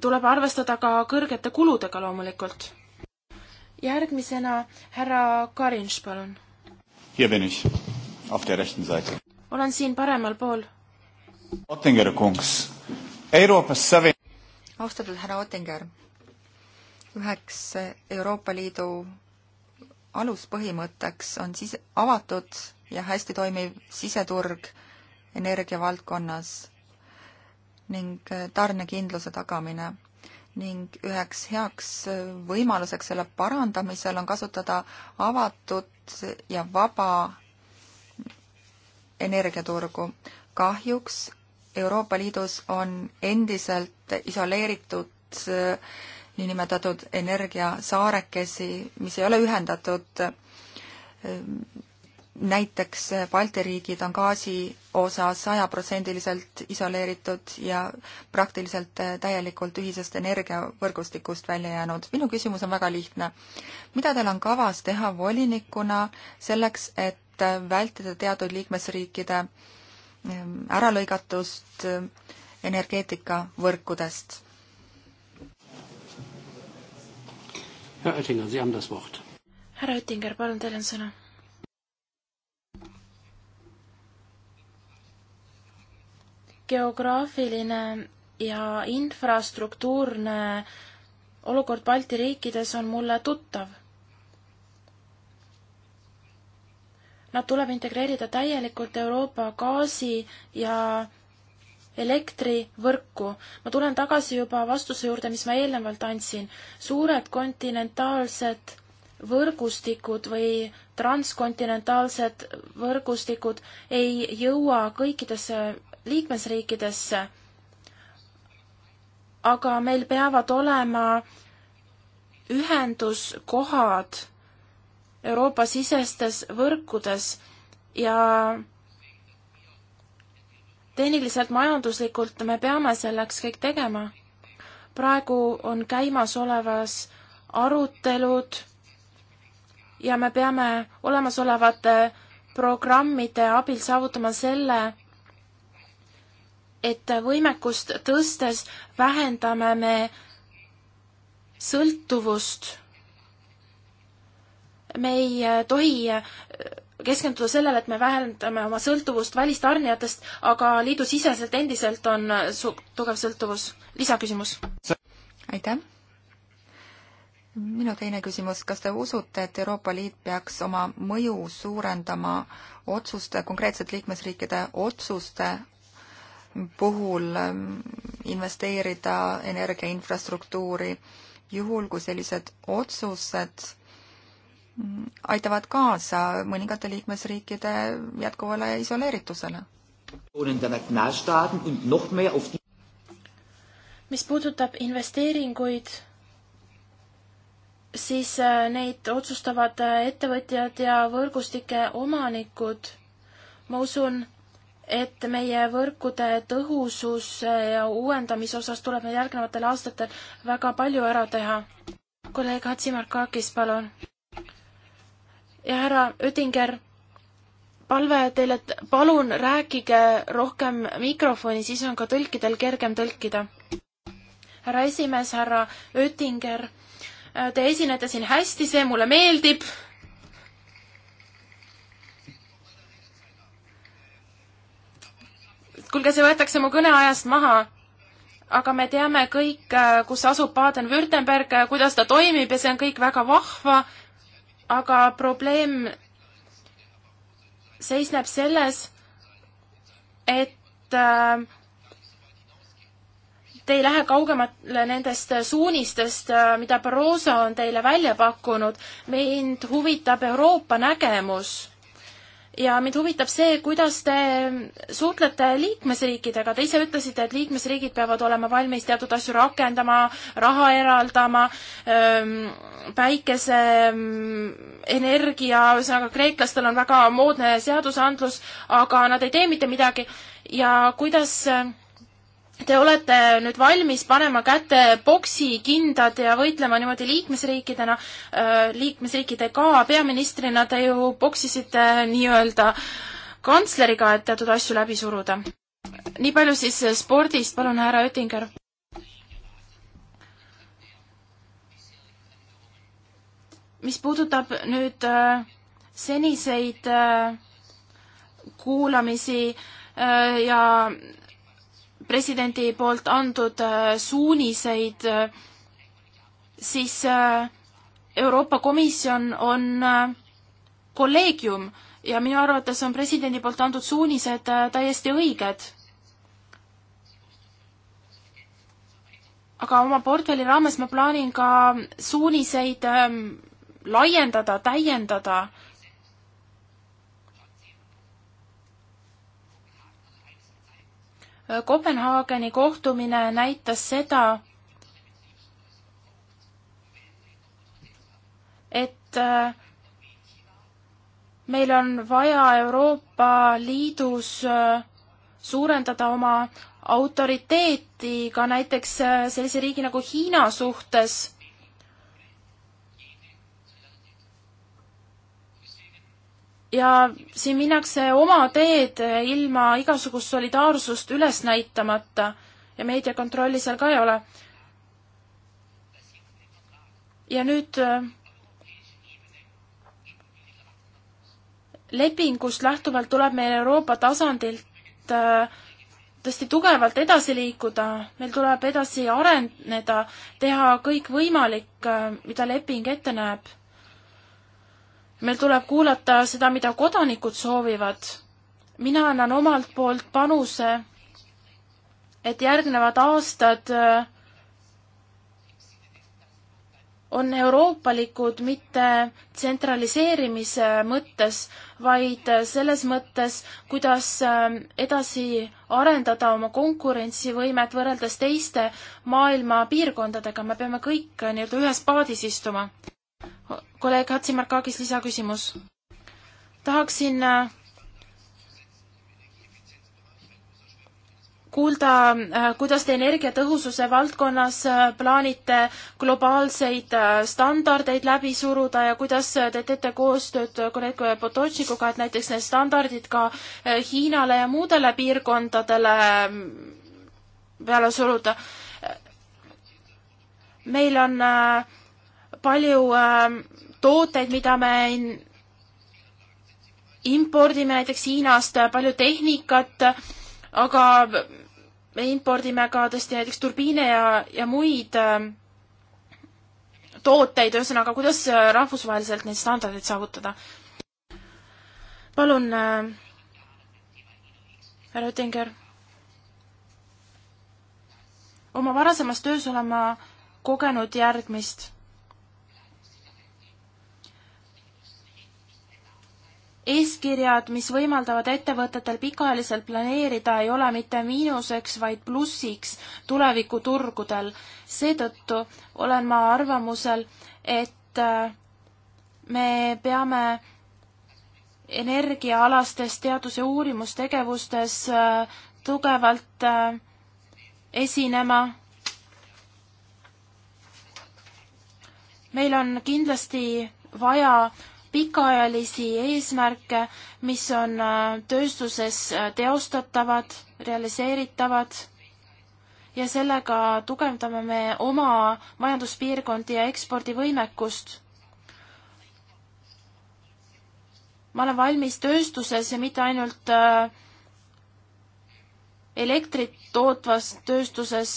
tuleb arvestada ka kõrgete kuludega loomulikult. järgmisena härra Karins, palun. Hier bin ich auf der rechten Seite. olen siin paremal pool. Ottinger kungs, Euroopas seven... austatud härra Ottinger, üheks Euroopa Liidu aluspõhimõtteks on siis avatud ja hästi toimiv siseturg energia valdkonnas ning tarnekindluse tagamine ning üheks heaks võimaluseks selle parandamisel on kasutada avatud ja vaba energiaturgu. kahjuks Euroopa Liidus on endiselt isoleeritud äh, niinimetatud energiasaarekesi, mis ei ole ühendatud. Äh, näiteks Balti riigid on gaasi osas sajaprotsendiliselt isoleeritud ja praktiliselt äh, täielikult ühisest energiavõrgustikust välja jäänud. minu küsimus on väga lihtne. mida teil on kavas teha volinikuna selleks, et et vältida teatud liikmesriikide ehm, äralõigatust ehm, energeetikavõrkudest. härra Oettinger, Sie haben das Wort. härra Oettinger, palun, teil on sõna. geograafiline ja infrastruktuurne olukord Balti riikides on mulle tuttav Nad tuleb integreerida täielikult Euroopa gaasi ja elektrivõrku. ma tulen tagasi juba vastuse juurde, mis ma eelnevalt andsin. suured kontinentaalsed võrgustikud või transkontinentaalsed võrgustikud ei jõua kõikidesse liikmesriikidesse. aga meil peavad olema ühenduskohad Euroopa-sisestes võrkudes ja tehniliselt, majanduslikult me peame selleks kõik tegema. praegu on käimasolevas arutelud ja me peame olemasolevate programmide abil saavutama selle, et võimekust tõstes vähendame me sõltuvust me ei äh, tohi äh, keskenduda sellele, et me vähendame oma sõltuvust välistarnijatest, aga liidusiseselt endiselt on äh, su-, tugev sõltuvus. lisaküsimus. aitäh! minu teine küsimus, kas te usute, et Euroopa Liit peaks oma mõju suurendama otsuste, konkreetselt liikmesriikide otsuste puhul ähm, investeerida energiainfrastruktuuri, juhul kui sellised otsused aitavad kaasa mõningate liikmesriikide jätkuvale isoleeritusele. mis puudutab investeeringuid, siis äh, neid otsustavad äh, ettevõtjad ja võrgustike omanikud. ma usun, et meie võrkude tõhususe äh, ja uuendamise osas tuleb meil järgnevatel aastatel väga palju ära teha. kolleeg Hatzimarkakis, palun ja härra Oettinger, palve teile, et palun rääkige rohkem mikrofoni, siis on ka tõlkidel kergem tõlkida. härra esimees, härra Oettinger, te esinete siin hästi, see mulle meeldib kuulge, see võetakse mu kõneajast maha. aga me teame kõik, kus asub Baden-Württemberg, kuidas ta toimib ja see on kõik väga vahva aga probleem seisneb selles, et äh, te ei lähe kaugemale nendest suunistest, äh, mida Barroso on teile välja pakkunud. mind huvitab Euroopa nägemus ja mind huvitab see, kuidas te suhtlete liikmesriikidega, te ise ütlesite, et liikmesriigid peavad olema valmis teatud asju rakendama, raha eraldama, ähm, päikeseenergia, ähm, ühesõnaga kreeklastel on väga moodne seadusandlus, aga nad ei tee mitte midagi ja kuidas äh, Te olete nüüd valmis panema kätte poksikindad ja võitlema niimoodi liikmesriikidena, äh, liikmesriikide ka peaministrina te ju poksisite nii-öelda kantsleriga, et teatud asju läbi suruda. nii palju siis spordist, palun, härra Oettinger. mis puudutab nüüd äh, seniseid äh, kuulamisi ja presidendi poolt antud äh, suuniseid, äh, siis äh, Euroopa Komisjon on kolleegium ja minu arvates on presidendi poolt antud suunised täiesti õiged. aga oma portfelli raames ma plaanin ka suuniseid ähm, laiendada, täiendada, Kopenhaageni kohtumine näitas seda, et äh, meil on vaja Euroopa Liidus äh, suurendada oma autoriteeti ka näiteks äh, sellise riigi nagu Hiina suhtes ja siin minnakse oma teed ilma igasugust solidaarsust üles näitamata ja meediakontrolli seal ka ei ole. ja nüüd äh, lepingust lähtuvalt tuleb meil Euroopa tasandilt äh, tõesti tugevalt edasi liikuda, meil tuleb edasi areneda, teha kõik võimalik, äh, mida leping ette näeb meil tuleb kuulata seda, mida kodanikud soovivad. mina annan omalt poolt panuse, et järgnevad aastad äh, on euroopalikud mitte tsentraliseerimise mõttes, vaid äh, selles mõttes, kuidas äh, edasi arendada oma konkurentsivõimet võrreldes teiste maailma piirkondadega, me peame kõik nii-öelda ühes paadis istuma kolleeg Hatsimarkakis, lisaküsimus. tahaksin äh, kuulda, äh, kuidas te energiatõhususe valdkonnas äh, plaanite globaalseid standardeid läbi suruda ja kuidas te teete koostööd kolleeg Potočnikuga, et näiteks need standardid ka Hiinale ja muudele piirkondadele peale suruda. meil on äh, palju äh, tooteid, mida me impordime näiteks Hiinast, äh, palju tehnikat, aga me impordime ka tõesti näiteks turbiine ja, ja muid äh, tooteid, ühesõnaga, kuidas äh, rahvusvaheliselt neid standardeid saavutada? palun äh,, härra Oettinger. oma varasemas töös olen ma kogenud järgmist eeskirjad, mis võimaldavad ettevõtetel pikaajaliselt planeerida, ei ole mitte miinuseks, vaid plussiks tulevikuturgudel. seetõttu olen ma arvamusel, et äh, me peame energiaalastes teadus- ja uurimustegevustes äh, tugevalt äh, esinema. meil on kindlasti vaja pikaajalisi eesmärke, mis on äh, tööstuses äh, teostatavad, realiseeritavad ja sellega tugevdame me oma majanduspiirkondi ja ekspordivõimekust. ma olen valmis tööstuses ja mitte ainult äh, elektrit tootvas tööstuses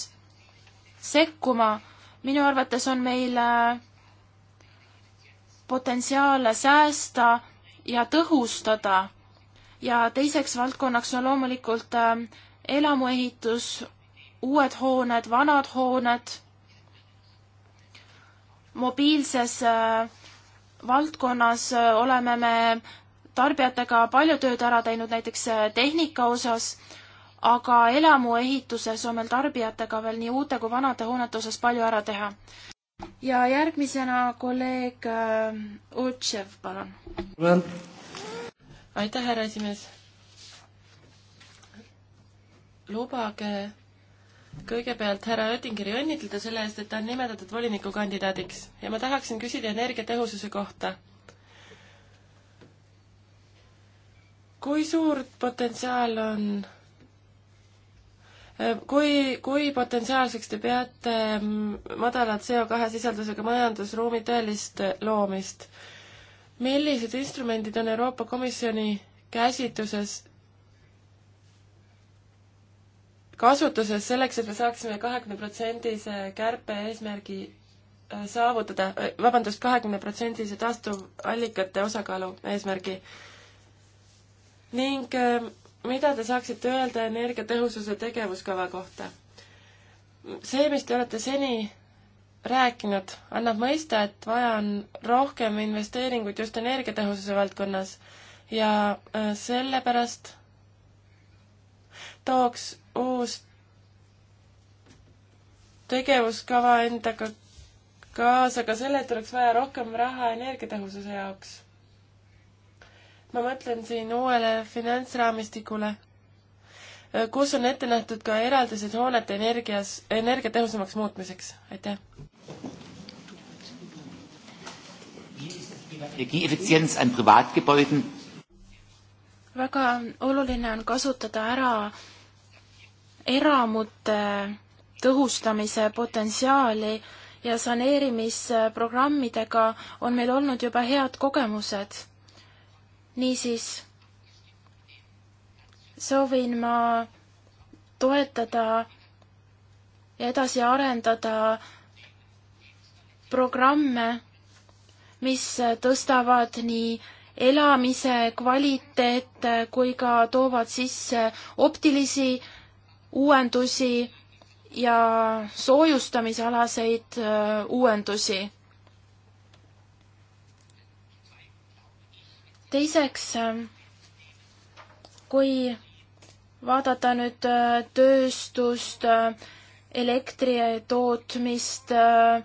sekkuma. minu arvates on meil potentsiaale säästa ja tõhustada. ja teiseks valdkonnaks on loomulikult ähm, elamuehitus, uued hooned, vanad hooned, mobiilses äh, valdkonnas äh, oleme me tarbijatega palju tööd ära teinud, näiteks äh, tehnika osas, aga elamuehituses on meil tarbijatega veel nii uute kui vanade hoonete osas palju ära teha ja järgmisena kolleeg Otšev, äh, palun. aitäh, härra esimees. lubage kõigepealt härra Oettingeri õnnitleda selle eest, et ta on nimetatud volinikukandidaadiks ja ma tahaksin küsida energiatõhususe kohta. kui suurt potentsiaal on kui, kui potentsiaalseks te peate mm, madala CO2 sisaldusega majandusruumi tõelist loomist? millised instrumendid on Euroopa Komisjoni käsitluses, kasutuses selleks, et me saaksime kahekümneprotsendise kärpe eesmärgi äh, saavutada, äh, vabandust, kahekümneprotsendise taastuvallikate osakaalu eesmärgi? ning äh, mida te saaksite öelda energiatõhususe tegevuskava kohta? see, mis te olete seni rääkinud, annab mõista, et vaja on rohkem investeeringuid just energiatõhususe valdkonnas ja äh, sellepärast tooks uus tegevuskava endaga kaasa ka selle, et oleks vaja rohkem raha energiatõhususe jaoks ma mõtlen siin uuele finantsraamistikule, äh, kus on ette nähtud ka eraldised hoonete energias, energiatõhusamaks muutmiseks, aitäh. väga oluline on kasutada ära eramute tõhustamise potentsiaali ja saneerimisprogrammidega on meil olnud juba head kogemused niisiis soovin ma toetada ja edasi arendada programme, mis tõstavad nii elamise kvaliteet kui ka toovad sisse optilisi uuendusi ja soojustamisalaseid äh, uuendusi teiseks, ähm, kui vaadata nüüd äh, tööstust, äh, elektri tootmist, äh,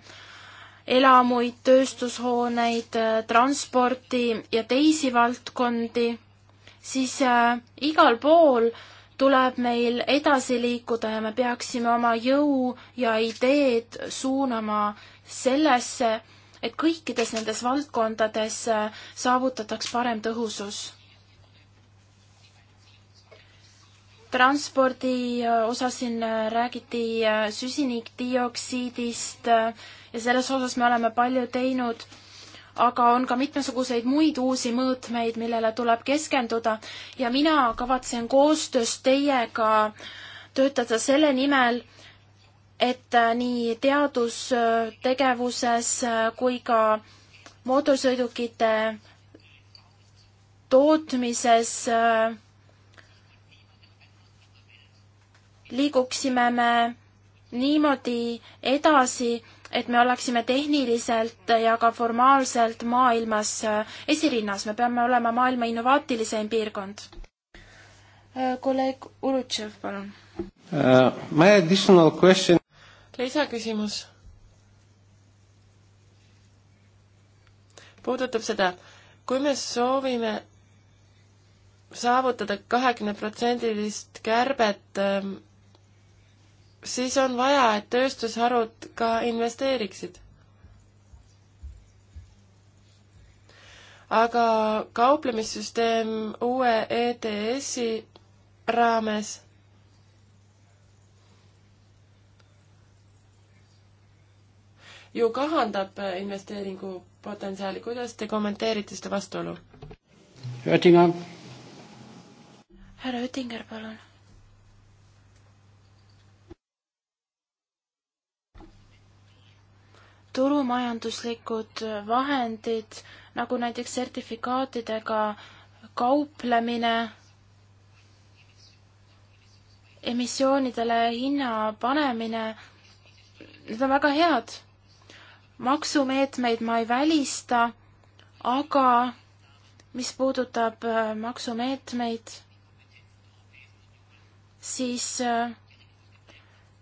elamuid, tööstushooneid, transporti ja teisi valdkondi, siis igal pool tuleb meil edasi liikuda ja me peaksime oma jõu ja ideed suunama sellesse, et kõikides nendes valdkondades äh, saavutataks parem tõhusus. transpordi äh, osas siin äh, räägiti süsinikdioksiidist ja selles osas me oleme palju teinud aga on ka mitmesuguseid muid uusi mõõtmeid, millele tuleb keskenduda ja mina kavatsen koostöös teiega töötada selle nimel, et äh, nii teadustegevuses äh, kui ka mootorsõidukite tootmises äh, liiguksime me niimoodi edasi, et me oleksime tehniliselt ja ka formaalselt maailmas esirinnas, me peame olema maailma innovaatilisem piirkond. kolleeg Urutšev, palun uh,. My additional question lisaküsimus puudutab seda, kui me soovime saavutada kahekümneprotsendilist kärbet, ähm, siis on vaja, et tööstusharud ka investeeriksid. aga kauplemissüsteem uue ETS-i raames ju kahandab äh, investeeringu potentsiaali, kuidas te kommenteerite seda vastuolu? Oettinger. härra Oettinger, palun. turumajanduslikud vahendid, nagu näiteks sertifikaatidega kauplemine, emissioonidele hinna panemine, need on väga head maksumeetmeid ma ei välista, aga mis puudutab äh, maksumeetmeid, siis äh,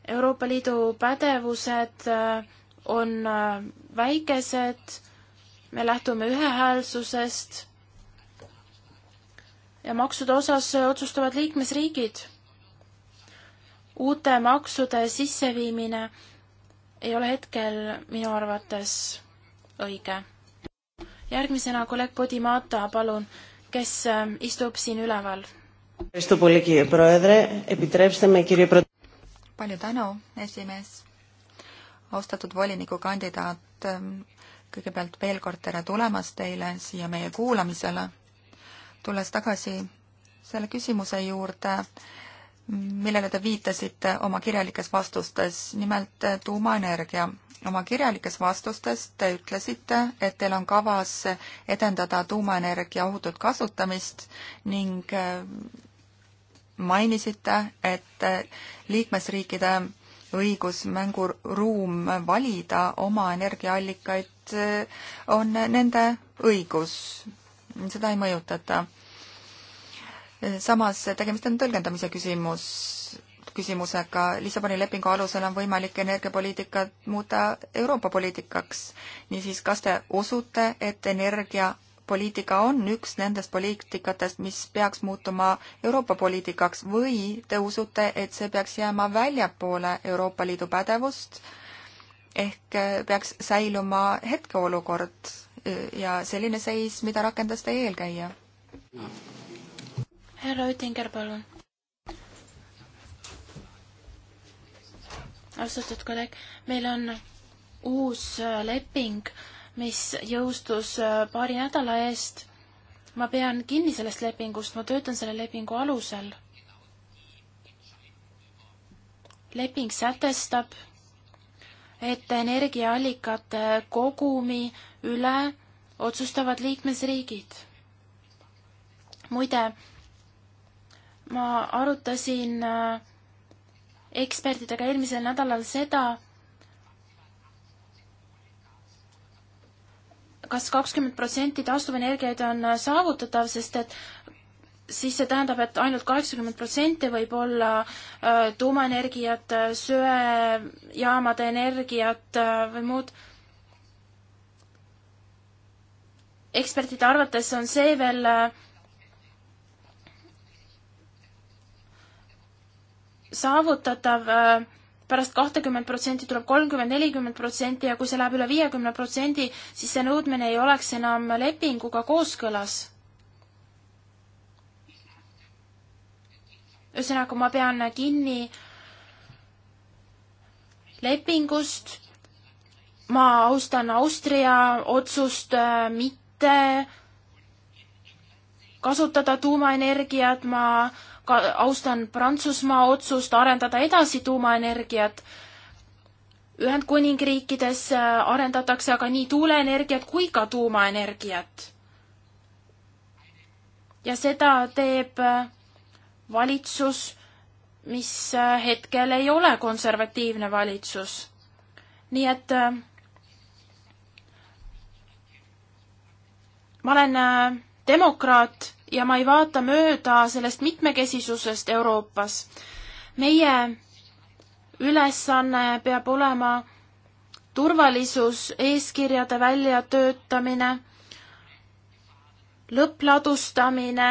Euroopa Liidu pädevused äh, on väikesed, me lähtume ühehäälsusest ja maksude osas otsustavad liikmesriigid. uute maksude sisseviimine ei ole hetkel minu arvates õige. järgmisena kolleeg Podimata, palun, kes äh, istub siin üleval? palju tänu, esimees. austatud volinikukandidaat, ähm, kõigepealt veel kord tere tulemast teile siia meie kuulamisele. tulles tagasi selle küsimuse juurde, millele te viitasite oma kirjalikes vastustes, nimelt tuumaenergia. oma kirjalikes vastustes te ütlesite, et teil on kavas edendada tuumaenergia ohutut kasutamist ning äh, mainisite, et liikmesriikide õigus, mänguruum valida oma energiaallikaid äh, on nende õigus, seda ei mõjutata samas tegemist on tõlgendamise küsimus, küsimusega. Lissaboni lepingu alusel on võimalik energiapoliitikat muuta Euroopa poliitikaks. niisiis, kas te usute, et energiapoliitika on üks nendest poliitikatest, mis peaks muutuma Euroopa poliitikaks või te usute, et see peaks jääma väljapoole Euroopa Liidu pädevust ehk peaks säiluma hetkeolukord ja selline seis, mida rakendas teie eelkäija? härra Oettinger, palun. austatud kolleeg, meil on uus äh, leping, mis jõustus äh, paari nädala eest. ma pean kinni sellest lepingust, ma töötan selle lepingu alusel. leping sätestab, et energiaallikate kogumi üle otsustavad liikmesriigid. muide, ma arutasin äh, ekspertidega eelmisel nädalal seda, kas kakskümmend protsenti taastuvenergiaid on äh, saavutatav, sest et siis see tähendab, et ainult kaheksakümmend protsenti võib olla äh, tuumaenergiat, söejaamade energiat või muud. ekspertide arvates on see veel äh, saavutatav äh, pärast kahtekümmet protsenti tuleb kolmkümmend, nelikümmend protsenti ja kui see läheb üle viiekümne protsendi, siis see nõudmine ei oleks enam lepinguga kooskõlas. ühesõnaga, ma pean kinni lepingust, ma austan Austria otsust äh, mitte kasutada tuumaenergiat, ma äh, austan Prantsusmaa otsust arendada edasi tuumaenergiat. Ühendkuningriikides äh, arendatakse aga nii tuuleenergiat kui ka tuumaenergiat. ja seda teeb äh, valitsus, mis äh, hetkel ei ole konservatiivne valitsus. nii et ma olen demokraat ja ma ei vaata mööda sellest mitmekesisusest Euroopas. meie ülesanne peab olema turvalisuseeskirjade väljatöötamine, lõppladustamine,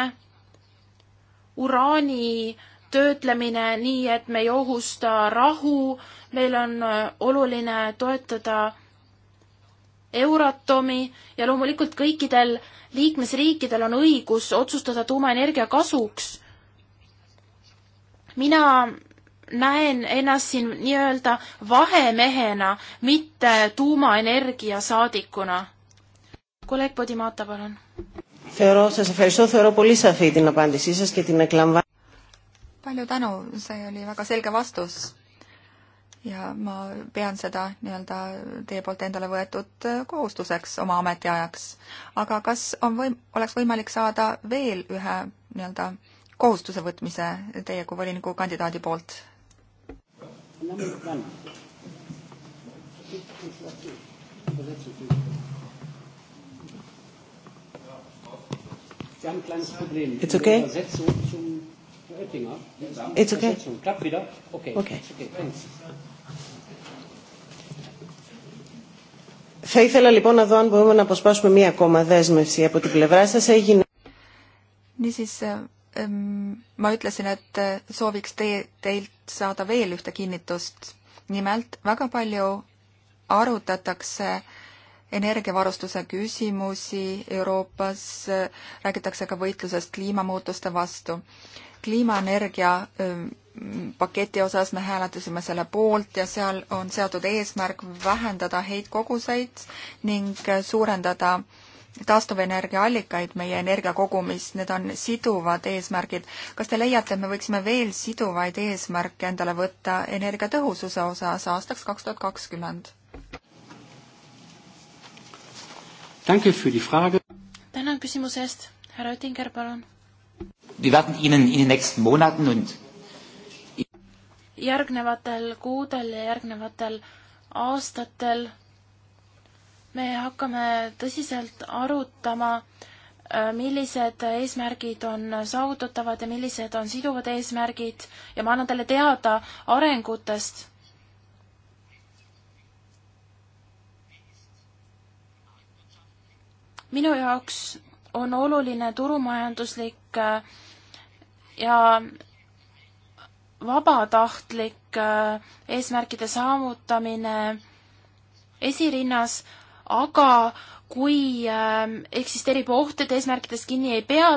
uraani töötlemine nii, et me ei ohusta rahu, meil on oluline toetada Euratomi ja loomulikult kõikidel liikmesriikidel on õigus otsustada tuumaenergia kasuks. mina näen ennast siin nii-öelda vahemehena, mitte tuumaenergia saadikuna. kolleeg Podimata, palun. palju tänu, see oli väga selge vastus ja ma pean seda nii-öelda teie poolt endale võetud kohustuseks oma ametiajaks. aga kas on võim-, oleks võimalik saada veel ühe nii-öelda kohustuse võtmise teie kui voliniku kandidaadi poolt? It's okay? It's okay? Klappt wieder? Okay. okay. okay. Thanks. Θα ήθελα λοιπόν να δω αν μπορούμε να αποσπάσουμε μία ακόμα δέσμευση από την πλευρά σας. Έγινε... Niisiis, ma ütlesin, et sooviks teie, teilt saada veel ühte kinnitust. nimelt väga palju arutatakse energiavarustuse küsimusi Euroopas, äh, räägitakse ka võitlusest kliimamuutuste vastu. kliimaenergia äh, paketi osas me hääletasime selle poolt ja seal on seatud eesmärk vähendada heitkoguseid ning suurendada taastuvenergiaallikaid meie energiakogumis, need on siduvad eesmärgid. kas te leiate, et me võiksime veel siduvaid eesmärke endale võtta energiatõhususe osas aastaks kaks tuhat kakskümmend? tänan küsimuse eest, härra Oettinger, palun. Wir werden Ihnen in den nächsten Monaten und järgnevatel kuudel ja järgnevatel aastatel me hakkame tõsiselt arutama, äh, millised eesmärgid on saavutatavad ja millised on siduvad eesmärgid ja ma annan teile teada arengutest. minu jaoks on oluline turumajanduslik äh, ja vabatahtlik äh, eesmärkide saavutamine esirinnas, aga kui ähm, eksisteerib oht, et eesmärkidest kinni ei pea,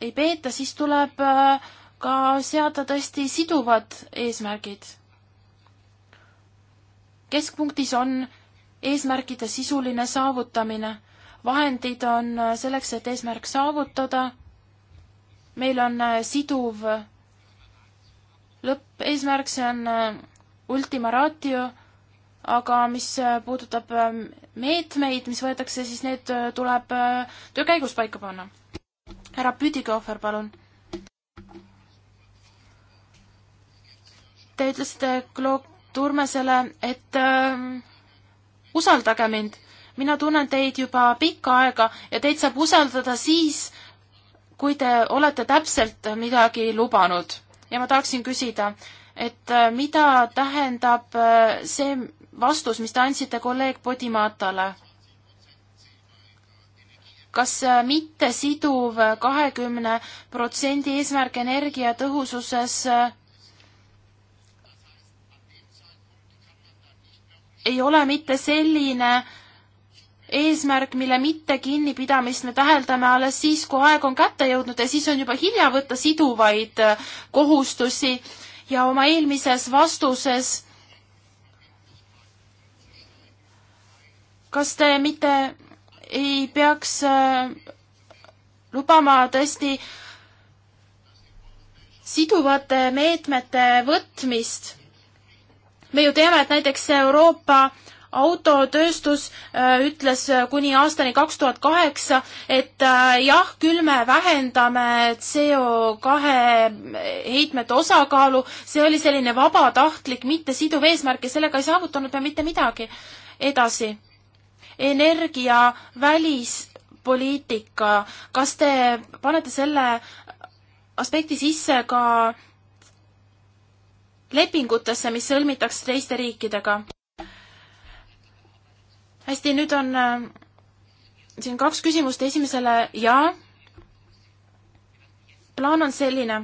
ei peeta, siis tuleb äh, ka seada tõesti siduvad eesmärgid. keskpunktis on eesmärkide sisuline saavutamine. vahendid on äh, selleks, et eesmärk saavutada. meil on siduv lõppeesmärk, see on äh, ultima ratio, aga mis äh, puudutab ähm, meetmeid, mis võetakse, siis need äh, tuleb töö käigus paika panna. härra Püdikohver, palun. Te ütlesite Klook Turmesele, et äh, usaldage mind. mina tunnen teid juba pikka aega ja teid saab usaldada siis, kui te olete täpselt midagi lubanud ja ma tahaksin küsida, et äh, mida tähendab äh, see vastus, mis te andsite kolleeg Podimatale? kas äh, mittesiduv kahekümne protsendi eesmärk energiatõhususes ei ole mitte selline, eesmärk, mille mitte kinnipidamist me täheldame alles siis, kui aeg on kätte jõudnud ja siis on juba hilja võtta siduvaid äh, kohustusi ja oma eelmises vastuses kas te mitte ei peaks äh, lubama tõesti siduvate meetmete võtmist? me ju teame, et näiteks Euroopa autotööstus äh, ütles äh, kuni aastani kaks tuhat kaheksa, et äh, jah, küll me vähendame CO kahe heitmete osakaalu, see oli selline vabatahtlik, mittesiduv eesmärk ja sellega ei saavutanud me mitte midagi. edasi, energia välispoliitika, kas te panete selle aspekti sisse ka lepingutesse, mis sõlmitakse teiste riikidega? hästi, nüüd on äh, siin kaks küsimust, esimesele jaa. plaan on selline,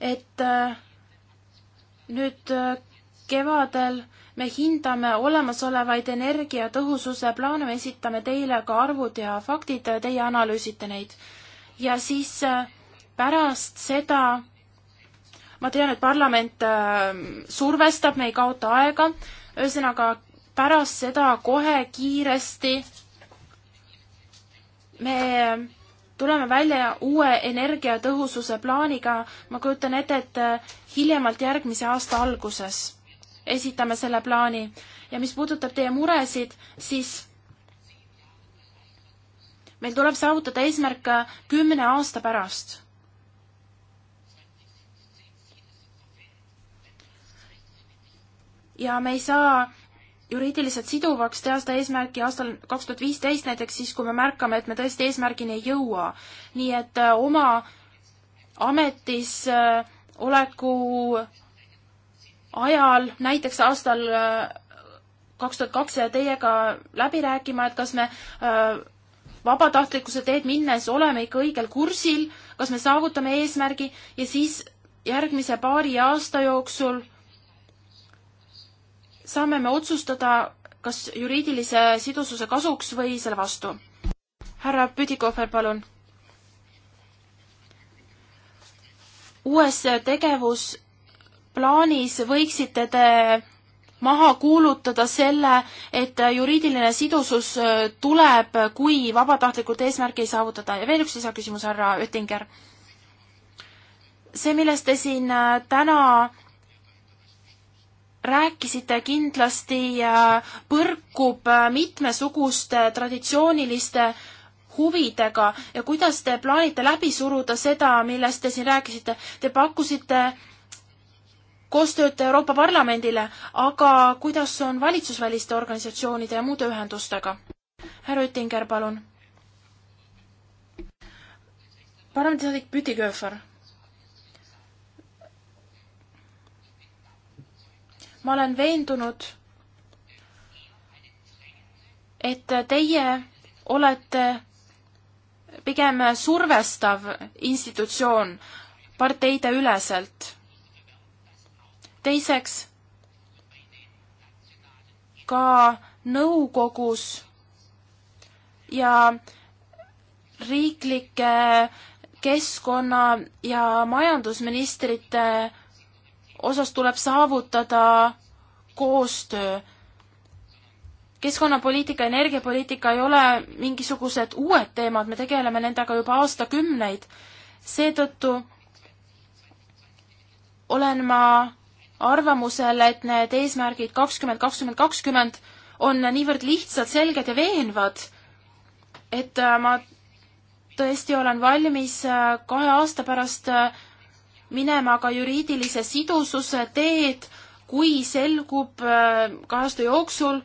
et äh, nüüd äh, kevadel me hindame olemasolevaid energiatõhususe plaane, me esitame teile ka arvud ja faktid, teie analüüsite neid. ja siis pärast seda ma tean, et parlament survestab, me ei kaota aega, ühesõnaga pärast seda kohe kiiresti me tuleme välja uue energiatõhususe plaaniga, ma kujutan ette, et äh, hiljemalt järgmise aasta alguses esitame selle plaani ja mis puudutab teie muresid, siis meil tuleb saavutada eesmärk äh, kümne aasta pärast. ja me ei saa juriidiliselt siduvaks teha seda eesmärki aastal kaks tuhat viisteist näiteks siis, kui me märkame, et me tõesti eesmärgini ei jõua. nii et äh, oma ametis äh, oleku ajal, näiteks aastal äh, kaks tuhat kaks ja teiega läbi rääkima, et kas me vabatahtlikkuse teed minnes oleme ikka õigel kursil, kas me saavutame eesmärgi ja siis järgmise paari aasta jooksul saame me otsustada, kas juriidilise sidususe kasuks või selle vastu. härra Püdikohver, palun. uues tegevusplaanis võiksite te maha kuulutada selle, et juriidiline sidusus tuleb, kui vabatahtlikult eesmärki ei saavutada ja veel üks lisaküsimus, härra Oettinger. see, millest te siin äh, täna rääkisite kindlasti põrkub mitmesuguste traditsiooniliste huvidega ja kuidas te plaanite läbi suruda seda, millest te siin rääkisite. Te pakkusite koostööd Euroopa Parlamendile, aga kuidas on valitsusväliste organisatsioonide ja muude ühendustega? härra Üttinger, palun. parlamendisaadik Pütikööfer ma olen veendunud, et teie olete pigem survestav institutsioon parteide üleselt. teiseks, ka nõukogus ja riiklike keskkonna- ja majandusministrite osas tuleb saavutada koostöö. keskkonnapoliitika, energiapoliitika ei ole mingisugused uued teemad, me tegeleme nendega juba aastakümneid. seetõttu olen ma arvamusel, et need eesmärgid kakskümmend, kakskümmend, kakskümmend on niivõrd lihtsad, selged ja veenvad, et äh, ma tõesti olen valmis äh, kahe aasta pärast äh, minema aga juriidilise sidususe teed, kui selgub äh, kahe aasta jooksul,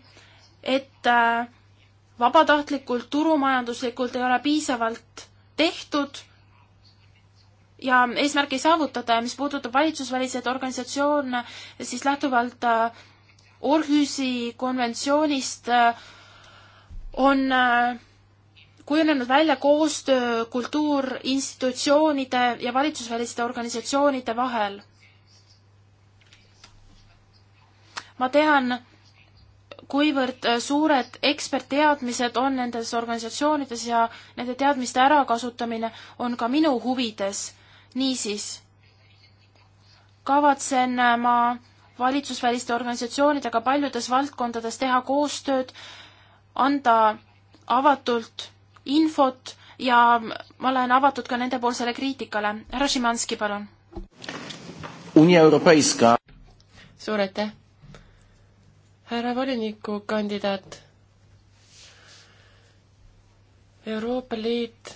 et äh, vabatahtlikult, turumajanduslikult ei ole piisavalt tehtud ja eesmärk ei saavutada ja mis puudutab valitsusväliseid organisatsioone, siis lähtuvalt äh, Orhüsi konventsioonist on äh, kujunenud välja koostöö kultuurinstitutsioonide ja valitsusväliste organisatsioonide vahel. ma tean, kuivõrd suured ekspertteadmised on nendes organisatsioonides ja nende teadmiste ärakasutamine on ka minu huvides. niisiis, kavatsen ma valitsusväliste organisatsioonidega paljudes valdkondades teha koostööd, anda avatult infot ja ma olen avatud ka nendepoolsele kriitikale. härra Šimanski, palun. suur aitäh. härra volinikukandidaat. Euroopa Liit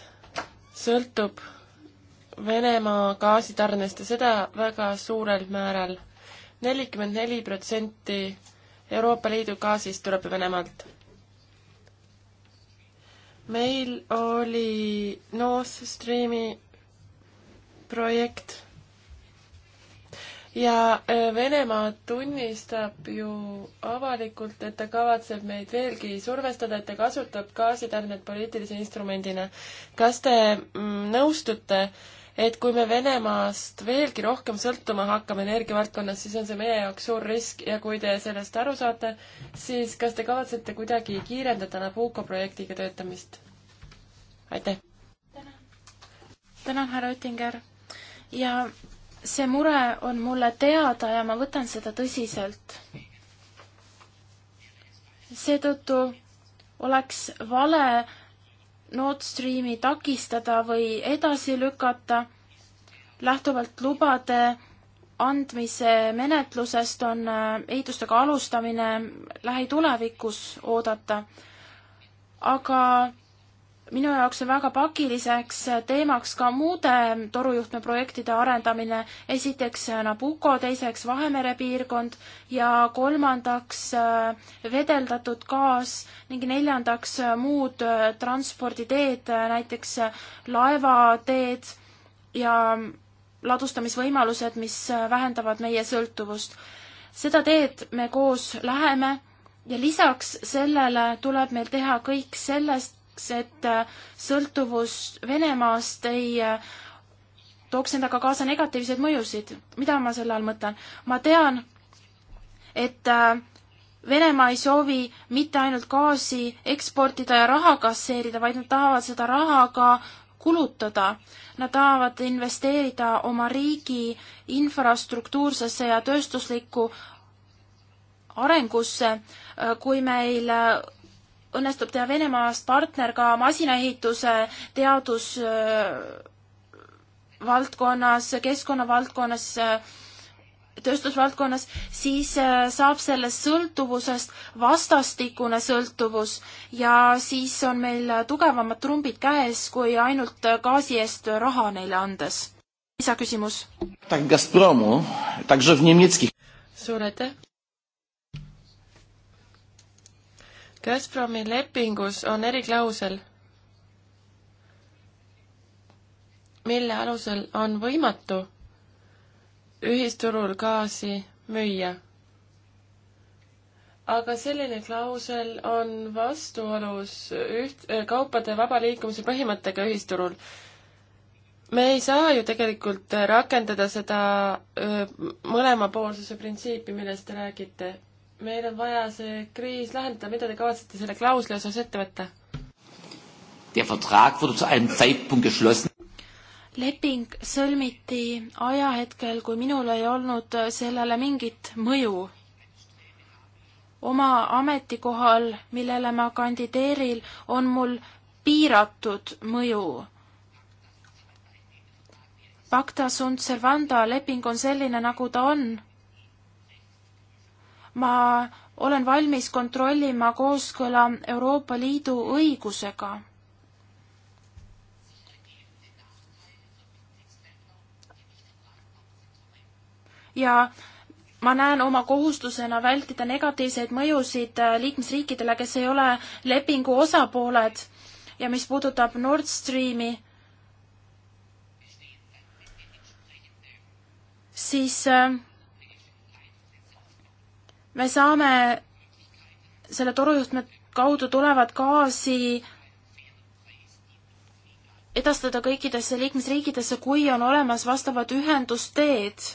sõltub Venemaa gaasitarnest ja seda väga suurel määral. nelikümmend neli protsenti Euroopa Liidu gaasist tuleb Venemaalt meil oli North Streami projekt ja äh, Venemaa tunnistab ju avalikult, et ta kavatseb meid veelgi survestada, et ta kasutab gaasitarnet poliitilise instrumendina. kas te mm, nõustute äh, et kui me Venemaast veelgi rohkem sõltuma hakkame energiavaldkonnas, siis on see meie jaoks suur risk ja kui te sellest aru saate, siis kas te kavatsete kuidagi kiirendada Nabucco projektiga töötamist? aitäh! tänan, härra Oettinger! ja see mure on mulle teada ja ma võtan seda tõsiselt. seetõttu oleks vale Nord Streami takistada või edasi lükata. lähtuvalt lubade andmise menetlusest on äh, ehitustega alustamine lähitulevikus oodata. aga minu jaoks on väga pakiliseks teemaks ka muude torujuhtme projektide arendamine, esiteks Nabucco, teiseks Vahemere piirkond ja kolmandaks äh, vedeldatud gaas ning neljandaks äh, muud äh, transporditeed, näiteks laevateed ja ladustamisvõimalused, mis vähendavad meie sõltuvust. seda teed me koos läheme ja lisaks sellele tuleb meil teha kõik sellest, selleks, et äh, sõltuvus Venemaast ei äh, tooks endaga kaasa negatiivseid mõjusid. mida ma selle all mõtlen? ma tean, et äh, Venemaa ei soovi mitte ainult gaasi eksportida ja raha kasseerida, vaid nad tahavad seda raha ka kulutada. Nad tahavad investeerida oma riigi infrastruktuursesse ja tööstuslikku arengusse. kui meil õnnestub teha Venemaast partner ka masinaehituse teadus äh, valdkonnas, keskkonnavaldkonnas, äh, tööstusvaldkonnas, siis äh, saab sellest sõltuvusest vastastikune sõltuvus ja siis on meil tugevamad trumbid käes, kui ainult gaasi eest raha neile andes. lisaküsimus. suur aitäh. Gazpromi lepingus on eriklausel, mille alusel on võimatu ühisturul gaasi müüa. aga selline klausel on vastuolus üht-, äh, kaupade vaba liikumise põhimõttega ühisturul me ei saa ju tegelikult rakendada seda äh, mõlemapoolsuse printsiipi, millest te räägite meil on vaja see kriis lahendada, mida te kavatsete selle klausli osas ette võtta? leping sõlmiti ajahetkel, kui minul ei olnud sellele mingit mõju. oma ametikohal, millele ma kandideerin, on mul piiratud mõju Pacta sunt servanda leping on selline, nagu ta on ma olen valmis kontrollima kooskõla Euroopa Liidu õigusega. ja ma näen oma kohustusena vältida negatiivseid mõjusid äh, liikmesriikidele, kes ei ole lepingu osapooled ja mis puudutab Nord Streami, siis äh, me saame selle torujuhtme kaudu tulevat gaasi edastada kõikidesse liikmesriikidesse, kui on olemas vastavad ühendusteed.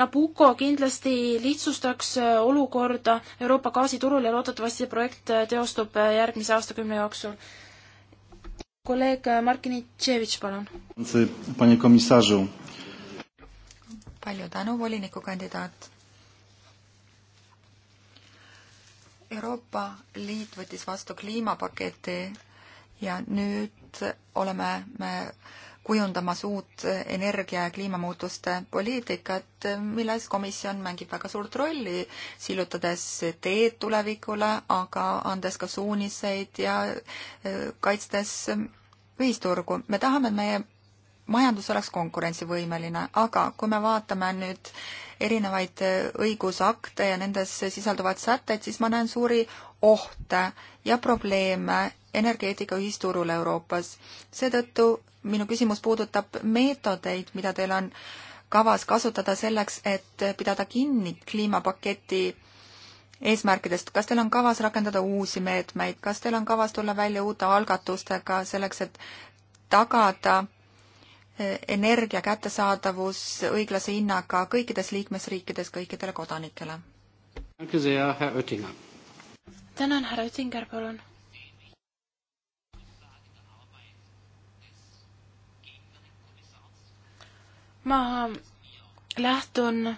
Nabucco kindlasti lihtsustaks olukorda Euroopa gaasiturul ja loodetavasti projekt teostub järgmise aastakümne jooksul. kolleeg Markin Itševitš, palun. Panie komisarzu palju tänu, volinikukandidaat. Euroopa Liit võttis vastu kliimapaketi ja nüüd oleme me kujundamas uut energia ja kliimamuutuste poliitikat, milles komisjon mängib väga suurt rolli, sillutades teed tulevikule, aga andes ka suuniseid ja eh, kaitstes ühisturgu. me tahame, et meie majandus oleks konkurentsivõimeline, aga kui me vaatame nüüd erinevaid äh, õigusakte ja nendes sisalduvaid sätteid, siis ma näen suuri ohte ja probleeme energeetika ühisturul Euroopas. seetõttu minu küsimus puudutab meetodeid, mida teil on kavas kasutada selleks, et pidada kinni kliimapaketi eesmärkidest, kas teil on kavas rakendada uusi meetmeid, kas teil on kavas tulla välja uute algatustega selleks, et tagada energia kättesaadavus õiglase hinnaga kõikides liikmesriikides kõikidele kodanikele. tänan, härra Oettinger, palun. ma lähtun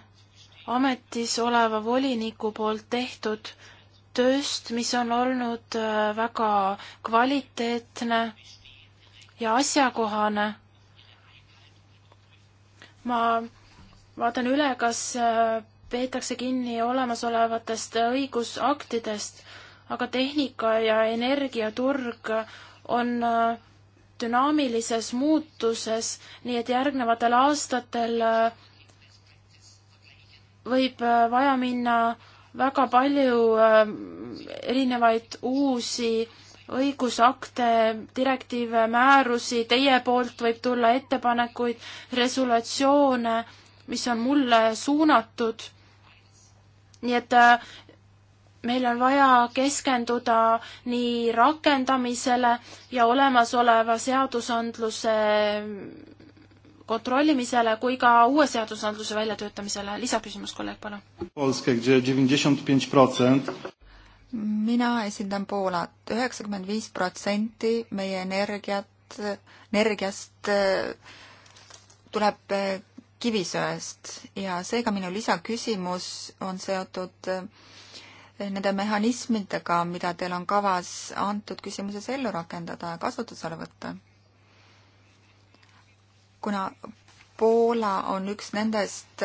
ametis oleva voliniku poolt tehtud tööst, mis on olnud väga kvaliteetne ja asjakohane ma vaatan üle, kas äh, peetakse kinni olemasolevatest õigusaktidest, aga tehnika ja energiaturg on äh, dünaamilises muutuses, nii et järgnevatel aastatel äh, võib vaja minna väga palju erinevaid uusi äh, õigusakte, direktiive, määrusi, teie poolt võib tulla ettepanekuid, resolutsioone, mis on mulle suunatud. nii et äh, meil on vaja keskenduda nii rakendamisele ja olemasoleva seadusandluse kontrollimisele kui ka uue seadusandluse väljatöötamisele. lisaküsimus, kolleeg, palun mina esindan Poolat. üheksakümmend viis protsenti meie energiat, energiast äh, tuleb äh, kivisöest ja seega minu lisaküsimus on seotud äh, nende mehhanismidega, mida teil on kavas antud küsimuses ellu rakendada ja kasutusele võtta. kuna Poola on üks nendest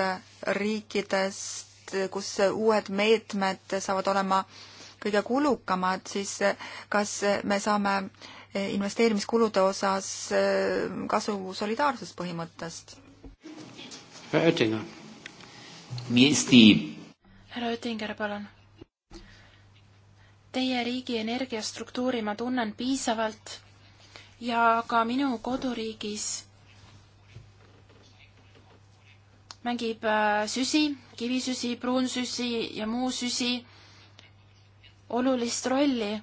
riikidest, kus uued meetmed saavad olema äh, kõige kulukamad, siis eh, kas eh, me saame eh, investeerimiskulude osas kasu solidaarsuspõhimõttest? härra Oettinger. härra Oettinger, palun. Teie riigi energiastruktuuri ma tunnen piisavalt ja ka minu koduriigis mängib süsi, kivisüsi, pruunsüsi ja muu süsi olulist rolli.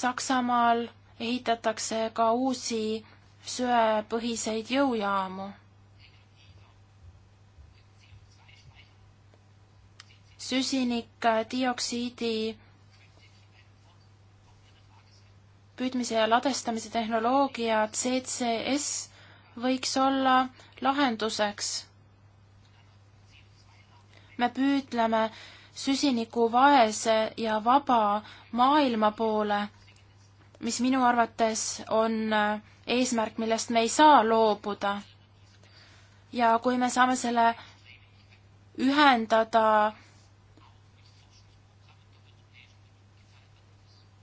Saksamaal ehitatakse ka uusi söepõhiseid jõujaamu. süsinikdioksiidi püüdmise ja ladestamise tehnoloogia CCS võiks olla lahenduseks. me püüdleme süsinikuvaese ja vaba maailma poole, mis minu arvates on äh, eesmärk, millest me ei saa loobuda. ja kui me saame selle ühendada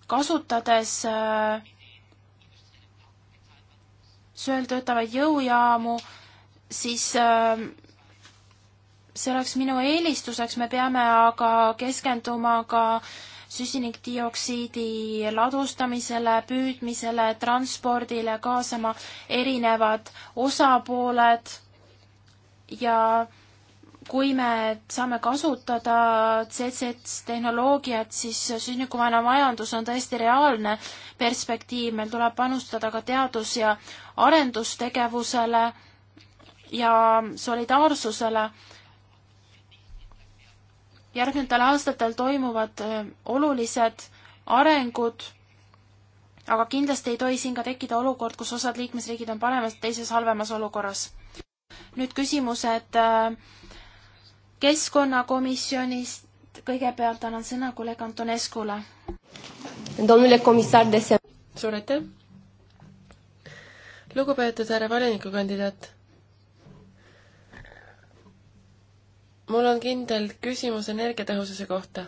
kasutades äh, söel töötavaid jõujaamu, siis äh, see oleks minu eelistuseks, me peame aga keskenduma ka süsinikdioksiidi ladustamisele, püüdmisele, transpordile, kaasama erinevad osapooled ja kui me saame kasutada CCS tehnoloogiat, siis süsinikuvaene majandus on tõesti reaalne perspektiiv, meil tuleb panustada ka teadus- ja arendustegevusele ja solidaarsusele järgnevatel aastatel toimuvad olulised arengud, aga kindlasti ei tohi siin ka tekkida olukord, kus osad liikmesriigid on paremas, teises halvemas olukorras. nüüd küsimused keskkonnakomisjonist, kõigepealt annan sõna kolleeg Antoneskule. suur aitäh! lugupeetud härra volinikukandidaat mul on kindel küsimus energiatõhususe kohta.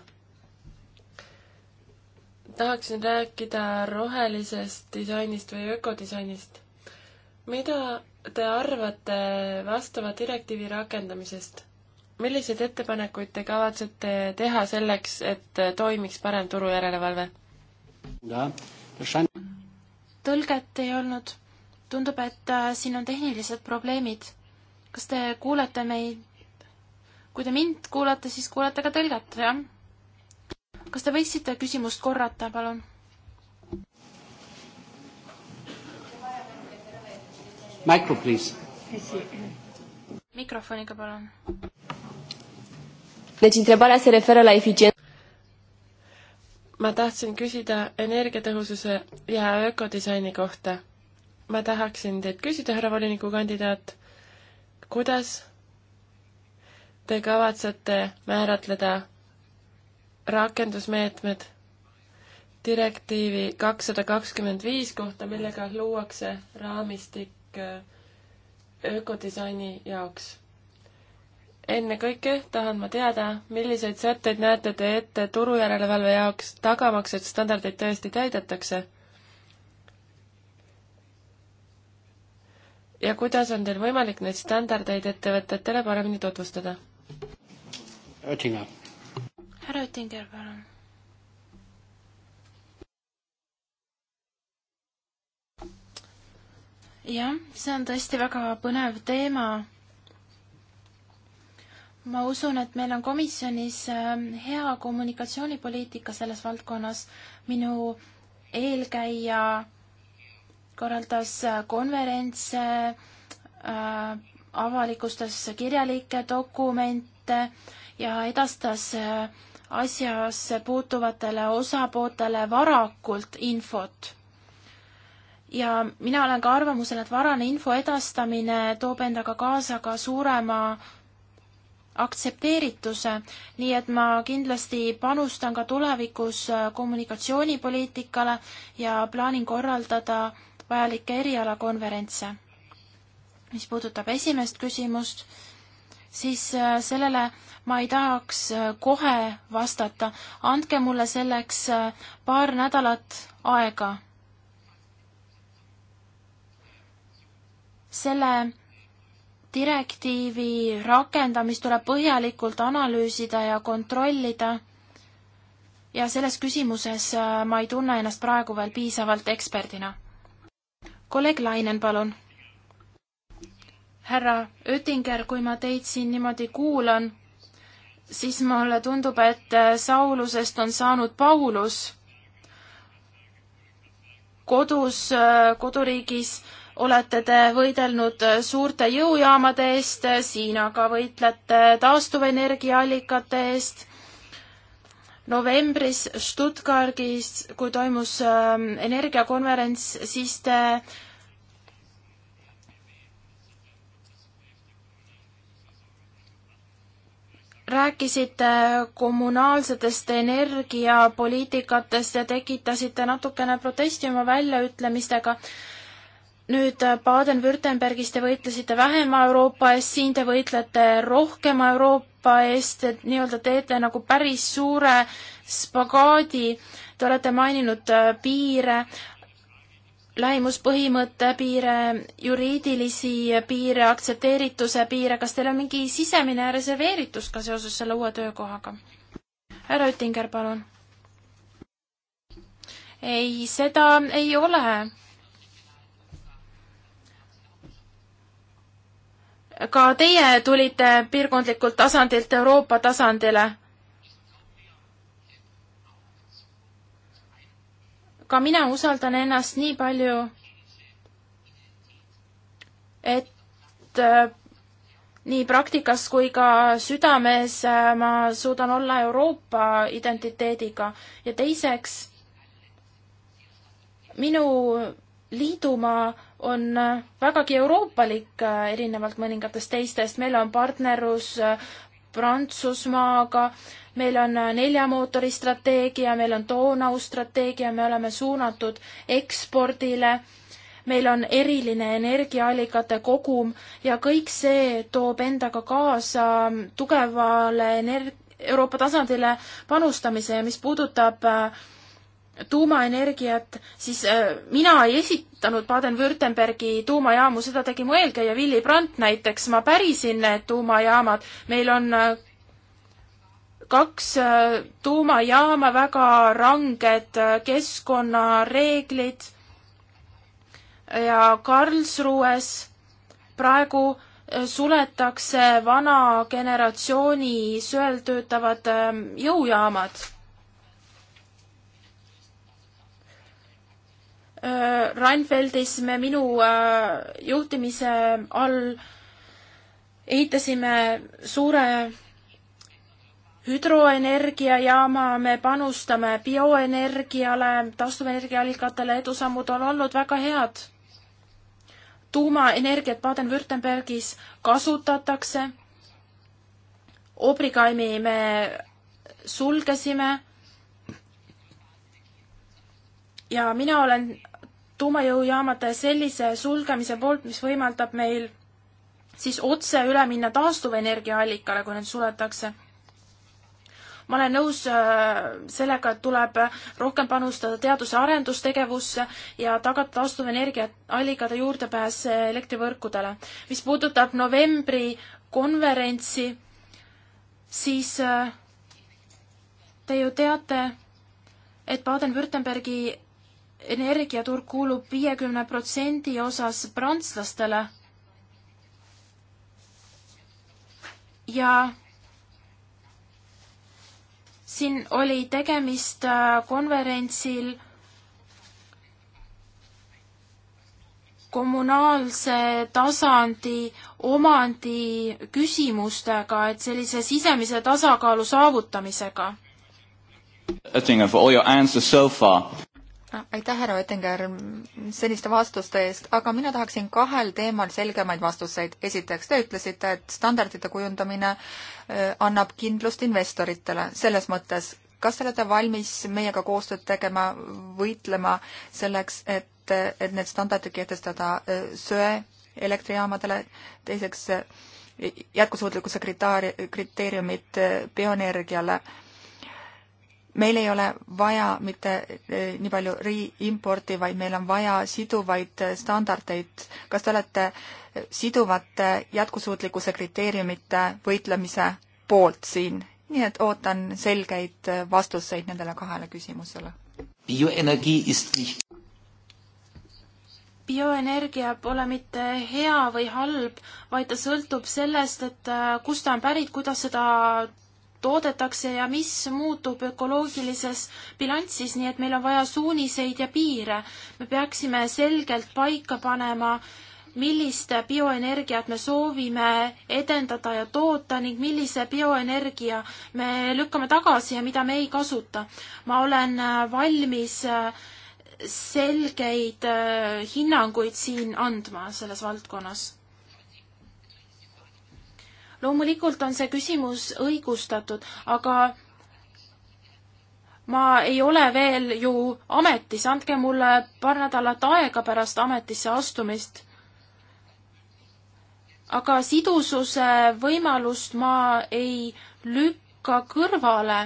tahaksin rääkida rohelisest disainist või ökodisainist. mida te arvate vastava direktiivi rakendamisest? milliseid ettepanekuid te kavatsete teha selleks, et toimiks parem turujärelevalve? tõlget ei olnud. tundub, et äh, siin on tehnilised probleemid. kas te kuulete meid? kui te mind kuulate, siis kuulete ka tõlget, jah? kas te võiksite küsimust korrata, palun? Micro, please. Microfonică, palun. Deci, întrebarea se referă la eficiență. Ma tahtsin küsida energiatõhususe ja ökodisaini kohta. Ma tahaksin teilt küsida, härra volinikukandidaat, kuidas te kavatsete määratleda rakendusmeetmed direktiivi kakssada kakskümmend viis kohta, millega luuakse raamistik äh, ökodisaini jaoks. ennekõike tahan ma teada, milliseid sätteid näete te ette turujärelevalve jaoks, tagamaks, et standardeid tõesti täidetakse ja kuidas on teil võimalik neid standardeid ettevõtetele paremini tutvustada? Oettinger. härra Oettinger, palun. jah, see on tõesti väga põnev teema. ma usun, et meil on komisjonis ähm, hea kommunikatsioonipoliitika selles valdkonnas. minu eelkäija korraldas äh, konverentse äh,, avalikustas kirjalikke dokumente ja edastas äh, asjasse puutuvatele osapooltele varakult infot. ja mina olen ka arvamusel, et varane info edastamine toob endaga kaasa ka suurema aktsepteerituse, nii et ma kindlasti panustan ka tulevikus äh, kommunikatsioonipoliitikale ja plaanin korraldada vajalikke erialakonverentse. mis puudutab esimest küsimust, siis äh, sellele ma ei tahaks äh, kohe vastata. andke mulle selleks äh, paar nädalat aega. selle direktiivi rakendamist tuleb põhjalikult analüüsida ja kontrollida. ja selles küsimuses ma ei tunne ennast praegu veel piisavalt eksperdina. kolleeg Lainen, palun härra Oettinger, kui ma teid siin niimoodi kuulan, siis mulle tundub, et äh, Saulusest on saanud Paulus. kodus, äh, koduriigis olete te võidelnud äh, suurte jõujaamade eest, siin aga võitlete taastuvenergiaallikate eest. novembris Stuttgargis, kui toimus energiakonverents, siis te rääkisite kommunaalsetest energiapoliitikatest ja tekitasite natukene protesti oma väljaütlemistega. nüüd Baden-Württembergis te võitlesite vähema Euroopa eest, siin te võitlete rohkema Euroopa eest, et nii-öelda teete nagu päris suure spagaadi. Te olete maininud piire, lähimuspõhimõtte piire, juriidilisi piire, aktsepteerituse piire, kas teil on mingi sisemine reserveeritus ka seoses selle uue töökohaga? härra Oettinger, palun. ei, seda ei ole. ka teie tulite piirkondlikult tasandilt Euroopa tasandile ka mina usaldan ennast nii palju, et äh, nii praktikas kui ka südames äh, ma suudan olla Euroopa identiteediga ja teiseks, minu liidumaa on äh, vägagi euroopalik, erinevalt mõningatest teistest, meil on partnerlus Prantsusmaaga, meil on äh, nelja mootori strateegia, meil on Donau strateegia, me oleme suunatud ekspordile, meil on eriline energiaallikate kogum ja kõik see toob endaga kaasa ähm, tugevale energ-, Euroopa tasandile panustamise ja mis puudutab äh, tuumaenergiat, siis äh, mina ei esitanud Baden-Württembergi tuumajaamu, seda tegi mu eelkäija Willy Brandt näiteks, ma pärisin need tuumajaamad, meil on äh, kaks äh, tuumajaama, väga ranged äh, keskkonnareeglid ja Karlsruhes praegu äh, suletakse vana generatsiooni söel töötavad ähm, jõujaamad. Rheinfeldis me minu juhtimise all ehitasime suure hüdroenergiajaama, me panustame bioenergiale, taastuvenergiaallikatele, edusammud on olnud väga head. tuumaenergiat Baden-Württembergis kasutatakse. Obrigaimi me sulgesime. ja mina olen tuumajõujaamade sellise sulgemise poolt, mis võimaldab meil siis otse üle minna taastuvenergiaallikale, kui need suletakse ma olen nõus äh, sellega, et tuleb rohkem panustada teadus- ja arendustegevusse ja tagada taastuvenergiaallikade juurdepääs äh, elektrivõrkudele. mis puudutab novembri konverentsi, siis äh, te ju teate, et Baden-Württembergi energiaturg kuulub viiekümne protsendi osas prantslastele ja siin oli tegemist äh, konverentsil kommunaalse tasandi omandi küsimustega, et sellise sisemise tasakaalu saavutamisega aitäh, härra Oettinger, selliste vastuste eest, aga mina tahaksin kahel teemal selgemaid vastuseid. esiteks, te ütlesite, et standardite kujundamine äh, annab kindlust investoritele, selles mõttes, kas te olete valmis meiega koostööd tegema, võitlema selleks, et, et need standardid kehtestada äh, söe elektrijaamadele, teiseks äh, jätkusuutlikkuse kriteeriumid bioenergiale meil ei ole vaja mitte eh, nii palju reimporti, vaid meil on vaja siduvaid eh, standardeid. kas te olete eh, siduvate jätkusuutlikkuse kriteeriumite võitlemise poolt siin? nii et ootan selgeid vastuseid nendele kahele küsimusele. bioenergia pole mitte hea või halb, vaid ta sõltub sellest, et kust ta on pärit, kuidas seda toodetakse ja mis muutub ökoloogilises bilansis, nii et meil on vaja suuniseid ja piire. me peaksime selgelt paika panema, millist bioenergiat me soovime edendada ja toota ning millise bioenergia me lükkame tagasi ja mida me ei kasuta. ma olen valmis selgeid äh, hinnanguid siin andma selles valdkonnas loomulikult on see küsimus õigustatud, aga ma ei ole veel ju ametis, andke mulle paar nädalat aega pärast ametisse astumist. aga sidususe võimalust ma ei lükka kõrvale.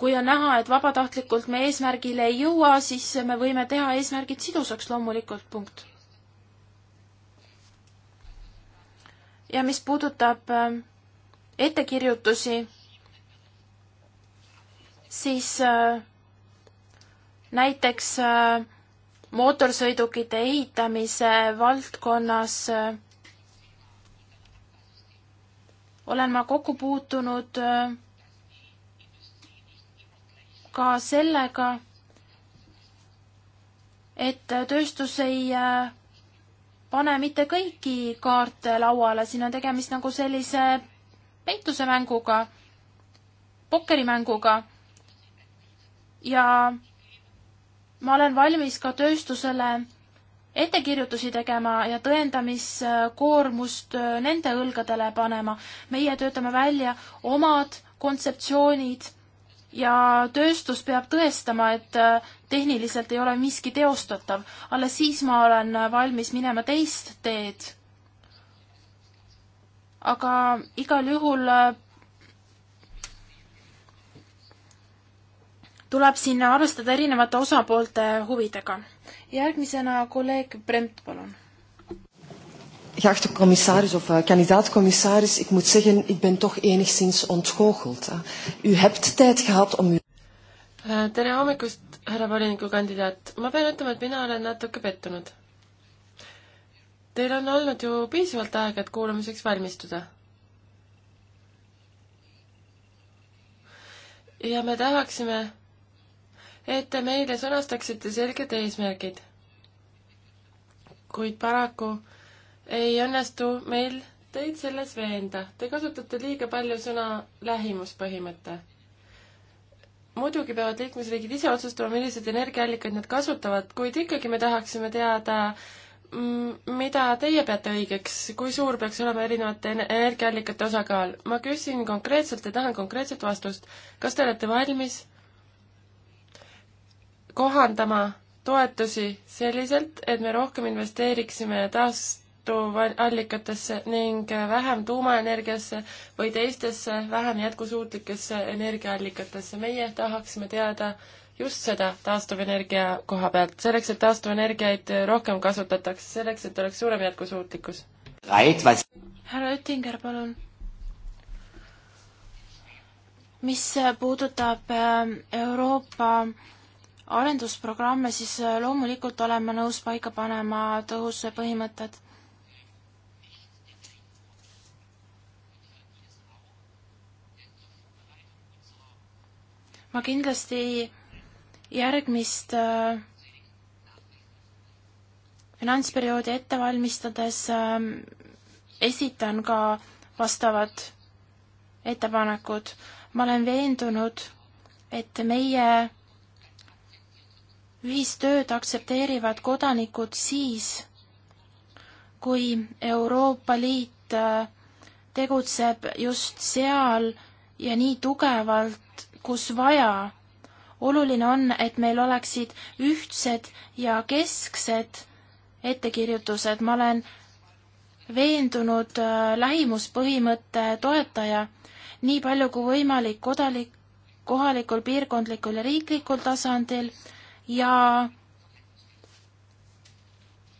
kui on näha, et vabatahtlikult me eesmärgile ei jõua, siis me võime teha eesmärgid sidusaks loomulikult, punkt. ja mis puudutab äh, ettekirjutusi, siis äh, näiteks äh, mootorsõidukite ehitamise valdkonnas äh, olen ma kokku puutunud ka sellega, et tööstus ei pane mitte kõiki kaarte lauale, siin on tegemist nagu sellise peitusemänguga, pokkerimänguga ja ma olen valmis ka tööstusele ettekirjutusi tegema ja tõendamiskoormust äh, nende õlgadele panema. meie töötame välja omad kontseptsioonid ja tööstus peab tõestama, et äh, tehniliselt ei ole miski teostatav. alles siis ma olen valmis minema teist teed aga igal juhul äh, tuleb siin arvestada erinevate osapoolte huvidega. järgmisena kolleeg Brent, palun. Geachte commissaris of uh, kandidaat-commissaris, ik moet zeggen, ik ben toch enigszins ontgoocheld. Uh. U hebt tijd gehad om u... Eh, tere hommikust, härra volinikukandidaat. ma pean ütlema, et mina olen natuke pettunud Teil on olnud ju piisavalt aega, et kuulamiseks valmistuda. ja me tahaksime, et te meile sõnastaksite selged eesmärgid. kuid paraku ei õnnestu meil teid selles veenda. Te kasutate liiga palju sõna lähimuspõhimõte. muidugi peavad liikmesriigid ise otsustama, milliseid energiaallikaid nad kasutavad, kuid ikkagi me tahaksime teada äh, mida teie peate õigeks, kui suur peaks olema erinevate energiaallikate osakaal? ma küsin konkreetselt ja tahan konkreetset vastust. kas te olete valmis kohandama toetusi selliselt, et me rohkem investeeriksime taastuvallikatesse ning vähem tuumaenergiasse või teistesse vähem jätkusuutlikesse energiaallikatesse? meie tahaksime teada äh, just seda taastuvenergia koha pealt, selleks, et taastuvenergiaid rohkem kasutataks, selleks, et oleks suurem jätkusuutlikkus. härra Oettinger, palun. mis puudutab äh, Euroopa arendusprogramme, siis äh, loomulikult olen ma nõus paika panema tõhususe põhimõtted ma kindlasti järgmist äh, finantsperioodi ette valmistades äh, esitan ka vastavad ettepanekud. ma olen veendunud, et meie ühistööd aktsepteerivad kodanikud siis, kui Euroopa Liit äh, tegutseb just seal ja nii tugevalt, kus vaja oluline on, et meil oleksid ühtsed ja kesksed ettekirjutused, ma olen veendunud äh, lähimuspõhimõtte toetaja, nii palju kui võimalik kodanik, kohalikul, piirkondlikul ja riiklikul tasandil ja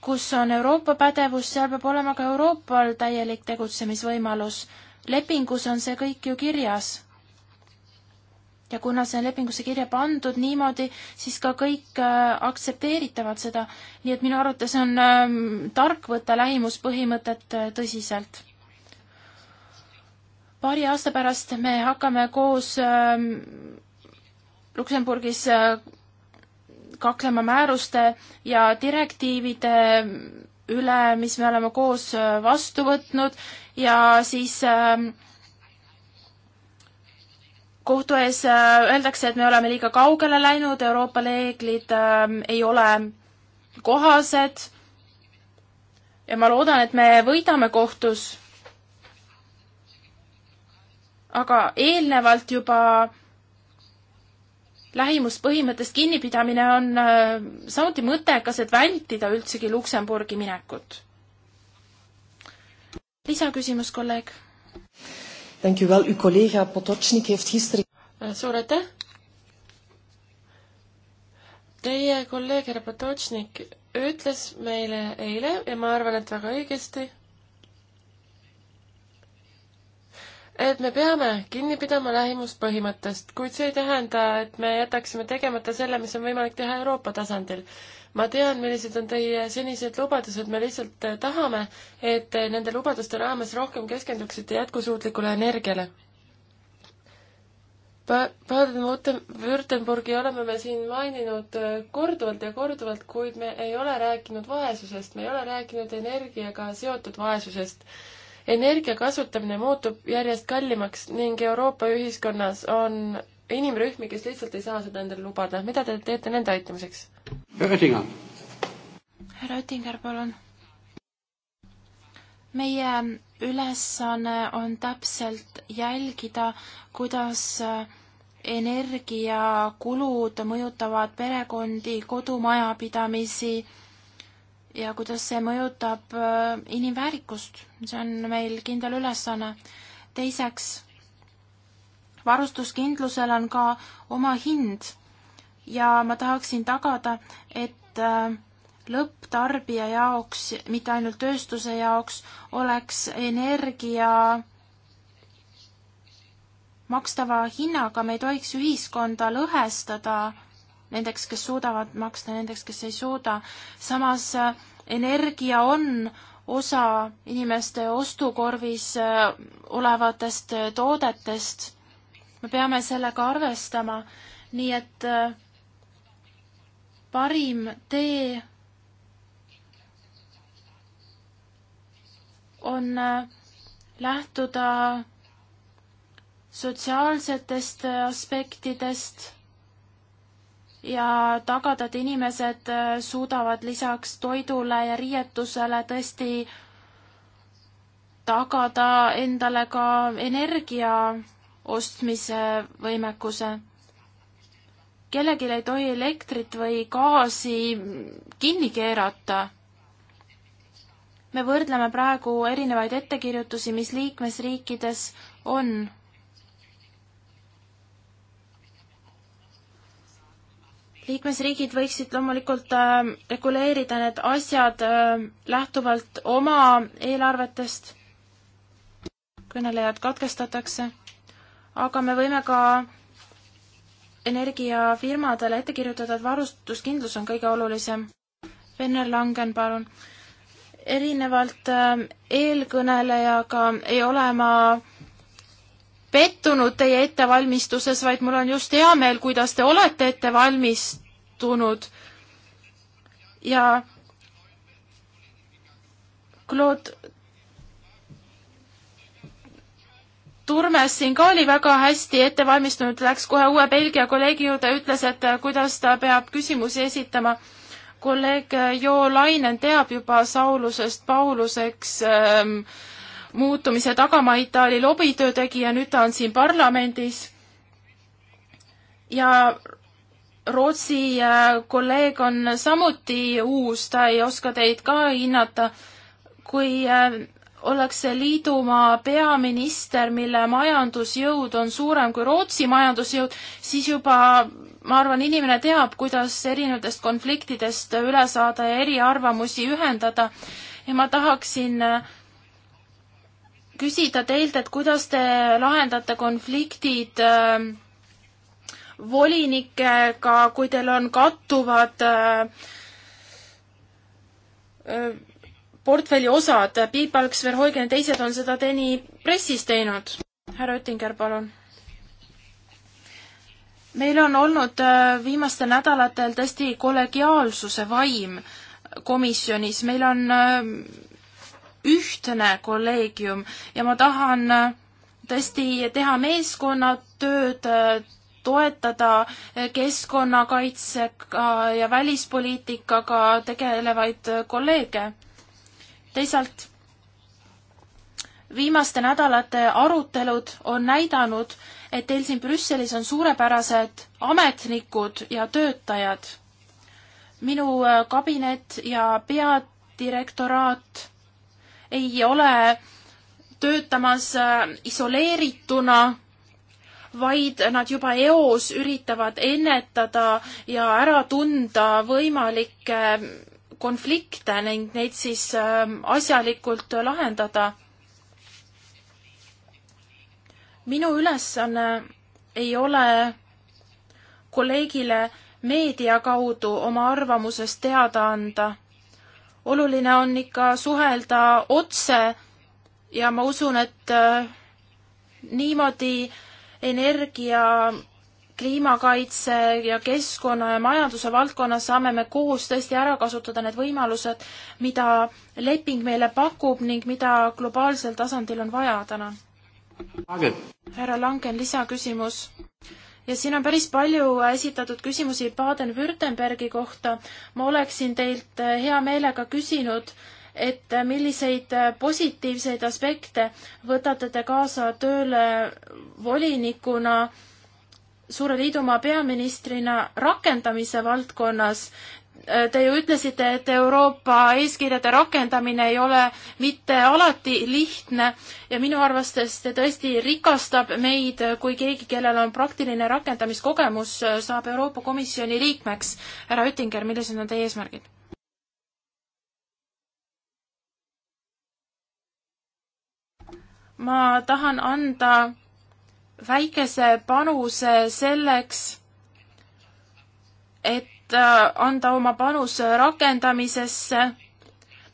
kus on Euroopa pädevus, seal peab olema ka Euroopal täielik tegutsemisvõimalus. lepingus on see kõik ju kirjas ja kuna see on lepingusse kirja pandud niimoodi, siis ka kõik äh, aktsepteeritavad seda. nii et minu arvates on ähm, tark võtta lähimuspõhimõtet äh, tõsiselt. paari aasta pärast me hakkame koos ähm, Luksemburgis äh, kaklema määruste ja direktiivide üle, mis me oleme koos äh, vastu võtnud ja siis äh, kohtu ees äh, öeldakse, et me oleme liiga kaugele läinud, Euroopa reeglid ähm, ei ole kohased ja ma loodan, et me võidame kohtus. aga eelnevalt juba lähimuspõhimõttest kinnipidamine on äh, samuti mõttekas, et vältida üldsegi Luksemburgi minekut. lisaküsimus, kolleeg Dank u wel. Uw collega Potočnik heeft gisteren... Suur aitäh! Teie kolleeg härra Potočnik ütles meile eile ja ma arvan, et väga õigesti et me peame kinni pidama lähimuspõhimõttest, kuid see ei tähenda, et me jätaksime tegemata selle, mis on võimalik teha Euroopa tasandil. ma tean, millised on teie senised lubadused, me lihtsalt eh, tahame, et eh, nende lubaduste raames rohkem keskenduksite jätkusuutlikule energiale. Baden-Württembergi oleme me siin maininud eh, korduvalt ja korduvalt, kuid me ei ole rääkinud vaesusest, me ei ole rääkinud energiaga seotud vaesusest energia kasutamine muutub järjest kallimaks ning Euroopa ühiskonnas on inimrühmi, kes lihtsalt ei saa seda endale lubada. mida te teete nende aitamiseks? Oettinger. härra Oettinger, palun. meie ülesanne on täpselt jälgida, kuidas äh, energiakulud mõjutavad perekondi, kodumajapidamisi ja kuidas see mõjutab äh, inimväärikust, see on meil kindel ülesanne. teiseks, varustuskindlusel on ka oma hind ja ma tahaksin tagada, et äh, lõpptarbija jaoks, mitte ainult tööstuse jaoks, oleks energia makstava hinnaga, me ei tohiks ühiskonda lõhestada nendeks, kes suudavad maksta, nendeks, kes ei suuda. samas äh, energia on osa inimeste ostukorvis äh, olevatest äh, toodetest. me peame sellega arvestama, nii et parim tee on lähtuda sotsiaalsetest aspektidest ja tagada, et inimesed äh, suudavad lisaks toidule ja riietusele tõesti tagada endale ka energia ostmise võimekuse. kellelgi ei tohi elektrit või gaasi kinni keerata. me võrdleme praegu erinevaid ettekirjutusi, mis liikmesriikides on liikmesriigid võiksid loomulikult äh, reguleerida need asjad äh, lähtuvalt oma eelarvetest, kõnelejad katkestatakse, aga me võime ka energiafirmadele ette kirjutada, et varustuskindlus on kõige olulisem. Venner Langen, palun. erinevalt äh, eelkõnelejaga ei ole ma pettunud teie ettevalmistuses, vaid mul on just hea meel, kuidas te olete ette valmistunud. ja Claude Turmes siin ka oli väga hästi ette valmistunud, läks kohe uue Belgia kolleegi juurde, ütles, et kuidas ta peab küsimusi esitama. kolleeg Jo Lainen teab juba Saulusest Pauluseks ähm, äh, muutumise tagamaid, ta oli lobitöö tegija, nüüd ta on siin parlamendis ja Rootsi äh, kolleeg on samuti uus, ta ei oska teid ka hinnata. kui äh, oleks see liidumaa peaminister, mille majandusjõud on suurem kui Rootsi majandusjõud, siis juba ma arvan, inimene teab, kuidas erinevatest konfliktidest üle saada ja eriarvamusi ühendada. ja ma tahaksin äh, küsida teilt, et kuidas te lahendate konfliktid äh, volinikega, kui teil on kattuvad äh, äh portfelli osad, Piip Alksverhoigen ja teised on seda teni pressis teinud. härra Oettinger, palun. meil on olnud äh, viimastel nädalatel tõesti kollegiaalsuse vaim komisjonis, meil on äh, ühtne kolleegium ja ma tahan äh, tõesti teha meeskonnatööd, äh, toetada äh, keskkonnakaitsega ja välispoliitikaga tegelevaid kolleege. teisalt, viimaste nädalate arutelud on näidanud, et teil siin Brüsselis on suurepärased ametnikud ja töötajad. minu kabinet ja peadirektoraat ei ole töötamas äh, isoleerituna, vaid nad juba eos üritavad ennetada ja ära tunda võimalikke äh, konflikte ning neid siis äh, asjalikult lahendada. minu ülesanne ei ole kolleegile meedia kaudu oma arvamusest teada anda oluline on ikka suhelda otse ja ma usun, et äh, niimoodi energia, kliimakaitse ja keskkonna ja majanduse valdkonnas saame me koos tõesti ära kasutada need võimalused, mida leping meile pakub ning mida globaalsel tasandil on vaja täna. härra Langen, lisaküsimus ja siin on päris palju esitatud küsimusi Baden-Württembergi kohta. ma oleksin teilt eh, hea meelega küsinud, et eh, milliseid eh, positiivseid aspekte võtate te kaasa tööle volinikuna suure liidumaa peaministrina rakendamise valdkonnas Äh, te ju ütlesite, et Euroopa eeskirjade rakendamine ei ole mitte alati lihtne ja minu arvates see tõesti rikastab meid, kui keegi, kellel on praktiline rakendamiskogemus, äh, saab Euroopa Komisjoni liikmeks. härra Oettinger, millised on teie eesmärgid? ma tahan anda väikese panuse selleks, et Äh, anda oma panus rakendamisesse.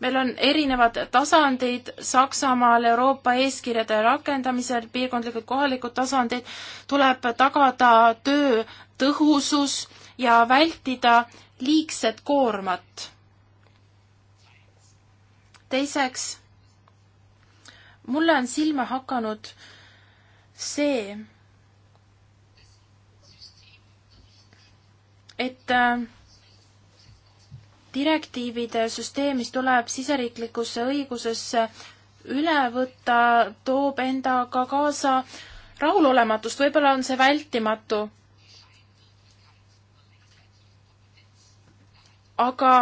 meil on erinevad tasandid Saksamaal Euroopa eeskirjade rakendamisel, piirkondlikud, kohalikud tasandid, tuleb tagada töö tõhusus ja vältida liigset koormat. teiseks, mulle on silma hakanud see, et äh, direktiivide süsteem, mis tuleb siseriiklikusse õigusesse üle võtta, toob endaga ka kaasa rahulolematust, võib-olla on see vältimatu. aga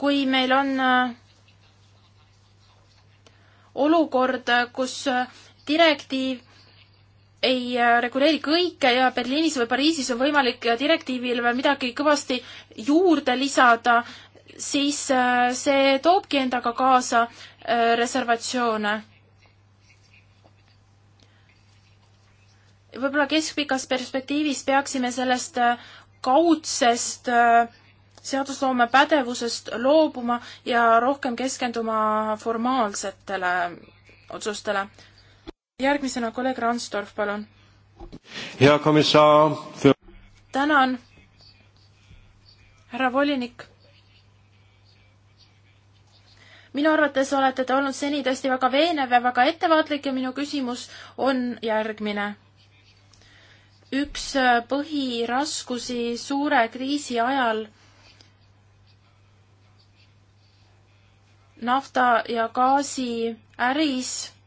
kui meil on äh, olukord, kus äh, direktiiv ei äh, reguleeri kõike ja Berliinis või Pariisis on võimalik äh, direktiivile veel midagi kõvasti juurde lisada, siis äh, see toobki endaga kaasa reservatsioone. võib-olla keskpikas perspektiivis peaksime sellest kaudsest seadusloome pädevusest loobuma ja rohkem keskenduma formaalsetele otsustele järgmisena kolleeg Randstorf, palun. hea komissar. tänan, härra volinik. minu arvates olete te olnud seni tõesti väga veenev ja väga ettevaatlik ja minu küsimus on järgmine. üks äh, põhiraskusi suure kriisi ajal nafta ja gaasi äris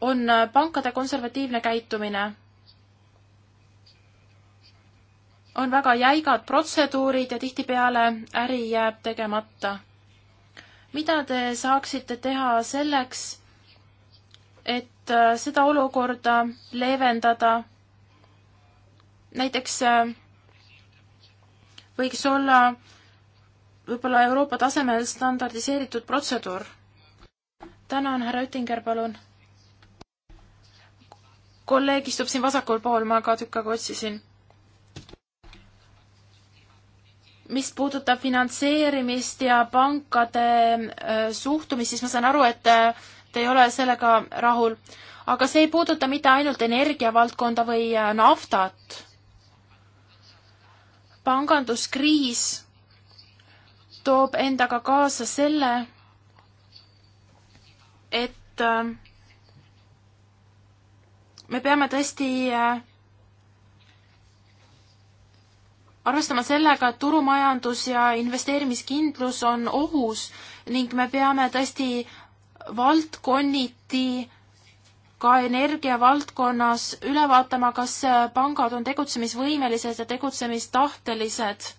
on pankade konservatiivne käitumine. on väga jäigad protseduurid ja tihtipeale äri jääb tegemata. mida te saaksite teha selleks, et äh, seda olukorda leevendada? näiteks äh, võiks olla võib-olla Euroopa tasemel standardiseeritud protseduur. tänan, härra Oettinger, palun kolleeg istub siin vasakul pool, ma ka tükk aega otsisin. mis puudutab finantseerimist ja pankade äh, suhtumist, siis ma saan aru, et äh, te ei ole sellega rahul. aga see ei puuduta mitte ainult energiavaldkonda või äh, naftat. panganduskriis toob endaga kaasa selle, et äh, me peame tõesti äh, arvestama sellega, et turumajandus ja investeerimiskindlus on ohus ning me peame tõesti valdkonniti ka energiavaldkonnas üle vaatama, kas pangad on tegutsemisvõimelised ja tegutsemistahtelised.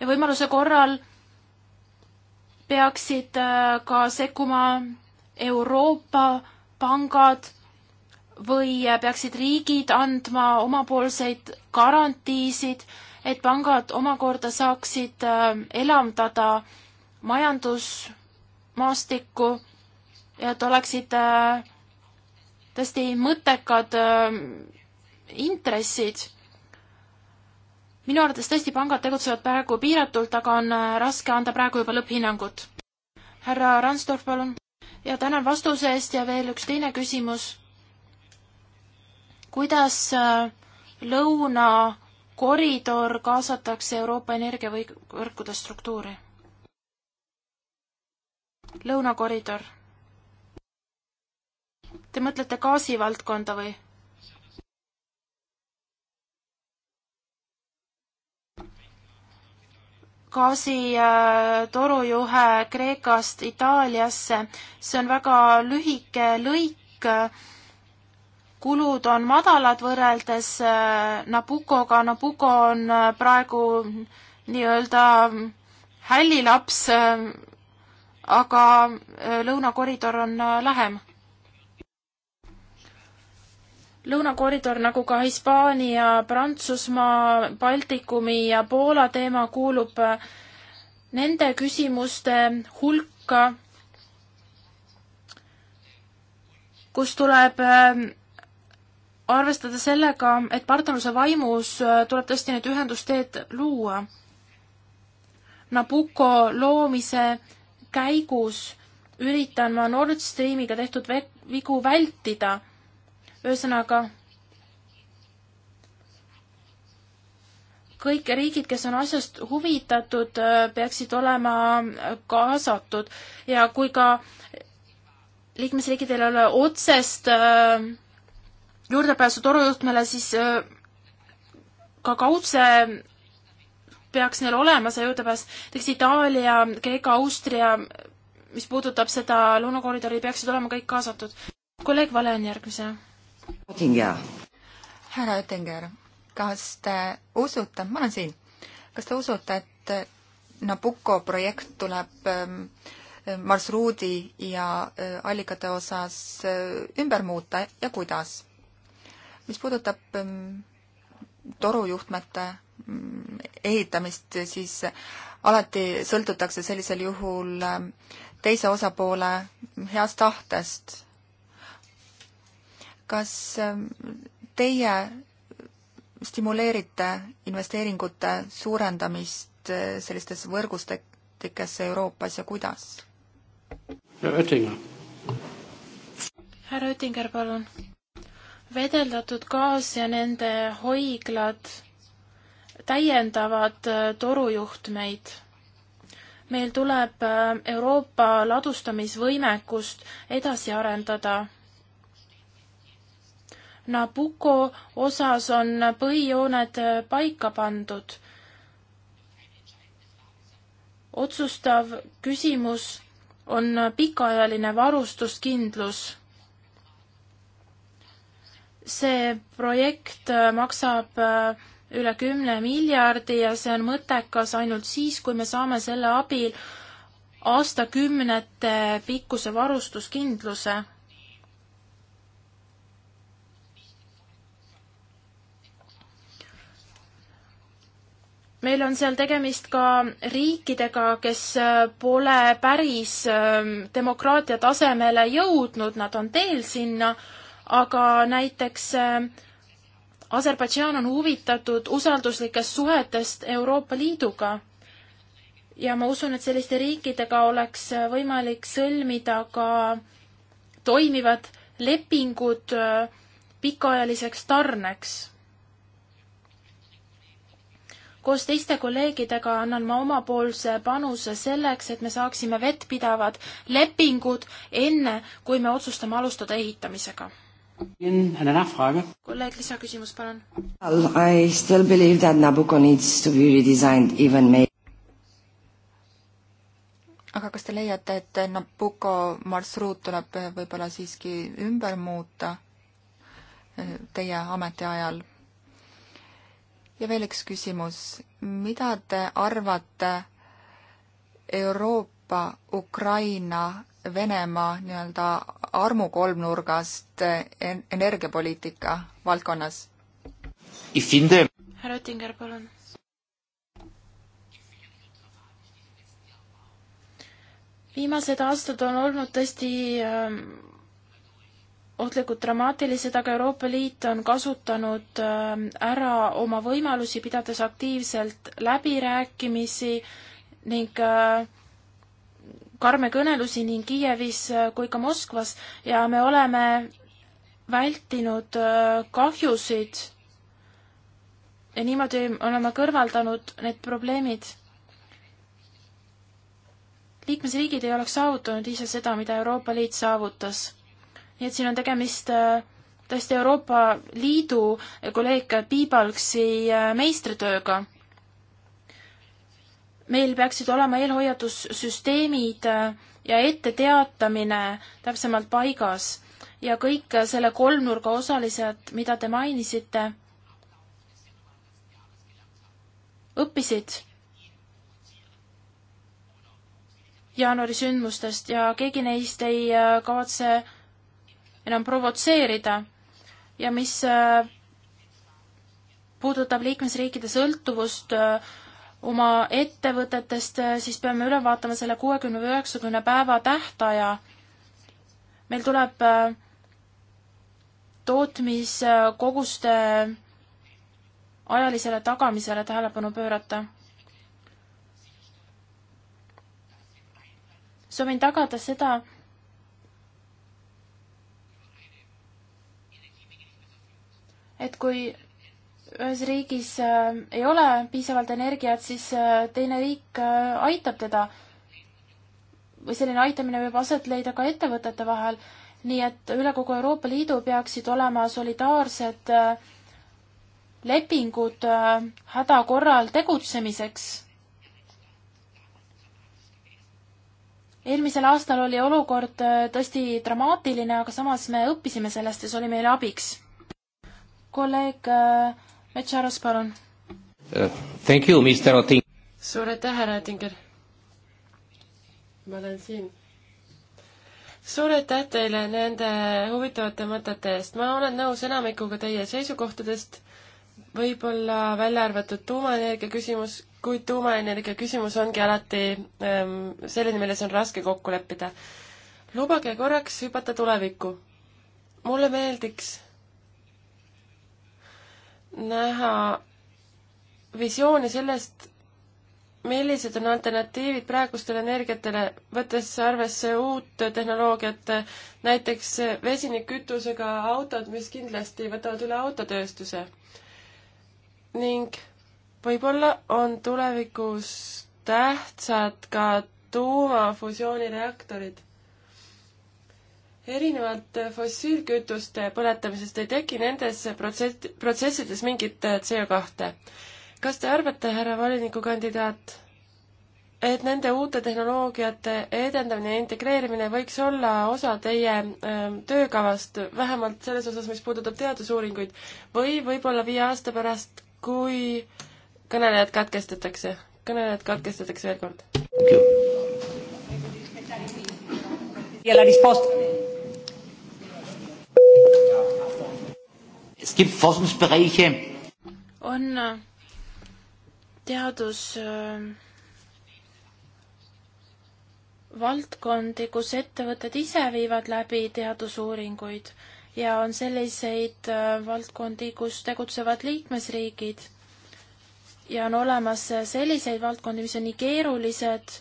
ja võimaluse korral peaksid äh, ka sekkuma Euroopa pangad või peaksid riigid andma omapoolseid garantiisid, et pangad omakorda saaksid äh, elavdada majandusmaastikku ja et oleksid äh, tõesti mõttekad äh, intressid. minu arvates tõesti pangad tegutsevad praegu piiratult, aga on raske anda praegu juba lõpphinnangut. härra Randstorf, palun. ja tänan vastuse eest ja veel üks teine küsimus kuidas äh, lõunakoridor kaasatakse Euroopa energiavõrkude struktuuri? lõunakoridor. Te mõtlete gaasivaldkonda või? gaasitorujuhe äh, Kreekast Itaaliasse, see on väga lühike lõik äh, kulud on madalad võrreldes äh, Nabukoga, Nabuko on äh, praegu nii-öelda hällilaps, äh, aga lõunakoridor on lähem. lõunakoridor nagu ka Hispaania, Prantsusmaa, Baltikumi ja Poola teema kuulub nende küsimuste hulka, kus tuleb arvestada sellega, et partnerluse vaimus äh, tuleb tõesti need ühendusteed luua. Nabucco loomise käigus üritan ma Nord Streamiga tehtud vigu vältida. ühesõnaga, kõik riigid, kes on asjast huvitatud, äh, peaksid olema äh, kaasatud ja kui ka liikmesriikidel ei ole otsest äh, juurdepääsu torujuhtmele, siis äh, ka kaudse peaks neil olema see juurdepääs, näiteks Itaalia, Kreeka, Austria, mis puudutab seda lõunakoridori, peaksid olema kõik kaasatud. kolleeg Vale on järgmisena. härra Oettinger, kas te usute, ma olen siin, kas te usute, et Nabucco projekt tuleb ähm, marsruudi ja äh, allikate osas äh, ümber muuta ja kuidas? mis puudutab ähm, torujuhtmete mm, ehitamist, siis äh, alati sõltutakse sellisel juhul ähm, teise osapoole heast tahtest. kas ähm, teie stimuleerite investeeringute suurendamist äh, sellistes võrgustikes Euroopas ja kuidas? härra Oettinger, palun vedeldatud gaas ja nende hoiglad täiendavad äh, torujuhtmeid. meil tuleb äh, Euroopa ladustamisvõimekust edasi arendada. Nabucco osas on põhijooned äh, paika pandud. otsustav küsimus on pikaajaline varustuskindlus see projekt äh, maksab äh, üle kümne miljardi ja see on mõttekas ainult siis, kui me saame selle abil aastakümnete pikkuse varustuskindluse. meil on seal tegemist ka riikidega, kes äh, pole päris ähm, demokraatia tasemele jõudnud, nad on teel sinna aga näiteks äh, Aserbaidžaan on huvitatud usalduslikest suhetest Euroopa Liiduga ja ma usun, et selliste riikidega oleks äh, võimalik sõlmida ka toimivad lepingud äh, pikaajaliseks tarneks. koos teiste kolleegidega annan ma omapoolse panuse selleks, et me saaksime vettpidavad lepingud enne, kui me otsustame alustada ehitamisega kolleeg, lisaküsimus, palun. I still believe that Nabucco needs to be redesigned even may-. aga kas te leiate, et Nabucco marsruut tuleb võib-olla siiski ümber muuta eh, teie ametiajal? ja veel üks küsimus, mida te arvate Euroopa-Ukraina Venemaa nii-öelda armukolmnurgast energiapoliitika valdkonnas? härra Oettinger, palun. viimased aastad on olnud tõesti öö, ähm, ohtlikud dramaatilised, aga Euroopa Liit on kasutanud ähm, ära oma võimalusi, pidades aktiivselt läbirääkimisi ning öö, äh, karme kõnelusi nii Kiievis äh, kui ka Moskvas ja me oleme vältinud äh, kahjusid ja niimoodi oleme kõrvaldanud need probleemid. liikmesriigid ei oleks saavutanud ise seda, mida Euroopa Liit saavutas. nii et siin on tegemist äh, tõesti Euroopa Liidu kolleeg Piibalksi meistritööga meil peaksid olema eelhoiatussüsteemid äh, ja etteteatamine täpsemalt paigas ja kõik selle kolmnurga osalised, mida te mainisite, õppisid jaanuari sündmustest ja keegi neist ei äh, kavatse enam provotseerida. ja mis äh, puudutab liikmesriikide sõltuvust äh, oma ettevõtetest, äh, siis peame üle vaatama selle kuuekümne või üheksakümne päeva tähtaja. meil tuleb äh, tootmiskoguste äh, ajalisele tagamisele tähelepanu pöörata. soovin tagada seda, et kui ühes riigis äh, ei ole piisavalt energiat, siis äh, teine riik äh, aitab teda. või selline aitamine võib aset leida ka ettevõtete vahel, nii et üle kogu Euroopa Liidu peaksid olema solidaarsed lepingud hädakorral tegutsemiseks. eelmisel aastal oli olukord tõesti dramaatiline, aga samas me õppisime sellest ja see oli meile abiks. kolleeg äh, Metsaros, palun uh,. Thank you, Mr Oting-. suur aitäh, härra Oettinger. ma olen siin suur aitäh teile nende huvitavate mõtete eest, ma olen nõus enamikuga teie seisukohtadest, võib-olla välja arvatud tuumaenergia küsimus, kuid tuumaenergia küsimus ongi alati ähm, selline, milles on raske kokku leppida. lubage korraks hüpata tulevikku. mulle meeldiks näha visiooni sellest, millised on alternatiivid praegustele energiatele, võttes arvesse uut tehnoloogiat, näiteks vesinikkütusega autod, mis kindlasti võtavad üle autotööstuse. ning võib-olla on tulevikus tähtsad ka tuumafusioonireaktorid erinevalt fossiilkütuste põletamisest ei teki nendes protsess, protsessides mingit äh, CO2. kas te arvate, härra volinikukandidaat, et nende uute tehnoloogiate edendamine ja integreerimine võiks olla osa teie ähm, töökavast, vähemalt selles osas, mis puudutab teadusuuringuid, või võib-olla viie aasta pärast, kui kõnelejad katkestatakse? kõnelejad katkestatakse veel kord. ja la risposta Es gibt Forschungsbereiche. On äh, teadus äh, valdkondi, kus ettevõtted ise viivad läbi teadusuuringuid ja on selliseid äh, valdkondi, kus tegutsevad liikmesriigid. ja on olemas selliseid valdkondi, mis on nii keerulised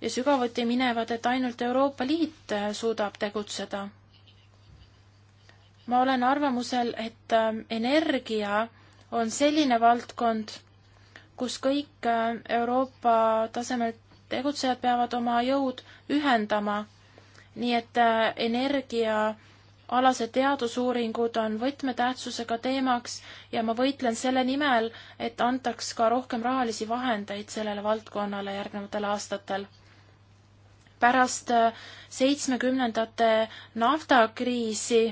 ja sügavuti minevad, et ainult Euroopa Liit suudab tegutseda ma olen arvamusel, et ähm, energia on selline valdkond, kus kõik ähm, Euroopa tasemel tegutsejad peavad oma jõud ühendama. nii et äh, energiaalased teadusuuringud on võtmetähtsusega teemaks ja ma võitlen selle nimel, et antaks ka rohkem rahalisi vahendeid sellele valdkonnale järgnevatel aastatel. pärast äh, seitsmekümnendate naftakriisi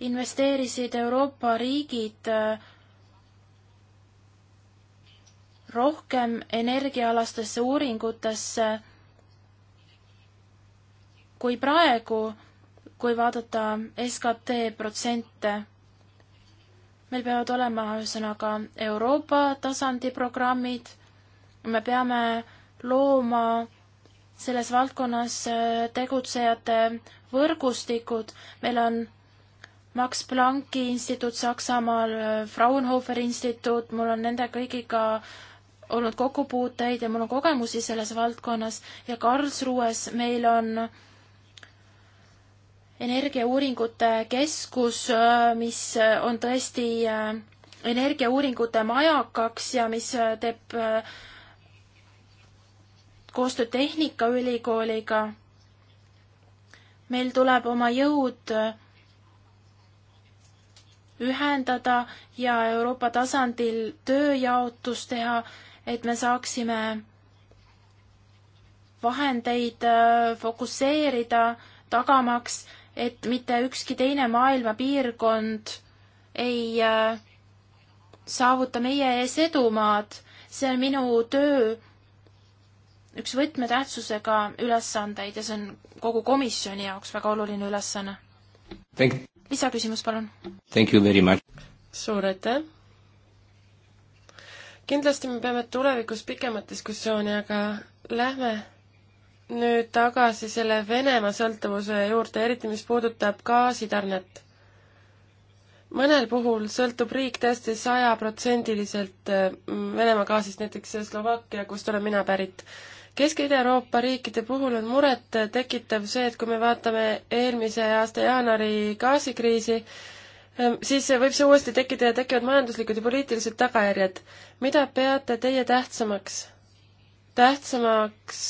investeerisid Euroopa riigid äh, rohkem energiaalastesse uuringutesse kui praegu, kui vaadata SKT protsente. meil peavad olema ühesõnaga Euroopa tasandi programmid, me peame looma selles valdkonnas äh, tegutsejate võrgustikud, meil on Max Plancki instituut Saksamaal, Fraunhoferi instituut, mul on nende kõigiga olnud kokkupuuteid ja mul on kogemusi selles valdkonnas ja Karlsruhes meil on energiauuringute keskus, mis on tõesti äh, energiauuringute majakaks ja mis äh, teeb äh, koostööd Tehnikaülikooliga. meil tuleb oma jõud ühendada ja Euroopa tasandil tööjaotus teha, et me saaksime vahendeid äh, fokusseerida, tagamaks, et mitte ükski teine maailma piirkond ei äh, saavuta meie ees edumaad. see on minu töö üks võtmetähtsusega ülesandeid ja see on kogu komisjoni jaoks väga oluline ülesanne lisaküsimus, palun. Thank you very much. suur aitäh. kindlasti me peame tulevikus pikemat diskussiooni, aga lähme nüüd tagasi selle Venemaa sõltuvuse juurde, eriti mis puudutab gaasitarnet. mõnel puhul sõltub riik tõesti sajaprotsendiliselt äh, Venemaa gaasist, näiteks Slovakkia, kust olen mina pärit Kesk-Ida-Euroopa riikide puhul on muret tekitav see, et kui me vaatame eelmise aasta jaanuari gaasikriisi, ehm, siis võib see uuesti tekkida ja tekivad majanduslikud ja poliitilised tagajärjed. mida peate teie tähtsamaks, tähtsamaks,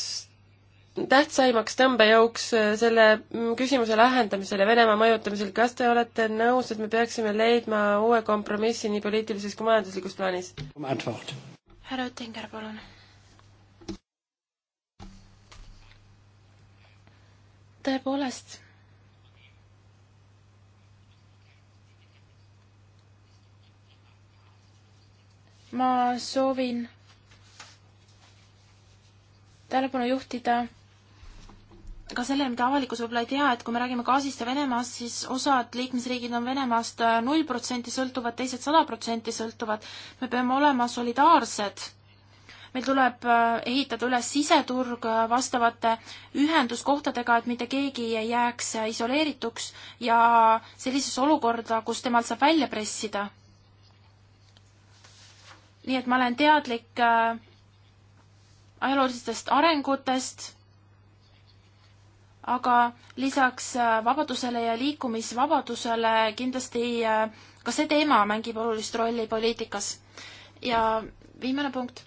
tähtsaimaks tõmbejõuks ehm, selle mm, küsimuse lahendamisel ja Venemaa mõjutamisel, kas te olete nõus, et me peaksime leidma uue kompromissi nii poliitilises kui majanduslikus plaanis? härra Oettinger, palun tõepoolest ma soovin tähelepanu juhtida ka sellele, mida avalikkus võib-olla ei tea, et kui me räägime gaasist ja Venemaast, siis osad liikmesriigid on Venemaast null protsenti sõltuvad, teised sada protsenti sõltuvad. me peame olema solidaarsed meil tuleb äh, ehitada üles siseturg äh, vastavate ühenduskohtadega, et mitte keegi ei jääks äh, isoleerituks ja sellisesse olukorda, kus temalt saab välja pressida. nii et ma olen teadlik ajaloolistest arengutest, aga lisaks vabadusele ja liikumisvabadusele kindlasti ka see teema mängib olulist rolli poliitikas. ja viimane punkt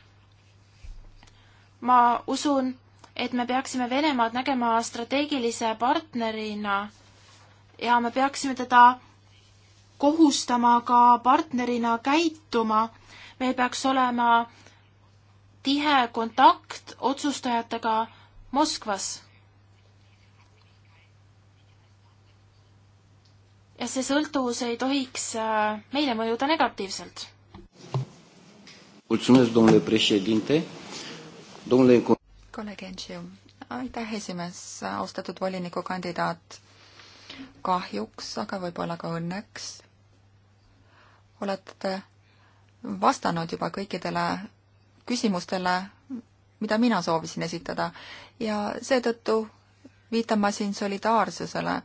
ma usun, et me peaksime Venemaad nägema strateegilise partnerina ja me peaksime teda kohustama ka partnerina käituma. meil peaks olema tihe kontakt otsustajatega Moskvas. ja see sõltuvus ei tohiks äh, meile mõjuda negatiivselt. mulțumesc, domnule președinte kolleeg Enšiu, aitäh, esimees, austatud volinikukandidaat. kahjuks, aga võib-olla ka õnneks olete vastanud juba kõikidele küsimustele, mida mina soovisin esitada ja seetõttu viitan ma siin solidaarsusele,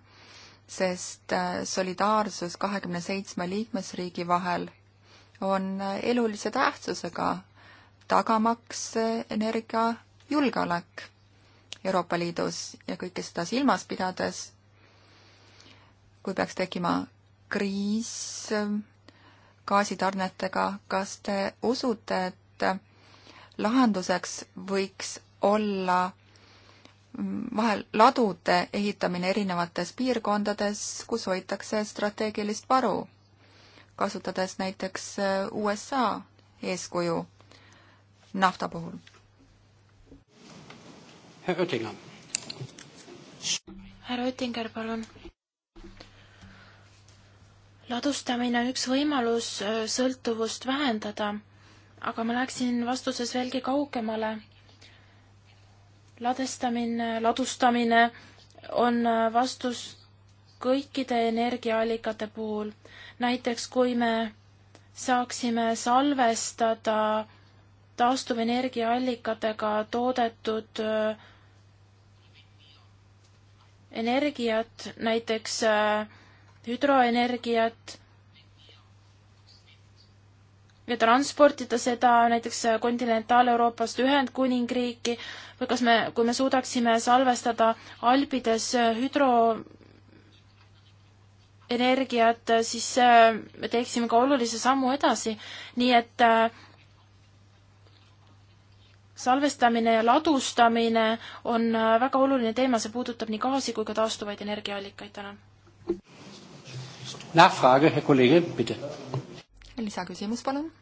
sest solidaarsus kahekümne seitsme liikmesriigi vahel on elulise tähtsusega tagamaks energiajulgeolek Euroopa Liidus ja kõike seda silmas pidades, kui peaks tekkima kriis gaasitarnetega, kas te usute, et lahenduseks võiks olla vahel ladude ehitamine erinevates piirkondades, kus hoitakse strateegilist varu, kasutades näiteks USA eeskuju nafta puhul. härra Oettinger. härra Oettinger, palun ladustamine on üks võimalus äh, sõltuvust vähendada, aga ma läheksin vastuses veelgi kaugemale. ladestamine, ladustamine on äh, vastus kõikide energiaallikate puhul. näiteks kui me saaksime salvestada taastuvenergiaallikatega toodetud äh, energiat, näiteks äh, hüdroenergiat ja transportida seda näiteks äh, kontinentaal-Euroopast Ühendkuningriiki või kas me, kui me suudaksime salvestada Alpides hüdroenergiat, siis me teeksime ka olulise sammu edasi, nii et äh, salvestamine ja ladustamine on äh, väga oluline teema, see puudutab nii gaasi kui ka taastuvaid energiaallikaid täna. lisaküsimus, palun.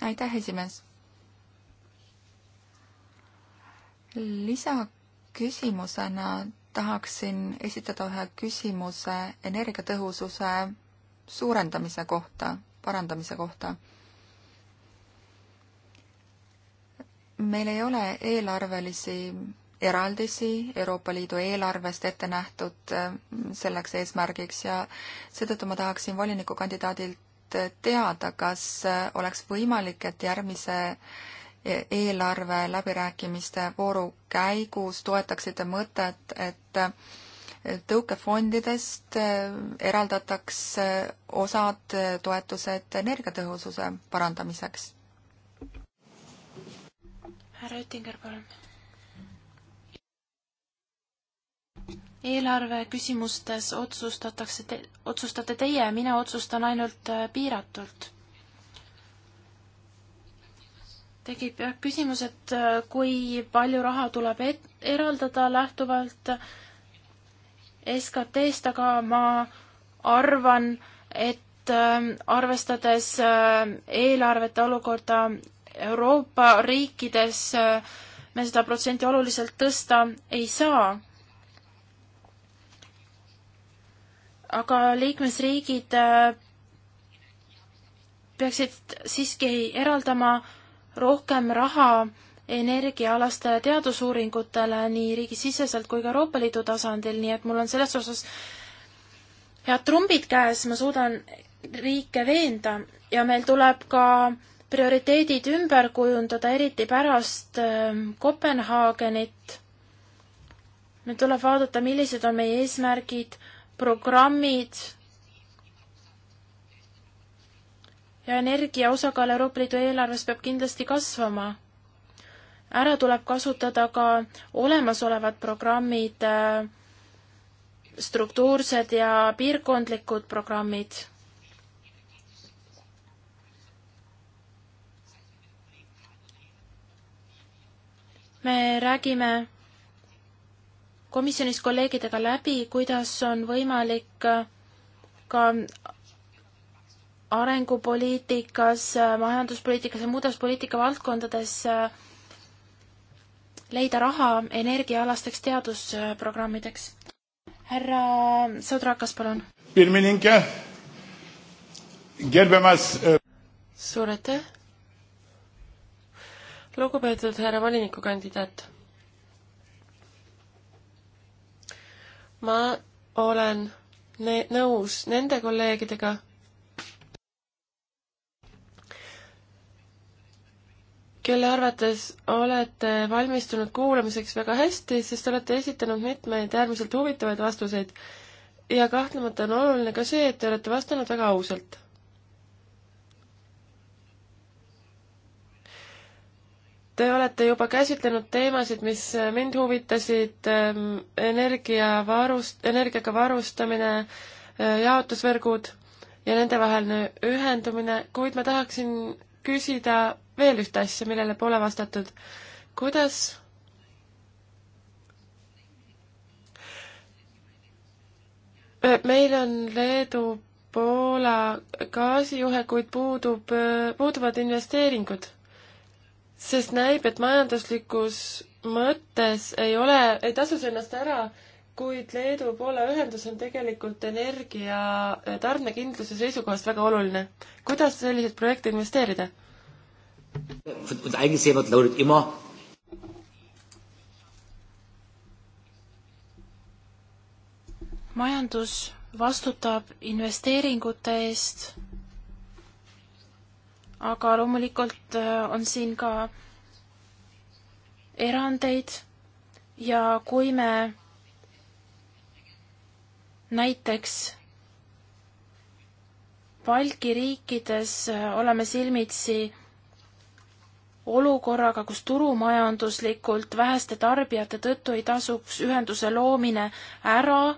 aitäh, esimees. lisaküsimusena tahaksin esitada ühe küsimuse energiatõhususe suurendamise kohta, parandamise kohta meil ei ole eelarvelisi eraldisi Euroopa Liidu eelarvest ette nähtud äh, selleks eesmärgiks ja seetõttu ma tahaksin volinikukandidaadilt äh, teada, kas äh, oleks võimalik, et järgmise e, eelarve läbirääkimiste vooru käigus toetaksite mõtet, et tõukefondidest eraldataks osad toetused energiatõhususe parandamiseks härra Oettinger, palun. eelarve küsimustes otsustatakse te,, otsustate teie, mina otsustan ainult äh, piiratult. tekib jah küsimus, et äh, kui palju raha tuleb et, eraldada lähtuvalt SKT-st, aga ma arvan, et äh, arvestades eelarvete olukorda Euroopa riikides äh, me seda protsenti oluliselt tõsta ei saa. aga liikmesriigid äh, peaksid siiski eraldama rohkem raha energiaalastele teadusuuringutele nii riigisiseselt kui ka Euroopa Liidu tasandil, nii et mul on selles osas head trumbid käes, ma suudan riike veenda ja meil tuleb ka prioriteedid ümber kujundada, eriti pärast ähm, Kopenhaagenit. nüüd tuleb vaadata, millised on meie eesmärgid, programmid ja energia osakaal Euroopa Liidu eelarves peab kindlasti kasvama. ära tuleb kasutada ka olemasolevad programmid, äh, struktuursed ja piirkondlikud programmid me räägime komisjonis kolleegidega läbi, kuidas on võimalik ka arengupoliitikas, majanduspoliitikas ja muudes poliitikavaldkondades leida raha energiaalasteks teadusprogrammideks. härra Sõdrakas, palun. Äh, suur aitäh, lugupeetud härra volinikukandidaat. ma olen ne-, nõus nende kolleegidega, kelle arvates olete valmistunud kuulamiseks väga hästi, sest olete esitanud mitmeid äärmiselt huvitavaid vastuseid. ja kahtlemata on oluline ka see, et te olete vastanud väga ausalt Te olete juba käsitlenud teemasid, mis mind huvitasid, ehm, energiavarust, energiaga varustamine, eh, jaotusvõrgud ja nendevaheline ühendumine, kuid ma tahaksin küsida veel ühte asja, millele pole vastatud. kuidas meil on Leedu Poola gaasijuhe, kuid puudub, eh, puuduvad investeeringud sest näib, et majanduslikus mõttes ei ole, ei tasu see ennast ära, kuid Leedu-Poola ühendus on tegelikult energia tarnekindluse seisukohast väga oluline. kuidas selliseid projekte investeerida? majandus vastutab investeeringute eest aga loomulikult äh, on siin ka erandeid ja kui me näiteks Balti riikides äh, oleme silmitsi olukorraga, kus turumajanduslikult väheste tarbijate tõttu ei tasuks ühenduse loomine ära,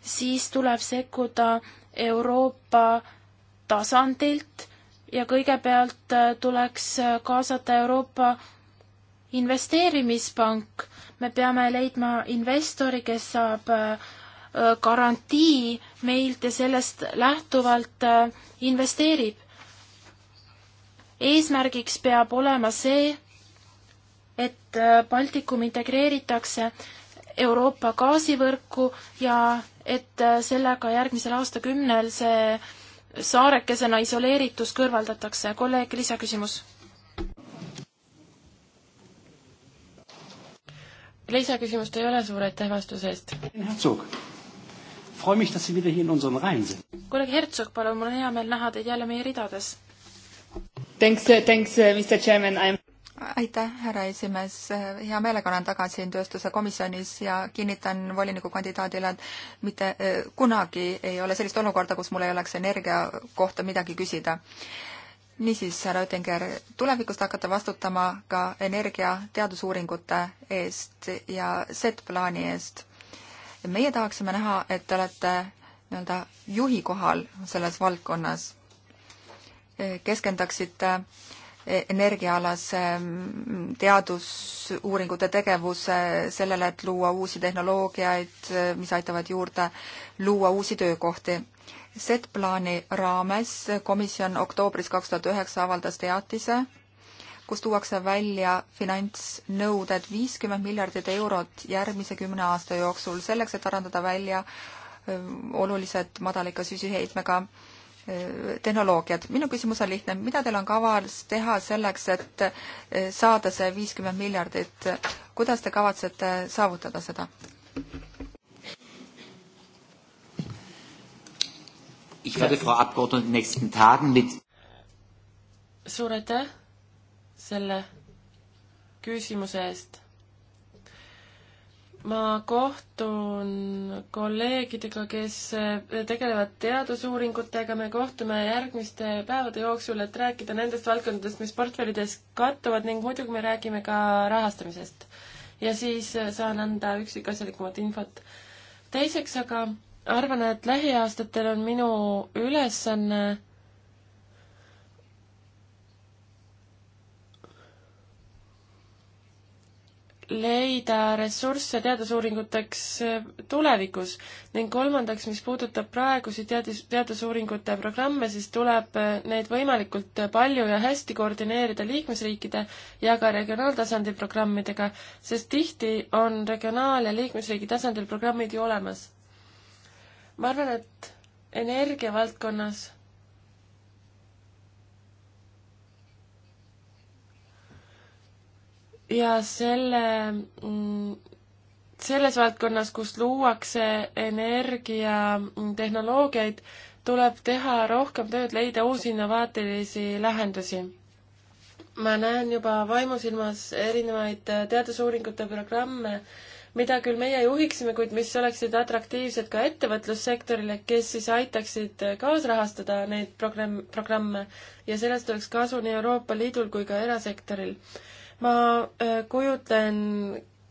siis tuleb sekkuda Euroopa tasandilt ja kõigepealt äh, tuleks äh, kaasata Euroopa investeerimispank. me peame leidma investori, kes saab äh, garantii meilt ja sellest lähtuvalt investeerib. eesmärgiks peab olema see, et Baltikum integreeritakse Euroopa gaasivõrku ja et sellega järgmisel aastakümnel see saarekesena isoleeritus kõrvaldatakse. kolleeg, lisaküsimus. lisaküsimust ei ole, suur aitäh vastuse eest. kolleeg Hertsog, palun, mul on hea meel näha teid jälle meie ridades. Thanks, thanks, Mr Chairman, I am aitäh, härra esimees, hea meelega olen tagasi tööstuse komisjonis ja kinnitan volinikukandidaadile, et mitte eh, kunagi ei ole sellist olukorda, kus mul ei oleks energia kohta midagi küsida. niisiis, härra Oettinger, tulevikus te hakkate vastutama ka energia teadusuuringute eest ja Z-plaani eest. meie tahaksime näha, et te olete nii-öelda juhi kohal selles valdkonnas, keskendaksite äh, energiaalase ähm, teadusuuringute tegevuse sellele, et luua uusi tehnoloogiaid, äh, mis aitavad juurde luua uusi töökohti. Z-plaani raames komisjon oktoobris kaks tuhat üheksa avaldas teatise, kus tuuakse välja finantsnõuded viiskümmend miljardit eurot järgmise kümne aasta jooksul selleks, et arendada välja äh, olulised madalika süsiheitmega äh, Äh, tehnoloogiad. minu küsimus on lihtne, mida teil on kavas teha selleks, et äh, saada see viiskümmend miljardit, kuidas te kavatsete saavutada seda? suur aitäh selle küsimuse eest ma kohtun kolleegidega, kes tegelevad teadusuuringutega, me kohtume järgmiste päevade jooksul, et rääkida nendest valdkondadest, mis portfellides kattuvad ning muidugi me räägime ka rahastamisest. ja siis saan anda üksikasjalikumat infot. teiseks aga arvan, et lähiaastatel on minu ülesanne leida ressursse teadusuuringuteks äh, tulevikus ning kolmandaks, mis puudutab praegusi teadus, teadusuuringute programme, siis tuleb äh, neid võimalikult äh, palju ja hästi koordineerida liikmesriikide ja ka regionaaltasandi programmidega, sest tihti on regionaal- ja liikmesriigi tasandil programmid ju olemas. ma arvan, et energiavaldkonnas ja selle, mm, selles valdkonnas, kus luuakse energiatehnoloogiaid, mm, tuleb teha rohkem tööd, leida uusi innovaatilisi lahendusi. ma näen juba vaimusilmas erinevaid teadusuuringute programme, mida küll meie juhiksime, kuid mis oleksid atraktiivsed ka ettevõtlussektorile, kes siis aitaksid kaasrahastada neid programm, programme ja sellest oleks kasu nii Euroopa Liidul kui ka erasektoril ma äh, kujutlen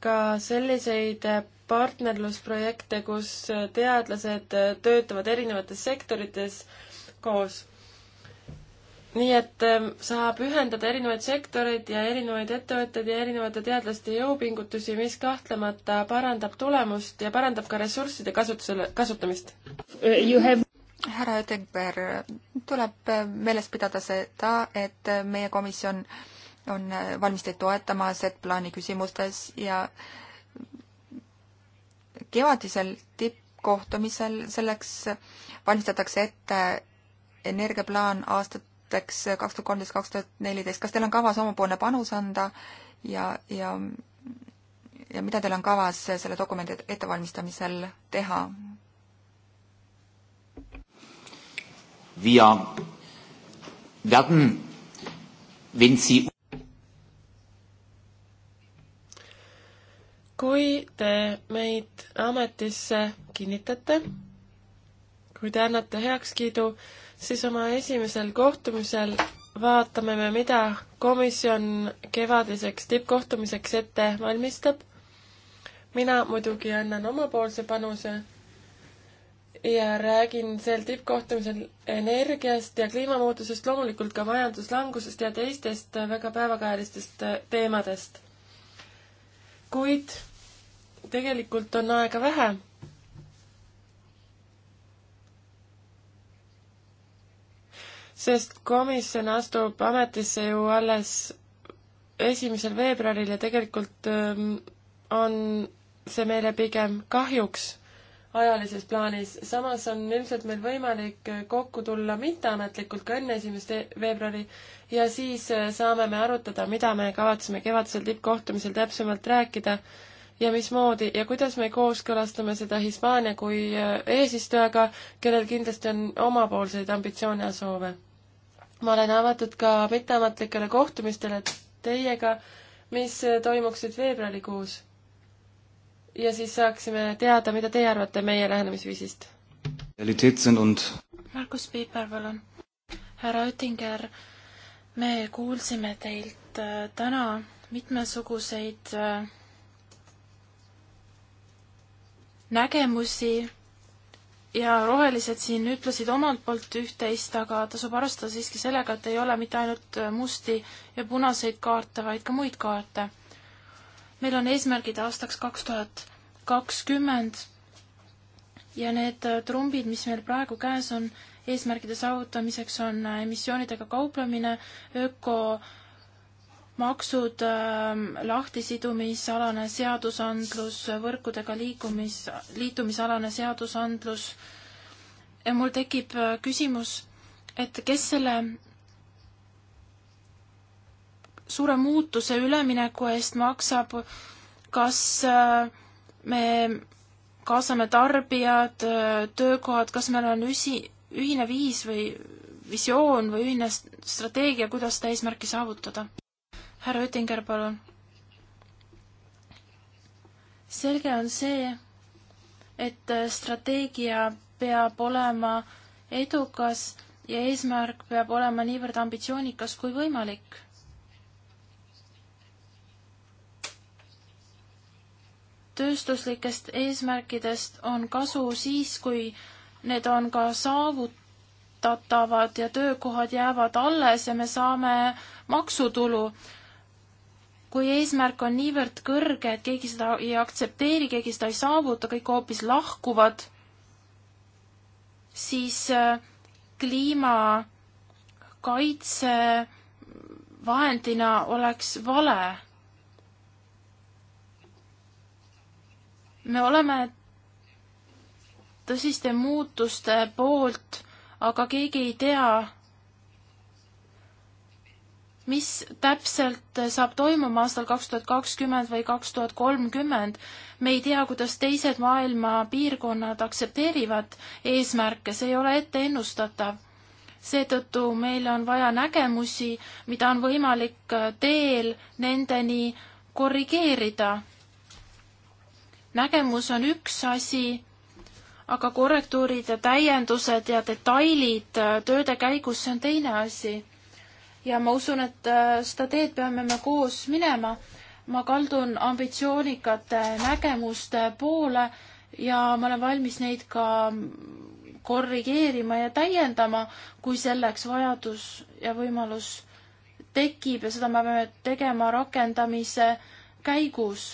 ka selliseid äh, partnerlusprojekte, kus äh, teadlased töötavad erinevates sektorites koos. nii et ähm, saab ühendada erinevaid sektoreid ja erinevaid ettevõtteid ja erinevate teadlaste jõupingutusi, mis kahtlemata parandab tulemust ja parandab ka ressursside kasutusele, kasutamist. Have... härra Ödegberg, tuleb meeles pidada seda, et meie komisjon äh, on äh, valmis teid toetama Z-plaani küsimustes ja kevadisel tippkohtumisel selleks valmistatakse ette energiaplaan aastateks kaks tuhat kolmteist, kaks tuhat neliteist. kas teil on kavas omapoolne panus anda ja, ja, ja mida teil on kavas selle dokumendi ettevalmistamisel teha? Wir werden, wenn Sie kui te meid ametisse kinnitate, kui te annate heakskiidu, siis oma esimesel kohtumisel vaatame me, mida komisjon kevadiseks tippkohtumiseks ette valmistab. mina muidugi annan omapoolse panuse ja räägin sel tippkohtumisel energiast ja kliimamuutusest, loomulikult ka majanduslangusest ja teistest väga päevakajalistest teemadest. kuid tegelikult on aega vähe. sest komisjon astub ametisse ju alles esimesel veebruaril ja tegelikult ähm, on see meile pigem kahjuks ajalises plaanis. samas on ilmselt meil võimalik kokku tulla mitteametlikult ka enne esimest veebruari ja siis äh, saame me arutada, mida me kavatseme kevadisel tippkohtumisel täpsemalt rääkida ja mismoodi ja kuidas me kooskõlastame seda Hispaania kui äh, eesistujaga, kellel kindlasti on omapoolseid ambitsioone ja soove. ma olen avatud ka mitteametlikele kohtumistele teiega, mis äh, toimuksid veebruarikuus. ja siis saaksime teada, mida teie arvate meie lähenemisviisist. Markus Piiper, palun. härra Oettinger, me kuulsime teilt äh, täna mitmesuguseid äh, nägemusi ja rohelised siin ütlesid omalt poolt üht-teist, aga tasub arvestada siiski sellega, et ei ole mitte ainult äh, musti ja punaseid kaarte, vaid ka muid kaarte. meil on eesmärgid aastaks kaks tuhat kakskümmend ja need äh, trumbid, mis meil praegu käes on, eesmärgide saavutamiseks on äh, emissioonidega kauplemine, öko maksud äh,, lahtisidumisalane seadusandlus, võrkudega liikumis, liitumisalane seadusandlus. ja mul tekib äh, küsimus, et kes selle suure muutuse ülemineku eest maksab, kas äh, me kaasame tarbijad, äh, töökohad, kas meil on üsi, ühine viis või visioon või ühine strateegia, kuidas seda eesmärki saavutada? härra Oettinger, palun. selge on see, et äh, strateegia peab olema edukas ja eesmärk peab olema niivõrd ambitsioonikas kui võimalik. tööstuslikest eesmärkidest on kasu siis, kui need on ka saavutatavad ja töökohad jäävad alles ja me saame maksutulu kui eesmärk on niivõrd kõrge, et keegi seda ei aktsepteeri, keegi seda ei saavuta, kõik hoopis lahkuvad, siis äh, kliimakaitse vahendina oleks vale. me oleme tõsiste muutuste poolt, aga keegi ei tea, mis täpselt saab toimuma aastal kaks tuhat kakskümmend või kaks tuhat kolmkümmend. me ei tea, kuidas teised maailma piirkonnad aktsepteerivad eesmärke, see ei ole ette ennustatav. seetõttu meil on vaja nägemusi, mida on võimalik teel nendeni korrigeerida. nägemus on üks asi, aga korrektuurid ja täiendused ja detailid tööde käigus, see on teine asi ja ma usun, et äh, seda teed peame me koos minema. ma kaldun ambitsioonikate nägemuste poole ja ma olen valmis neid ka korrigeerima ja täiendama, kui selleks vajadus ja võimalus tekib ja seda me peame tegema rakendamise käigus.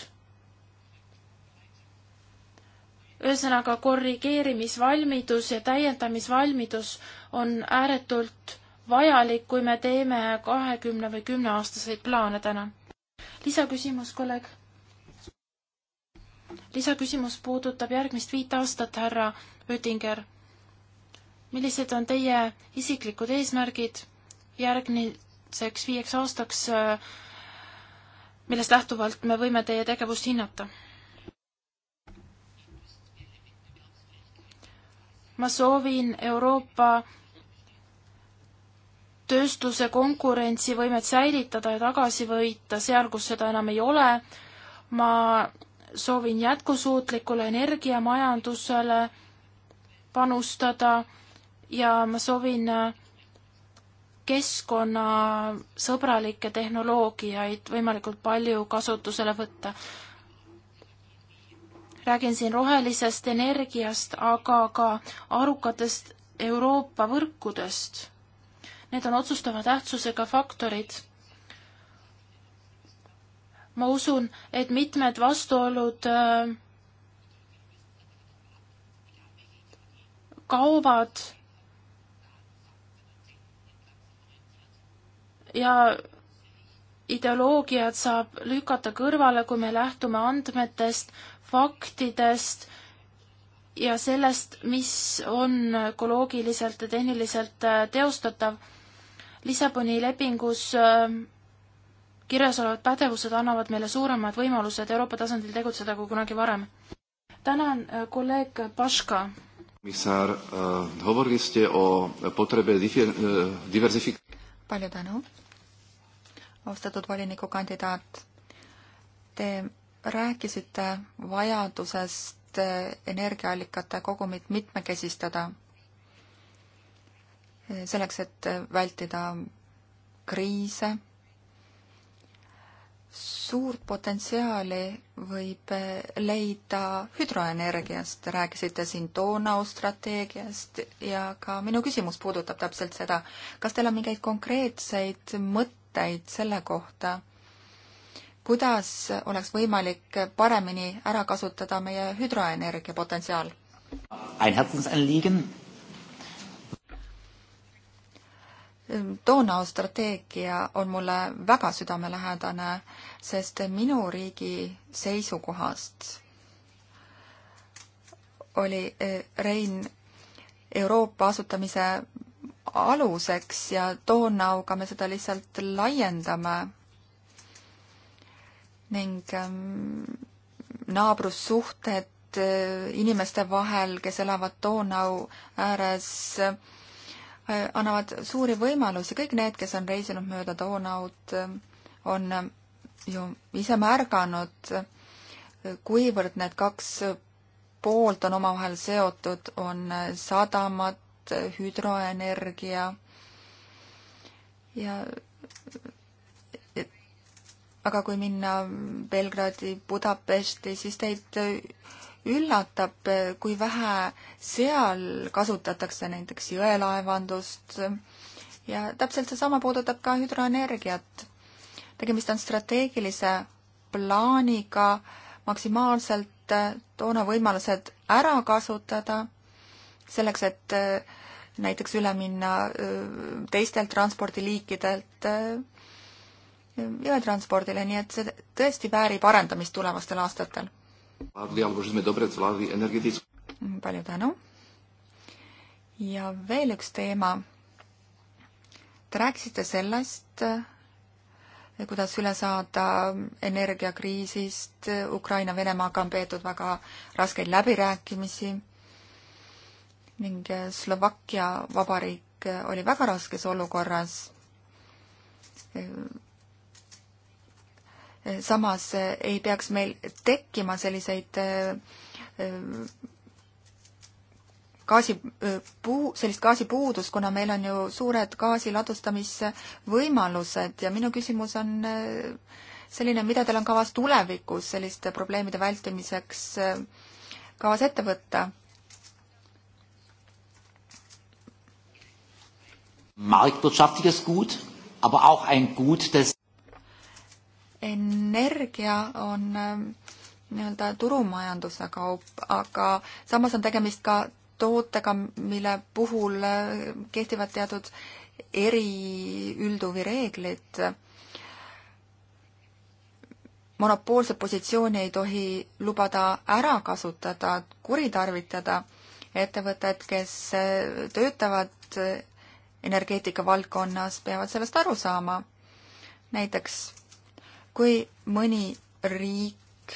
ühesõnaga, korrigeerimisvalmidus ja täiendamisvalmidus on ääretult vajalik, kui me teeme kahekümne või kümneaastaseid plaane täna. lisaküsimus, kolleeg? lisaküsimus puudutab järgmist viit aastat, härra Oettinger. millised on teie isiklikud eesmärgid järgmiseks viieks aastaks, millest lähtuvalt me võime teie tegevust hinnata? ma soovin Euroopa tööstuse konkurentsivõimet säilitada ja tagasi võita seal, kus seda enam ei ole. ma soovin jätkusuutlikule energiamajandusele panustada ja ma soovin keskkonnasõbralikke tehnoloogiaid võimalikult palju kasutusele võtta. räägin siin rohelisest energiast, aga ka arukatest Euroopa võrkudest Need on otsustava tähtsusega faktorid. ma usun, et mitmed vastuolud äh, kaovad ja ideoloogiat saab lükata kõrvale, kui me lähtume andmetest, faktidest ja sellest, mis on ökoloogiliselt ja tehniliselt äh, teostatav. Lissaboni lepingus äh, kirjas olevad pädevused annavad meile suuremad võimalused Euroopa tasandil tegutseda kui kunagi varem. tänan, äh, kolleeg Paška. komissar, äh, hovorili ste o potrebe diversifik-? palju tänu, austatud volinikukandidaat. Te rääkisite vajadusest energiaallikate kogumit mitmekesistada selleks, et vältida kriise. suurt potentsiaali võib leida hüdroenergiast, rääkisite siin Donau strateegiast ja ka minu küsimus puudutab täpselt seda. kas teil on mingeid konkreetseid mõtteid selle kohta, kuidas oleks võimalik paremini ära kasutada meie hüdroenergia potentsiaal? Ein Herzensanliegen Donau strateegia on mulle väga südamelähedane, sest minu riigi seisukohast oli e, Rein Euroopa asutamise aluseks ja Donauga me seda lihtsalt laiendame ning ähm, naabrussuhted äh, inimeste vahel, kes elavad Donau ääres, Äh, annavad suuri võimalusi, kõik need, kes on reisinud mööda Donaut, äh, on äh, ju ise märganud, kuivõrd need kaks poolt on omavahel seotud, on sadamad, hüdroenergia ja aga kui minna Belgradi, Budapesti, siis teid üllatab, kui vähe seal kasutatakse näiteks jõelaevandust ja täpselt seesama puudutab ka hüdroenergiat. tegemist on strateegilise plaaniga maksimaalselt toona võimalused ära kasutada, selleks et äh, näiteks üle minna äh, teistelt transpordiliikidelt äh, jõetranspordile, nii et see tõesti väärib arendamist tulevastel aastatel palju tänu. ja veel üks teema. Te rääkisite sellest, kuidas üle saada energiakriisist, Ukraina-Venemaaga on peetud väga raskeid läbirääkimisi ning Slovakkia vabariik oli väga raskes olukorras samas eh, ei peaks meil tekkima selliseid eh, eh, gaasi puu, sellist gaasipuudust, kuna meil on ju suured gaasi ladustamisvõimalused ja minu küsimus on selline, mida teil on kavas tulevikus selliste probleemide vältimiseks kavas ette võtta? marktwirtschaftliches Gut, aber auch ein Gut, das energia on ähm, nii-öelda turumajanduse kaup, aga samas on tegemist ka tootega, mille puhul äh, kehtivad teatud eriülduvi reeglid. monopoolset positsiooni ei tohi lubada ära kasutada, kuritarvitada ettevõtted, kes äh, töötavad äh, energeetika valdkonnas, peavad sellest aru saama. näiteks kui mõni riik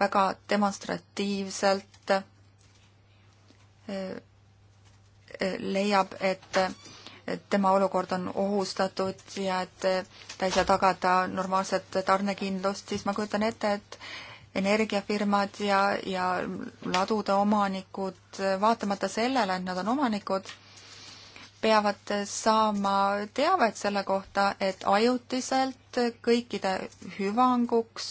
väga demonstratiivselt äh, äh, leiab, et tema olukord on ohustatud ja et ta ei saa tagada normaalset tarnekindlust, siis ma kujutan ette, et energiafirmad ja, ja ladude omanikud, vaatamata sellele, et nad on omanikud, peavad saama teavet selle kohta, et ajutiselt kõikide hüvanguks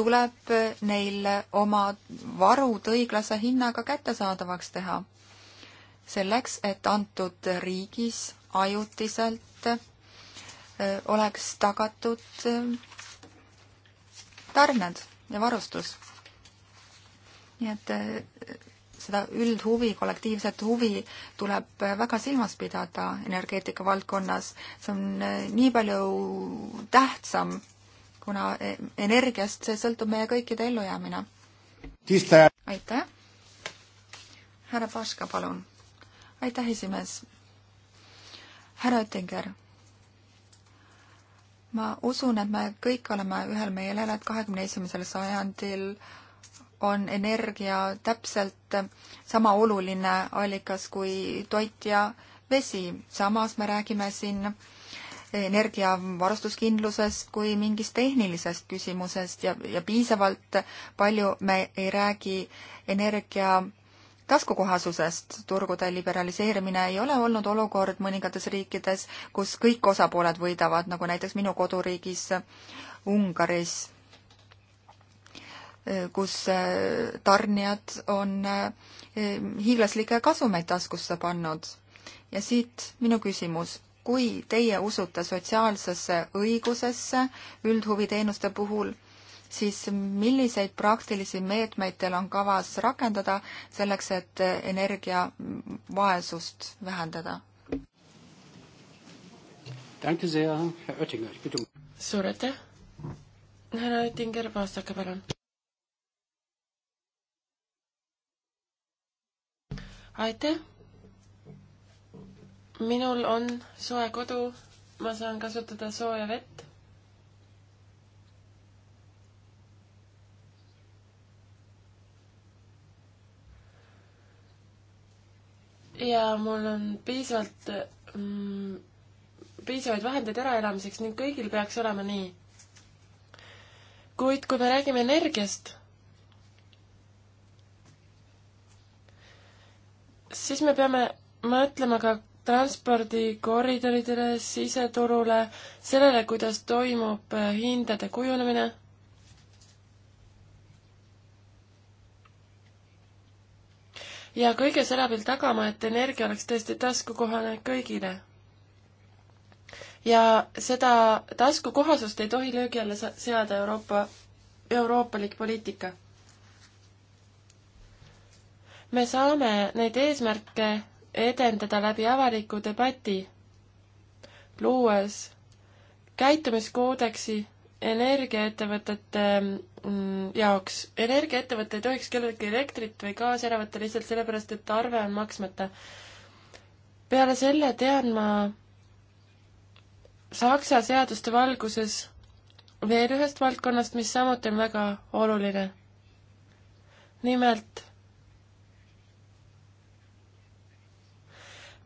tuleb neil oma varud õiglase hinnaga kättesaadavaks teha. selleks, et antud riigis ajutiselt oleks tagatud tarned ja varustus. nii et seda üldhuvi, kollektiivset huvi tuleb väga silmas pidada energeetika valdkonnas. see on eh, nii palju tähtsam, kuna eh, energiast sõltub meie kõikide ellujäämine. aitäh! härra Paška, palun! aitäh, esimees! härra Oettinger ma usun, et me kõik oleme ühel meelel, et kahekümne esimesel sajandil on energia täpselt sama oluline allikas kui toit ja vesi. samas me räägime siin energiavarustuskindlusest kui mingist tehnilisest küsimusest ja, ja piisavalt palju me ei räägi energia taskukohasusest. turgude liberaliseerimine ei ole olnud olukord mõningates riikides, kus kõik osapooled võidavad, nagu näiteks minu koduriigis Ungaris kus äh, tarnijad on äh, hiiglaslikke kasumeid taskusse pannud. ja siit minu küsimus, kui teie usute sotsiaalsesse õigusesse üldhuviteenuste puhul, siis milliseid praktilisi meetmeid teil on kavas rakendada selleks, et energiavaesust vähendada? Um suur aitäh, härra Oettinger, vastake palun aitäh! minul on soe kodu, ma saan kasutada sooja vett. ja mul on piisavalt mm,, piisavaid vahendeid äraelamiseks ning kõigil peaks olema nii. kuid kui me räägime energiast siis me peame mõtlema ka transpordikoridoridele, siseturule, sellele, kuidas toimub äh, hindade kujunemine. ja kõige selle peal tagama, et energia oleks tõesti taskukohane kõigile. ja seda taskukohasust ei tohi löögi alla seada Euroopa, euroopalik poliitika me saame neid eesmärke edendada läbi avaliku debati, luues käitumiskoodeksi energiaettevõtete mm, jaoks. energiaettevõte ei tohiks kellelegi elektrit või gaasi ära võtta lihtsalt sellepärast, et arve on maksmata. peale selle tean ma Saksa seaduste valguses veel ühest valdkonnast, mis samuti on väga oluline. nimelt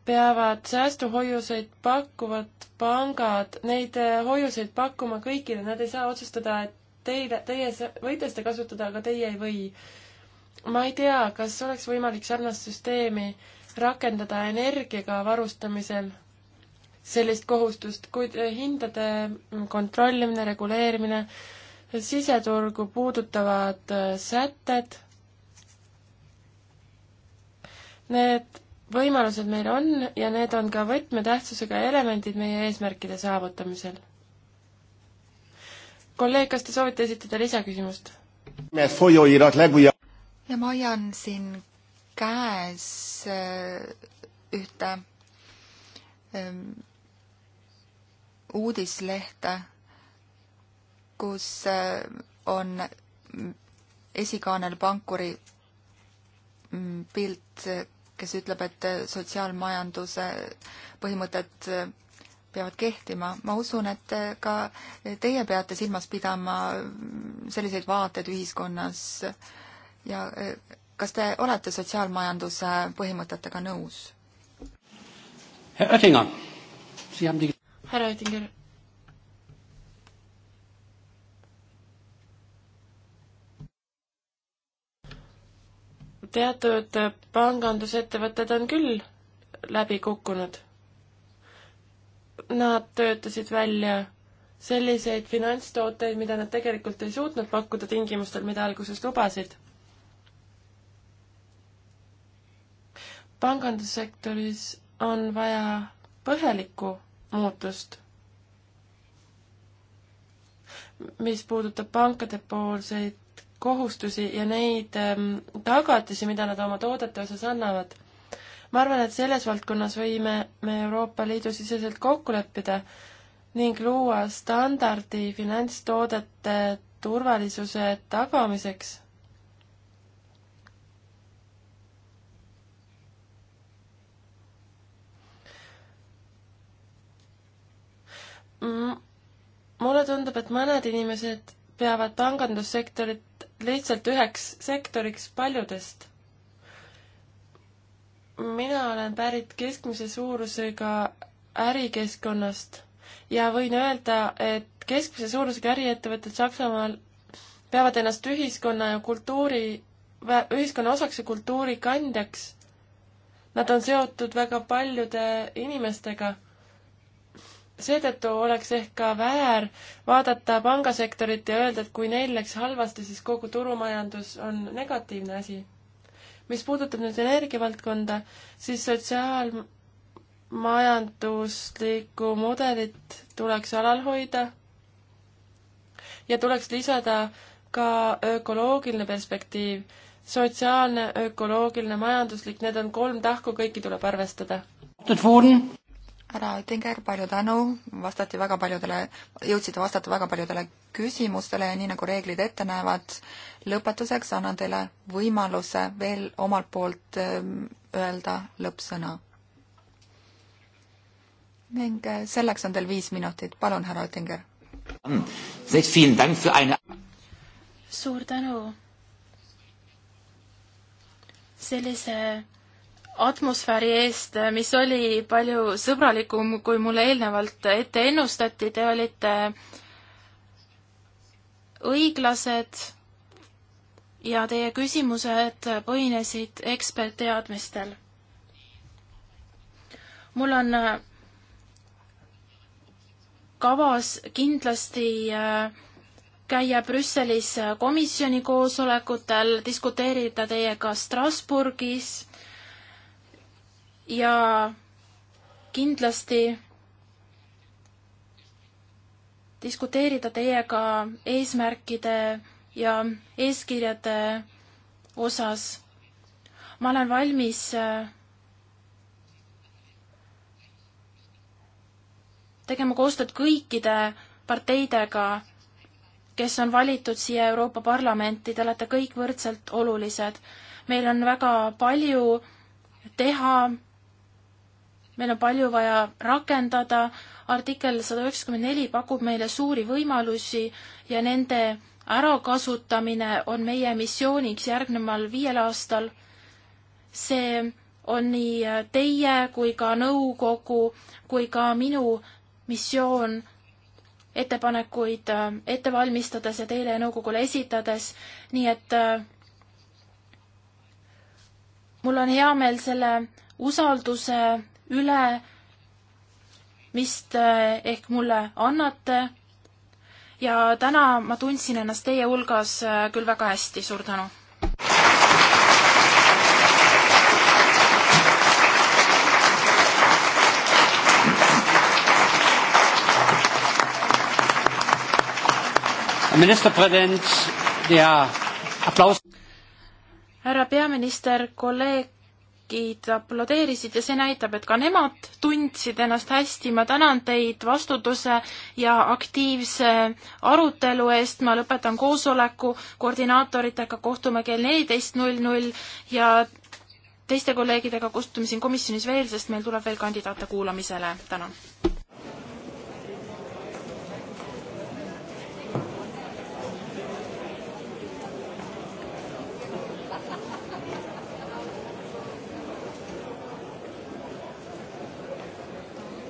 peavad säästuhoiuseid pakkuvad pangad neid äh, hoiuseid pakkuma kõigile, nad ei saa otsustada, et teile, teie võite seda kasutada, aga teie ei või. ma ei tea, kas oleks võimalik sarnast süsteemi rakendada energiaga varustamisel, sellist kohustust, kuid äh, hindade kontrollimine, reguleerimine, siseturgu puudutavad äh, sätted, need võimalused meil on ja need on ka võtmetähtsusega elemendid meie eesmärkide saavutamisel. kolleeg, kas te soovite esitada lisaküsimust? ja ma hoian siin käes äh, ühte ähm, uudislehte, kus äh, on esikaanel pankuri pilt kes ütleb, et sotsiaalmajanduse põhimõtted peavad kehtima. ma usun, et ka teie peate silmas pidama selliseid vaateid ühiskonnas ja eh, kas te olete sotsiaalmajanduse põhimõtetega nõus? härra Oettinger, härra Oettinger, teatud pangandusettevõtted on küll läbi kukkunud. Nad töötasid välja selliseid finantstooteid, mida nad tegelikult ei suutnud pakkuda tingimustel, mida alguses lubasid. pangandussektoris on vaja põhjalikku muutust, mis puudutab pankade poolseid kohustusi ja neid ähm, tagatisi, mida nad oma toodete osas annavad. ma arvan, et selles valdkonnas võime me Euroopa Liidu siseselt kokku leppida ning luua standardi finantstoodete turvalisuse tagamiseks. mulle tundub, et mõned inimesed peavad pangandussektorit lihtsalt üheks sektoriks paljudest. mina olen pärit keskmise suurusega ärikeskkonnast ja võin öelda, et keskmise suurusega äriettevõtted Saksamaal peavad ennast ühiskonna ja kultuuri, ühiskonna osaks ja kultuuri kandjaks. Nad on seotud väga paljude inimestega seetõttu oleks ehk ka väär vaadata pangasektorit ja öelda, et kui neil läks halvasti, siis kogu turumajandus on negatiivne asi. mis puudutab nüüd energiavaldkonda, siis sotsiaalmajanduslikku mudelit tuleks alal hoida ja tuleks lisada ka ökoloogiline perspektiiv, sotsiaalne, ökoloogiline, majanduslik, need on kolm tahku, kõiki tuleb arvestada härra Oettinger, palju tänu, vastati väga paljudele, jõudsite vastata väga paljudele küsimustele ja nii nagu reeglid ette näevad, lõpetuseks annan teile võimaluse veel omalt poolt ehm, öelda lõppsõna. ning eh, selleks on teil viis minutit, palun, härra Oettinger. suur tänu sellise atmosfääri eest, mis oli palju sõbralikum, kui mulle eelnevalt ette ennustati, te olite õiglased ja teie küsimused põhinesid ekspertteadmistel. mul on äh, kavas kindlasti äh, käia Brüsselis komisjoni koosolekutel, diskuteerida teiega Strasburgis ja kindlasti diskuteerida teiega eesmärkide ja eeskirjade osas. ma olen valmis äh, tegema koostööd kõikide parteidega, kes on valitud siia Euroopa Parlamenti, te olete kõik võrdselt olulised. meil on väga palju teha meil on palju vaja rakendada, artikkel sada üheksakümmend neli pakub meile suuri võimalusi ja nende ärakasutamine on meie missiooniks järgneval viiel aastal. see on nii teie kui ka nõukogu kui ka minu missioon ettepanekuid äh, ette valmistades ja teile ja nõukogule esitades, nii et äh, mul on hea meel selle usalduse üle, mis te eh, ehk mulle annate. ja täna ma tundsin ennast teie hulgas eh, küll väga hästi, suur tänu! ministerpresident ja aplaus. härra peaminister, kolleeg kolleegid aplodeerisid ja see näitab, et ka nemad tundsid ennast hästi. ma tänan teid vastutuse ja aktiivse arutelu eest. ma lõpetan koosoleku, koordinaatoritega kohtume kell neliteist null null ja teiste kolleegidega kohtume siin komisjonis veel, sest meil tuleb veel kandidaate kuulamisele. tänan!